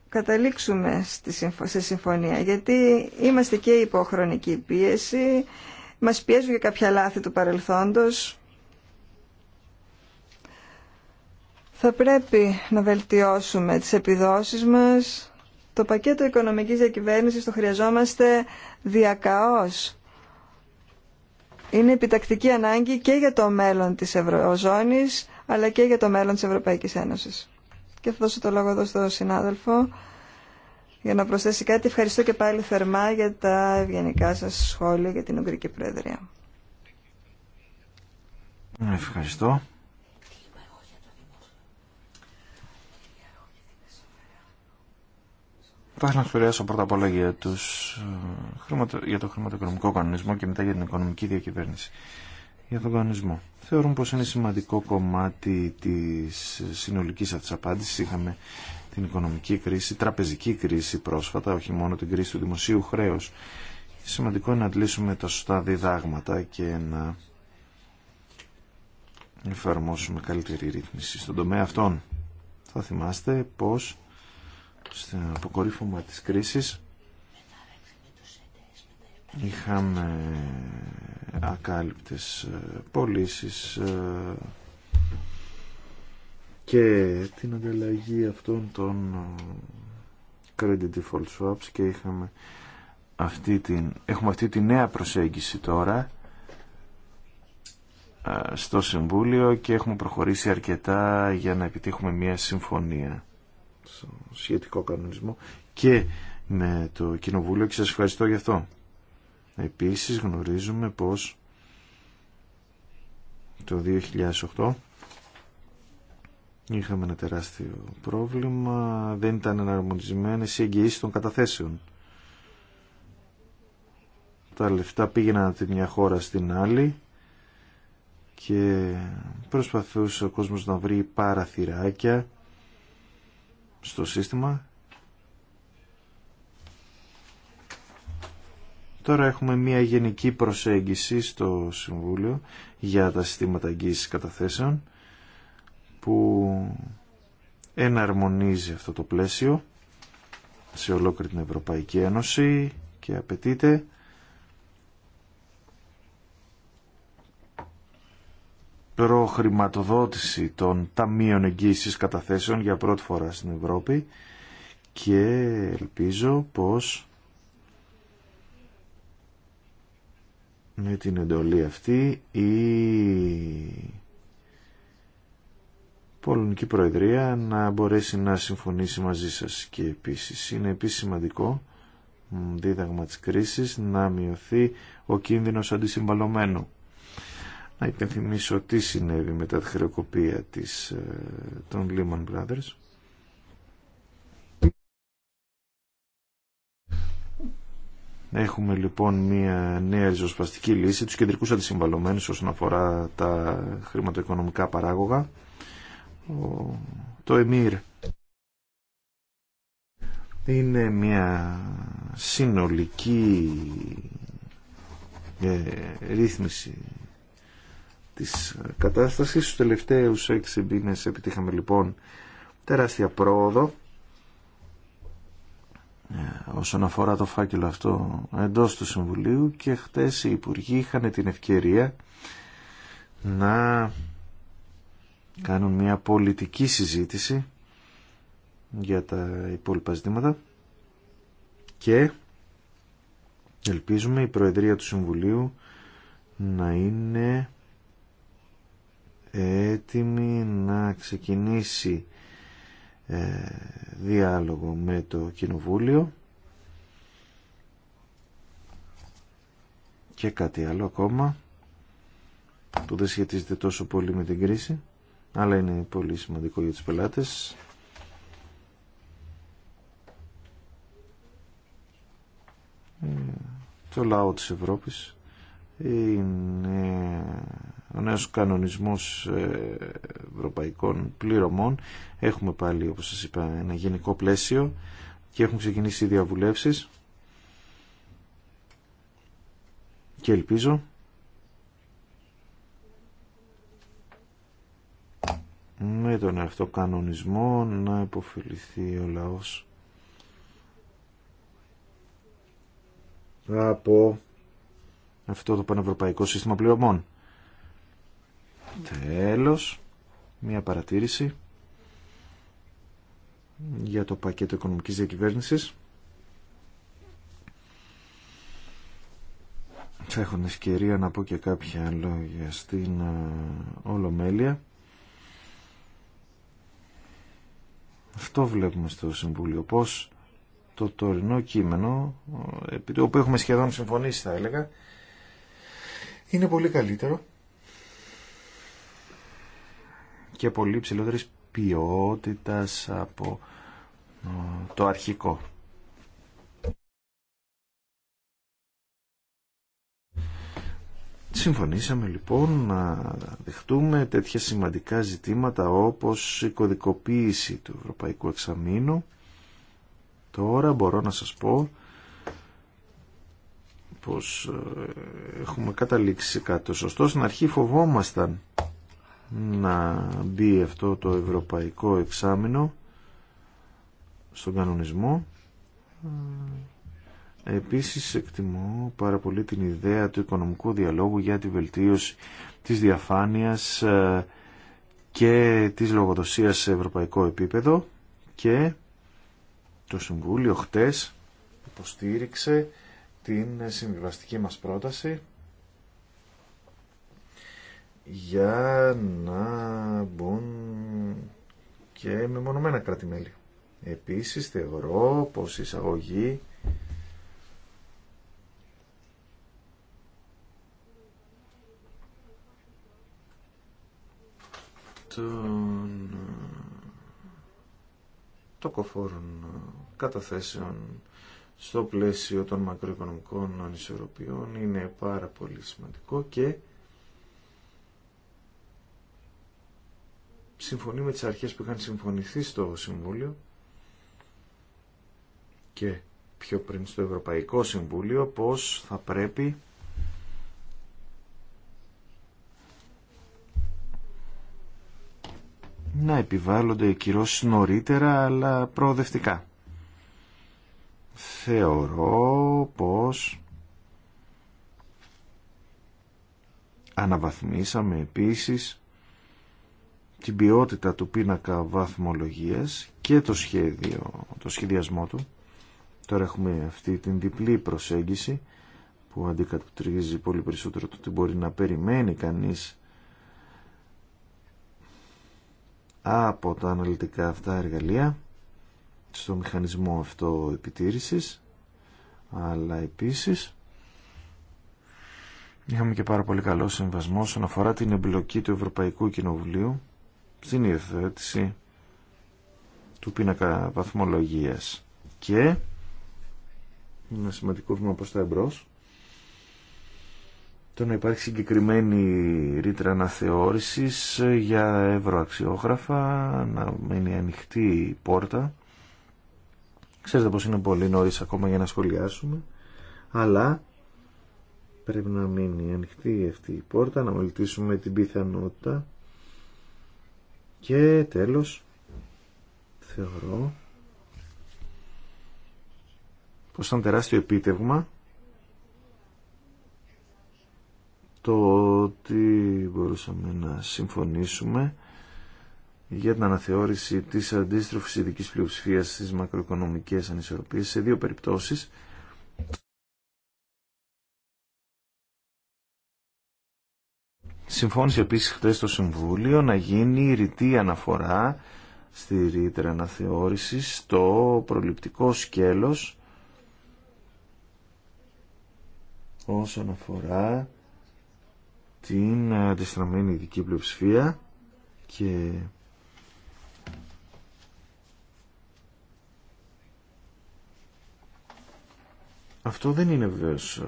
καταλήξουμε στη σε συμφωνία γιατί είμαστε και υποχρονική πίεση μας πιέζουν για κάποια λάθη του παρελθόντος. Θα πρέπει να βελτιώσουμε τις επιδόσεις μας. Το πακέτο οικονομικής διακυβέρνησης το χρειαζόμαστε διακαώς. Είναι επιτακτική ανάγκη και για το μέλλον της Ευρωζώνης, αλλά και για το μέλλον της Ευρωπαϊκής Ένωσης. Και θα δώσω το λόγο εδώ στον συνάδελφο για να προσθέσει κάτι. Ευχαριστώ και πάλι θερμά για τα ευγενικά σας σχόλια για την Ουγγρική Προεδρία. Ευχαριστώ. Θα ήθελα να σχολιάσω πρώτα απ' όλα για, τους, ε, για το χρηματοοικονομικό κανονισμό και μετά για την οικονομική διακυβέρνηση. Για τον κανονισμό. Θεωρούμε πως είναι σημαντικό κομμάτι της συνολικής αυτής απάντησης. Είχαμε την οικονομική κρίση, τραπεζική κρίση πρόσφατα, όχι μόνο την κρίση του δημοσίου χρέους. Σημαντικό είναι να αντλήσουμε τα σωστά διδάγματα και να εφαρμόσουμε καλύτερη ρύθμιση στον τομέα αυτών. Θα θυμάστε πως στην αποκορύφωμα της κρίσης είχαμε ακάλυπτες ε, πωλήσει ε, και την ανταλλαγή αυτών των ε, credit default swaps και είχαμε αυτή την, έχουμε αυτή τη νέα προσέγγιση τώρα ε, στο Συμβούλιο και έχουμε προχωρήσει αρκετά για να επιτύχουμε μια συμφωνία στο σχετικό κανονισμό και με το Κοινοβούλιο και σας ευχαριστώ γι' αυτό. Επίσης γνωρίζουμε πως το 2008 Είχαμε ένα τεράστιο πρόβλημα, δεν ήταν εναρμονισμένες οι εγγυήσεις των καταθέσεων. Τα λεφτά πήγαιναν από τη μια χώρα στην άλλη και προσπαθούσε ο κόσμος να βρει παραθυράκια στο σύστημα. Τώρα έχουμε μια γενική προσέγγιση στο Συμβούλιο για τα συστήματα εγγύησης καταθέσεων που εναρμονίζει αυτό το πλαίσιο σε ολόκληρη την Ευρωπαϊκή Ένωση και απαιτείται προχρηματοδότηση των ταμείων εγγύησης καταθέσεων για πρώτη φορά στην Ευρώπη και ελπίζω πως με την εντολή αυτή η Πολωνική Προεδρία να μπορέσει να συμφωνήσει μαζί σας και επίσης είναι επίσης σημαντικό δίδαγμα της κρίσης να μειωθεί ο κίνδυνος αντισυμβαλωμένου. Να υπενθυμίσω τι συνέβη μετά τη χρεοκοπία της, ε, των Lehman Brothers. Έχουμε λοιπόν μια νέα ριζοσπαστική λύση τους κεντρικούς αντισυμβαλωμένους όσον αφορά τα χρηματοοικονομικά παράγωγα το ΕΜΙΡ είναι μια συνολική ε, ρύθμιση της κατάστασης. Στους τελευταίους έξι μήνες επιτύχαμε λοιπόν τεράστια πρόοδο ε, όσον αφορά το φάκελο αυτό εντός του Συμβουλίου και χτες οι Υπουργοί είχαν την ευκαιρία να κάνουν μια πολιτική συζήτηση για τα υπόλοιπα ζητήματα και ελπίζουμε η Προεδρία του Συμβουλίου να είναι έτοιμη να ξεκινήσει ε, διάλογο με το Κοινοβούλιο και κάτι άλλο ακόμα που δεν σχετίζεται τόσο πολύ με την κρίση αλλά είναι πολύ σημαντικό για τους πελάτες. Ε, το λαό της Ευρώπης είναι ο νέος κανονισμός ε, ευρωπαϊκών πληρωμών. Έχουμε πάλι, όπως σας είπα, ένα γενικό πλαίσιο και έχουν ξεκινήσει οι διαβουλεύσεις και ελπίζω με τον κανονισμό να υποφεληθεί ο λαός από αυτό το πανευρωπαϊκό σύστημα πληρωμών. Τέλος, μία παρατήρηση για το πακέτο οικονομικής διακυβέρνησης. Θα έχω την ευκαιρία να πω και κάποια λόγια στην ε, Ολομέλεια. Αυτό βλέπουμε στο Συμβούλιο. Πώς το τωρινό κείμενο, επί το έχουμε σχεδόν συμφωνήσει θα έλεγα, είναι πολύ καλύτερο και πολύ ψηλότερης ποιότητας από ε, το αρχικό. Συμφωνήσαμε λοιπόν να δεχτούμε τέτοια σημαντικά ζητήματα όπως η κωδικοποίηση του Ευρωπαϊκού Εξαμήνου. Τώρα μπορώ να σας πω πως ε, έχουμε καταλήξει σε κάτι σωστό. Στην αρχή φοβόμασταν να μπει αυτό το Ευρωπαϊκό Εξάμεινο στον κανονισμό Επίσης εκτιμώ πάρα πολύ την ιδέα του οικονομικού διαλόγου για τη βελτίωση της διαφάνειας ε, και της λογοδοσίας σε ευρωπαϊκό επίπεδο και το Συμβούλιο χτες υποστήριξε την συμβιβαστική μας πρόταση για να μπουν και μεμονωμένα κράτη-μέλη. Επίσης θεωρώ πως η εισαγωγή των ε, τοκοφόρων ε, καταθέσεων στο πλαίσιο των μακροοικονομικών ανισορροπιών είναι πάρα πολύ σημαντικό και συμφωνεί με τις αρχές που είχαν συμφωνηθεί στο Συμβούλιο και πιο πριν στο Ευρωπαϊκό Συμβούλιο πως θα πρέπει να επιβάλλονται κυρώσεις νωρίτερα αλλά προοδευτικά. Θεωρώ πως αναβαθμίσαμε επίσης την ποιότητα του πίνακα βαθμολογίας και το σχέδιο, το σχεδιασμό του. Τώρα έχουμε αυτή την διπλή προσέγγιση που αντικατοπτρίζει πολύ περισσότερο το τι μπορεί να περιμένει κανείς από τα αναλυτικά αυτά εργαλεία στο μηχανισμό αυτό επιτήρησης αλλά επίσης είχαμε και πάρα πολύ καλό συμβασμό όσον αφορά την εμπλοκή του Ευρωπαϊκού Κοινοβουλίου στην υιοθέτηση του πίνακα βαθμολογίας και ένα σημαντικό βήμα προς τα εμπρός το να υπάρχει συγκεκριμένη ρήτρα αναθεώρησης για ευρωαξιόγραφα, να μείνει ανοιχτή η πόρτα. Ξέρετε πως είναι πολύ νωρίς ακόμα για να σχολιάσουμε, αλλά πρέπει να μείνει ανοιχτή αυτή η πόρτα, να μελετήσουμε την πιθανότητα και τέλος θεωρώ πως ήταν τεράστιο επίτευγμα το ότι μπορούσαμε να συμφωνήσουμε για την αναθεώρηση της αντίστροφης ειδική πλειοψηφία στις μακροοικονομικές ανισορροπίες σε δύο περιπτώσεις. Συμφώνησε επίσης χτες το Συμβούλιο να γίνει ρητή αναφορά στη ρήτρα αναθεώρηση στο προληπτικό σκέλος όσον αφορά την αντιστραμμένη ειδική πλειοψηφία και αυτό δεν είναι βεβαίως ε,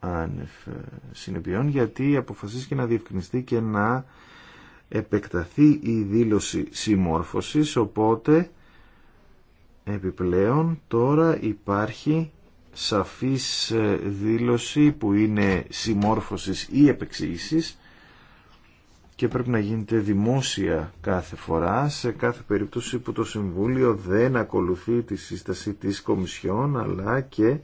άνευ ε, συνεπειών γιατί αποφασίστηκε να διευκρινιστεί και να επεκταθεί η δήλωση συμμόρφωσης οπότε επιπλέον τώρα υπάρχει σαφής ε, δήλωση που είναι συμμόρφωσης ή επεξήγησης και πρέπει να γίνεται δημόσια κάθε φορά σε κάθε περίπτωση που το Συμβούλιο δεν ακολουθεί τη σύσταση της Κομισιόν αλλά και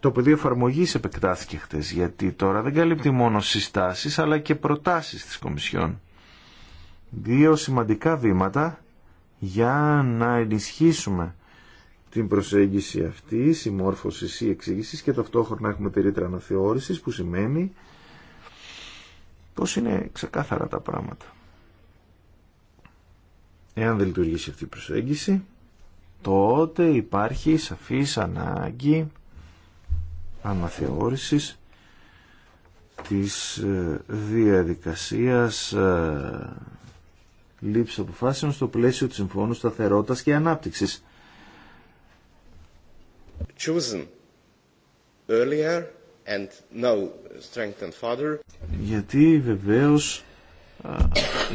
το πεδίο εφαρμογή επεκτάθηκε χθε, γιατί τώρα δεν καλύπτει μόνο συστάσεις αλλά και προτάσεις της Κομισιόν. Δύο σημαντικά βήματα για να ενισχύσουμε την προσέγγιση αυτή, συμμόρφωσης ή εξήγησης και ταυτόχρονα έχουμε περίτρα αναθεώρησης που σημαίνει πως είναι ξεκάθαρα τα πράγματα. Εάν δεν λειτουργήσει αυτή η προσέγγιση, τότε υπάρχει σαφή ανάγκη αναθεόρηση, τη ε, διαδικασία ε, λήψη αποφάσεων στο πλαίσιο τη συμφόλου σταθερότητα και ταυτοχρονα εχουμε περιτρα αναθεωρησης που σημαινει πως ειναι ξεκαθαρα τα πραγματα εαν δεν λειτουργησει αυτη η προσεγγιση τοτε υπαρχει σαφης αναγκη αναθεωρησης της διαδικασιας ληψη αποφασεων στο πλαισιο της συμφωνου σταθεροτητας και αναπτυξης chosen earlier and now strengthened further. Γιατί βεβαίως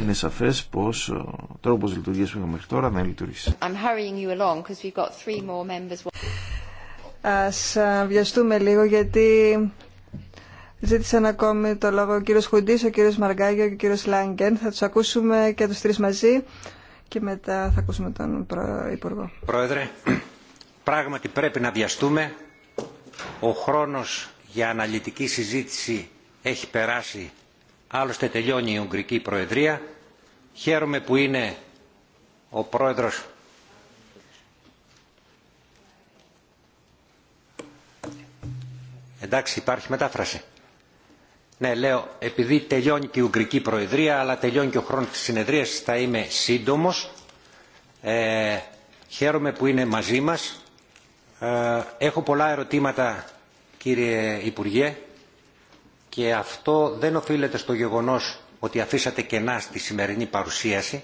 είναι σαφές πως ο τρόπος λειτουργία που είχαμε μέχρι τώρα δεν λειτουργήσε. I'm hurrying you along because we've got three more members. Ας βιαστούμε λίγο γιατί ζήτησαν ακόμη το λόγο ο κύριος Χουντής, ο κύριος Μαργκάγιο και ο κύριος Λάγκεν. Θα τους ακούσουμε και τους τρεις μαζί και μετά θα ακούσουμε τον Υπουργό. Πρόεδρε, Πράγματι πρέπει να βιαστούμε. Ο χρόνος για αναλυτική συζήτηση έχει περάσει. Άλλωστε τελειώνει η Ουγγρική Προεδρία. Χαίρομαι που είναι ο πρόεδρος Εντάξει, υπάρχει μετάφραση. Ναι, λέω, επειδή τελειώνει και η Ουγγρική Προεδρία, αλλά τελειώνει και ο χρόνος της συνεδρίας, θα είμαι σύντομος. Ε, χαίρομαι που είναι μαζί μας ε, έχω πολλά ερωτήματα κύριε Υπουργέ και αυτό δεν οφείλεται στο γεγονός ότι αφήσατε κενά στη σημερινή παρουσίαση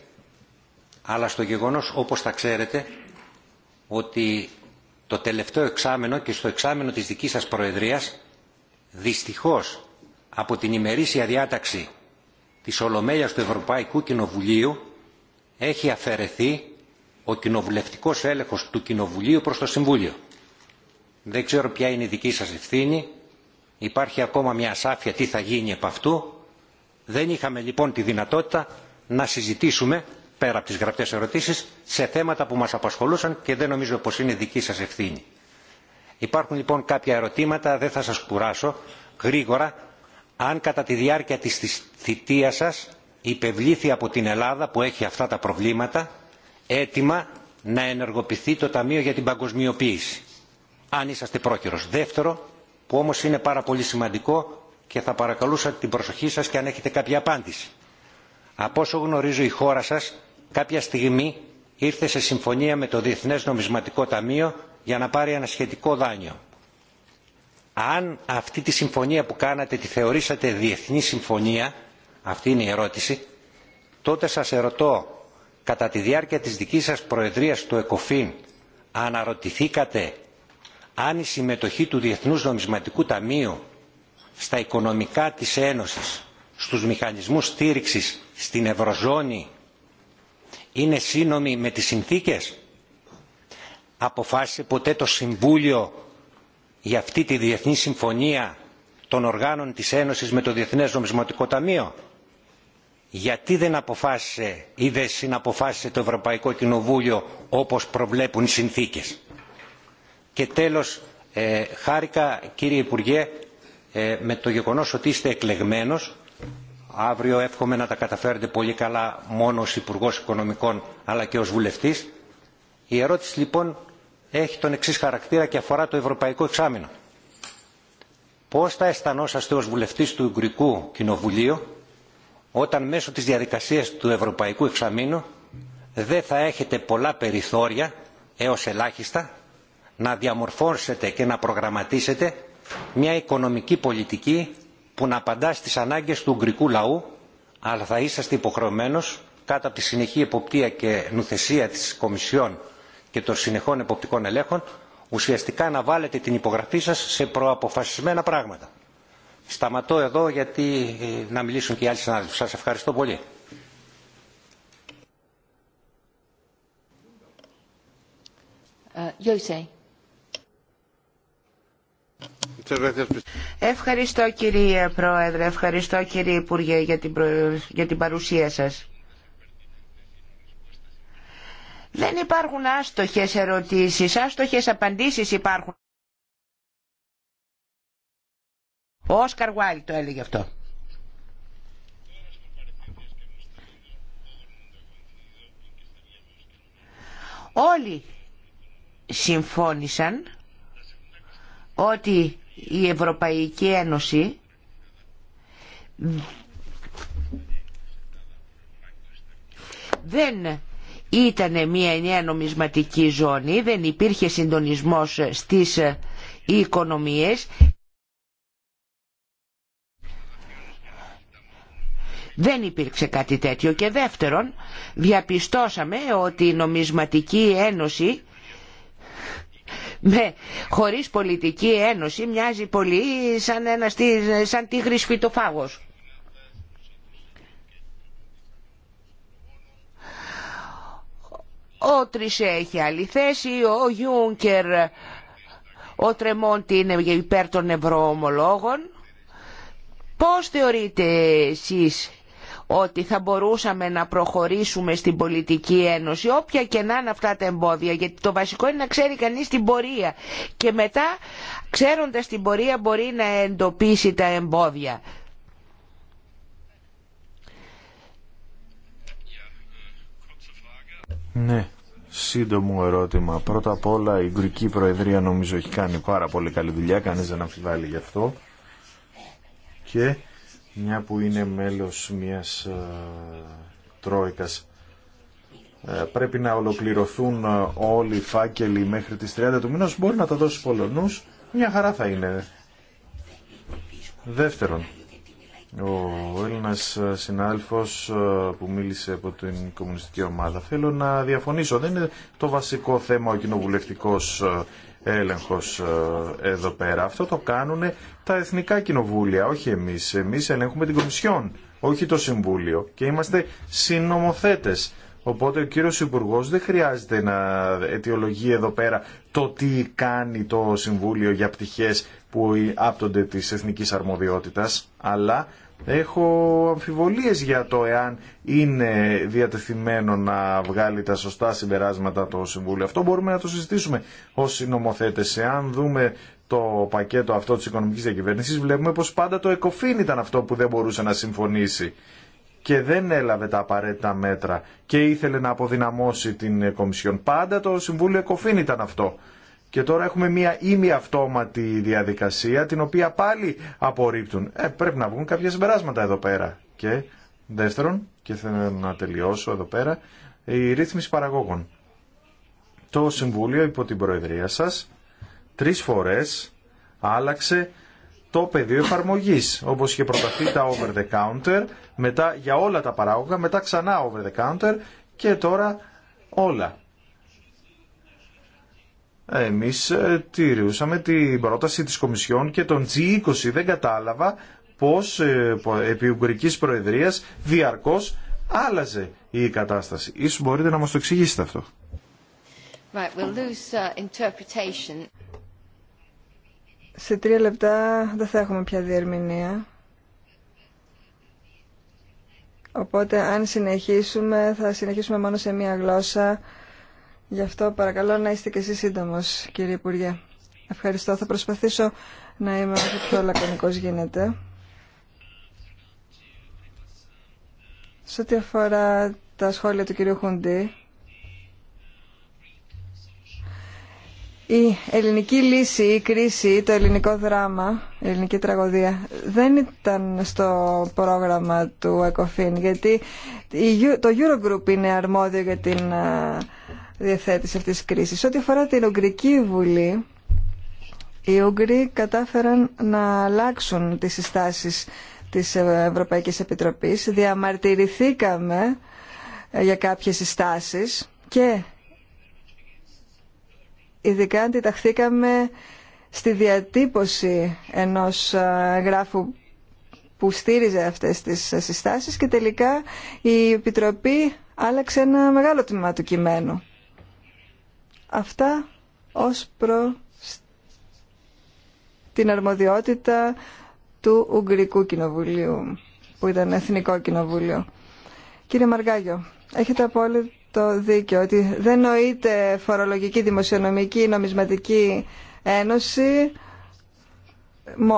αλλά στο γεγονός όπως θα ξέρετε ότι το τελευταίο εξάμενο και στο εξάμενο της δικής σας Προεδρίας δυστυχώς από την ημερήσια διάταξη της Ολομέλειας του Ευρωπαϊκού Κοινοβουλίου έχει αφαιρεθεί ο κοινοβουλευτικός έλεγχος του Κοινοβουλίου προς το Συμβούλιο. Δεν ξέρω ποια είναι η δική σας ευθύνη. Υπάρχει ακόμα μια ασάφεια τι θα γίνει από αυτού. Δεν είχαμε λοιπόν τη δυνατότητα να συζητήσουμε, πέρα από τις γραπτές ερωτήσεις, σε θέματα που μας απασχολούσαν και δεν νομίζω πως είναι δική σας ευθύνη. Υπάρχουν λοιπόν κάποια ερωτήματα, δεν θα σας κουράσω γρήγορα. Αν κατά τη διάρκεια της θητείας σας υπευλήθη από την Ελλάδα που έχει αυτά τα προβλήματα, Έτοιμα να ενεργοποιηθεί το Ταμείο για την Παγκοσμιοποίηση. Αν είσαστε πρόχειρος. Δεύτερο, που όμως είναι πάρα πολύ σημαντικό και θα παρακαλούσα την προσοχή σας και αν έχετε κάποια απάντηση. Από όσο γνωρίζω η χώρα σας κάποια στιγμή ήρθε σε συμφωνία με το Διεθνές Νομισματικό Ταμείο για να πάρει ένα σχετικό δάνειο. Αν αυτή τη συμφωνία που κάνατε τη θεωρήσατε διεθνή συμφωνία, αυτή είναι η ερώτηση, τότε σας ερωτώ κατά τη διάρκεια της δικής σας προεδρίας του ΕΚΟΦΗΝ αναρωτηθήκατε αν η συμμετοχή του Διεθνούς Νομισματικού Ταμείου στα οικονομικά της Ένωσης, στους μηχανισμούς στήριξης στην Ευρωζώνη είναι σύνομη με τις συνθήκες. Αποφάσισε ποτέ το Συμβούλιο για αυτή τη Διεθνή Συμφωνία των Οργάνων της Ένωσης με το Διεθνές Νομισματικό Ταμείο γιατί δεν αποφάσισε ή δεν συναποφάσισε το Ευρωπαϊκό Κοινοβούλιο όπως προβλέπουν οι συνθήκες. Και τέλος, ε, χάρηκα κύριε Υπουργέ ε, με το γεγονός ότι είστε εκλεγμένος. Αύριο εύχομαι να τα καταφέρετε πολύ καλά μόνο ως Υπουργό Οικονομικών αλλά και ως Βουλευτής. Η ερώτηση λοιπόν έχει τον εξής χαρακτήρα και αφορά το Ευρωπαϊκό Εξάμεινο. Πώς θα αισθανόσαστε ως βουλευτής του Ουγγρικού Κοινοβουλίου όταν μέσω της διαδικασίας του Ευρωπαϊκού Εξαμήνου δεν θα έχετε πολλά περιθώρια έως ελάχιστα να διαμορφώσετε και να προγραμματίσετε μια οικονομική πολιτική που να απαντά στις ανάγκες του ουγγρικού λαού αλλά θα είσαστε υποχρεωμένος κάτω από τη συνεχή εποπτεία και νουθεσία της Κομισιόν και των συνεχών εποπτικών ελέγχων ουσιαστικά να βάλετε την υπογραφή σας σε προαποφασισμένα πράγματα. Σταματώ εδώ γιατί ε, να μιλήσουν και οι άλλοι συνάδελφοι. Σας ευχαριστώ πολύ. Ε, ευχαριστώ κύριε Πρόεδρε, ευχαριστώ κύριε Υπουργέ για την, για την παρουσία σας. Δεν υπάρχουν άστοχες ερωτήσεις, άστοχες απαντήσεις υπάρχουν. Ο Όσκαρ Βάιλ το έλεγε αυτό. Όλοι συμφώνησαν ότι η Ευρωπαϊκή Ένωση δεν ήταν μια ενιαία νομισματική ζώνη, δεν υπήρχε συντονισμός στις οικονομίες Δεν υπήρξε κάτι τέτοιο. Και δεύτερον, διαπιστώσαμε ότι η νομισματική ένωση με, χωρίς πολιτική ένωση μοιάζει πολύ σαν, ένα, σαν τίγρης φυτοφάγος. Ο Τρισέ έχει άλλη θέση, ο Γιούνκερ, ο Τρεμόντι είναι υπέρ των ευρωομολόγων. Πώς θεωρείτε εσείς ότι θα μπορούσαμε να προχωρήσουμε στην πολιτική ένωση όποια και να είναι αυτά τα εμπόδια γιατί το βασικό είναι να ξέρει κανείς την πορεία και μετά ξέροντας την πορεία μπορεί να εντοπίσει τα εμπόδια. Ναι, σύντομο ερώτημα. Πρώτα απ' όλα η Γκρική Προεδρία νομίζω έχει κάνει πάρα πολύ καλή δουλειά, κανείς δεν αμφιβάλλει γι' αυτό. Και μια που είναι μέλος μιας ε, τρόικας. Ε, πρέπει να ολοκληρωθούν ε, όλοι οι φάκελοι μέχρι τις 30 του μηνός. Μπορεί να τα δώσει Πολωνούς. Μια χαρά θα είναι. Δεύτερον, ο Έλληνας συνάδελφος που μίλησε από την Κομμουνιστική Ομάδα θέλω να διαφωνήσω. Δεν είναι το βασικό θέμα ο κοινοβουλευτικός έλεγχος ε, εδώ πέρα. Αυτό το κάνουν τα εθνικά κοινοβούλια, όχι εμείς. Εμείς ελέγχουμε την Κομισιόν, όχι το Συμβούλιο και είμαστε συνομοθέτες. Οπότε ο κύριος Υπουργό δεν χρειάζεται να αιτιολογεί εδώ πέρα το τι κάνει το Συμβούλιο για πτυχές που άπτονται της εθνικής αρμοδιότητας, αλλά Έχω αμφιβολίες για το εάν είναι διατεθειμένο να βγάλει τα σωστά συμπεράσματα το Συμβούλιο. Αυτό μπορούμε να το συζητήσουμε ως συνομοθέτες. Εάν δούμε το πακέτο αυτό της οικονομικής διακυβέρνησης βλέπουμε πως πάντα το ΕΚΟΦΗΝ ήταν αυτό που δεν μπορούσε να συμφωνήσει και δεν έλαβε τα απαραίτητα μέτρα και ήθελε να αποδυναμώσει την Κομισιόν. Πάντα το Συμβούλιο ΕΚΟΦΗΝ ήταν αυτό και τώρα έχουμε μία αυτόματη διαδικασία την οποία πάλι απορρίπτουν. Ε, πρέπει να βγουν κάποια συμπεράσματα εδώ πέρα. Και δεύτερον, και θέλω να τελειώσω εδώ πέρα, η ρύθμιση παραγόγων. Το Συμβούλιο υπό την Προεδρία σας τρεις φορές άλλαξε το πεδίο εφαρμογή. Όπως είχε προταθεί τα over the counter, μετά για όλα τα παράγωγα, μετά ξανά over the counter και τώρα όλα. Ε, εμείς ε, τηρούσαμε την πρόταση της Κομισιόν και τον G20 δεν κατάλαβα πως ε, επί Ουγγρικής Προεδρίας διαρκώς άλλαζε η κατάσταση. Ίσως μπορείτε να μας το εξηγήσετε αυτό. Right, we'll lose uh, interpretation. Σε τρία λεπτά δεν θα έχουμε πια διερμηνία. Οπότε αν συνεχίσουμε θα συνεχίσουμε μόνο σε μία γλώσσα Γι' αυτό παρακαλώ να είστε και εσείς σύντομος, κύριε Υπουργέ. Ευχαριστώ. Θα προσπαθήσω να είμαι όσο πιο λακωνικός γίνεται. Σε ό,τι αφορά τα σχόλια του κυρίου Χουντή, η ελληνική λύση, η κρίση, το ελληνικό δράμα, η ελληνική τραγωδία δεν ήταν στο πρόγραμμα του ΕΚΟΦΗΝ γιατί το Eurogroup είναι αρμόδιο για την διαθέτηση αυτής της κρίσης. Ό,τι αφορά την Ουγγρική Βουλή, οι Ουγγροί κατάφεραν να αλλάξουν τις συστάσεις της Ευρωπαϊκής Επιτροπής. Διαμαρτυρηθήκαμε ε, για κάποιες συστάσεις και ειδικά αντιταχθήκαμε στη διατύπωση ενός ε, γράφου που στήριζε αυτές τις συστάσεις και τελικά η Επιτροπή άλλαξε ένα μεγάλο τμήμα του κειμένου. Αυτά ως προ την αρμοδιότητα του Ουγγρικού Κοινοβουλίου, που ήταν Εθνικό Κοινοβούλιο. Κύριε Μαργάγιο, έχετε απόλυτο δίκιο ότι δεν νοείται φορολογική, δημοσιονομική, νομισματική ένωση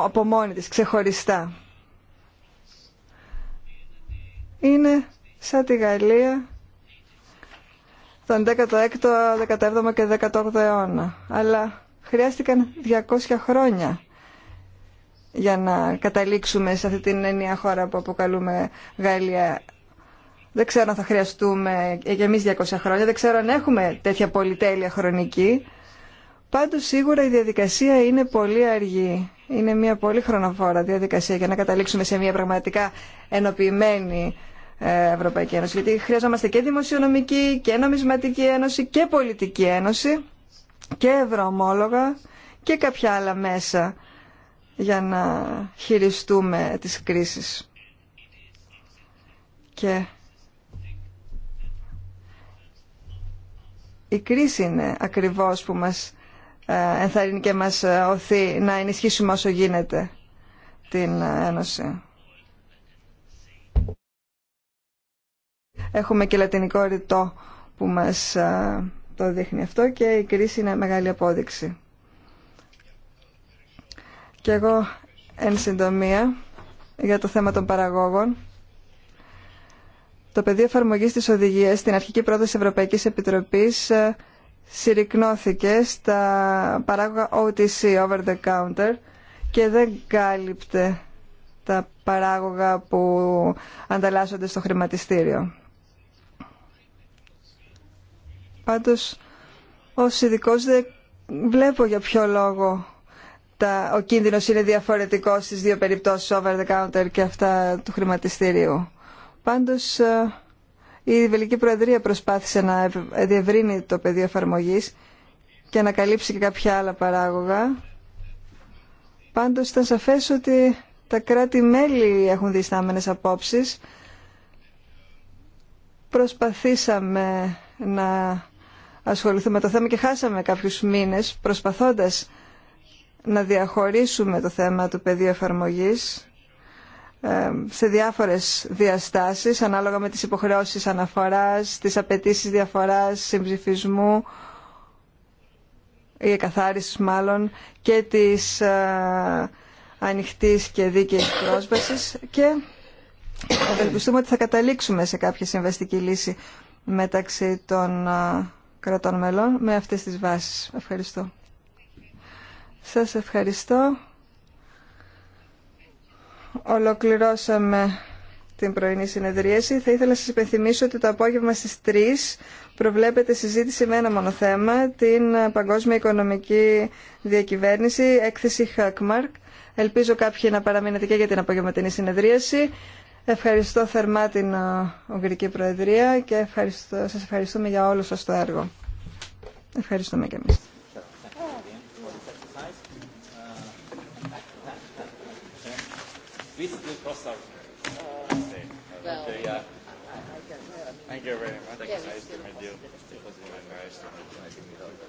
από μόνη της, ξεχωριστά. Είναι σαν τη Γαλλία τον 16ο, 17ο και 18ο αιώνα. Αλλά χρειάστηκαν 200 χρόνια για να καταλήξουμε σε αυτή την ενιαία χώρα που αποκαλούμε Γαλλία. Δεν ξέρω αν θα χρειαστούμε και εμείς 200 χρόνια, δεν ξέρω αν έχουμε τέτοια πολυτέλεια χρονική. Πάντως σίγουρα η διαδικασία είναι πολύ αργή. Είναι μια πολύ χρονοφόρα διαδικασία για να καταλήξουμε σε μια πραγματικά ενοποιημένη ε, Ευρωπαϊκή Ένωση. Γιατί χρειαζόμαστε και δημοσιονομική και νομισματική ένωση και πολιτική ένωση και ευρωομόλογα και κάποια άλλα μέσα για να χειριστούμε τις κρίσεις. Και η κρίση είναι ακριβώς που μας ε, ενθαρρύνει και μας ε, οθεί να ενισχύσουμε όσο γίνεται την Ένωση. Έχουμε και λατινικό ρητό που μας το δείχνει αυτό και η κρίση είναι μεγάλη απόδειξη. Και εγώ, εν συντομία, για το θέμα των παραγόγων, το πεδίο εφαρμογή της οδηγίας στην αρχική πρόταση Ευρωπαϊκής Επιτροπής ε, συρρυκνώθηκε στα παράγωγα OTC, over the counter, και δεν κάλυπτε τα παράγωγα που ανταλλάσσονται στο χρηματιστήριο. Πάντως, ως ειδικό δεν βλέπω για ποιο λόγο τα, ο κίνδυνος είναι διαφορετικός στις δύο περιπτώσεις over the counter και αυτά του χρηματιστηρίου. Πάντως, ε, η Βελική Προεδρία προσπάθησε να διευρύνει το πεδίο εφαρμογή και να καλύψει και κάποια άλλα παράγωγα. Πάντως ήταν σαφές ότι τα κράτη-μέλη έχουν διστάμενες απόψεις. Προσπαθήσαμε να Ασχοληθούμε το θέμα και χάσαμε κάποιους μήνες προσπαθώντας να διαχωρίσουμε το θέμα του πεδίου εφαρμογής ε, σε διάφορες διαστάσεις ανάλογα με τις υποχρεώσεις αναφοράς, τις απαιτήσει διαφοράς, συμψηφισμού ή εκαθάριση μάλλον και της ε, ανοιχτής και δίκαιης πρόσβασης και ευελπιστούμε ότι θα καταλήξουμε σε κάποια συμβαστική λύση μεταξύ των ε, κρατών με αυτές τις βάσεις. Ευχαριστώ. Σας ευχαριστώ. Ολοκληρώσαμε την πρωινή συνεδρίαση. Θα ήθελα να σας υπενθυμίσω ότι το απόγευμα στις 3 προβλέπεται συζήτηση με ένα μόνο θέμα, την Παγκόσμια Οικονομική Διακυβέρνηση, έκθεση Hackmark. Ελπίζω κάποιοι να παραμείνετε και για την απογευματινή συνεδρίαση. Ευχαριστώ θερμά την Ουγγρική Προεδρία και ευχαριστώ, σας ευχαριστούμε για όλο σας το έργο. Ευχαριστούμε και εμείς. Thank you very much.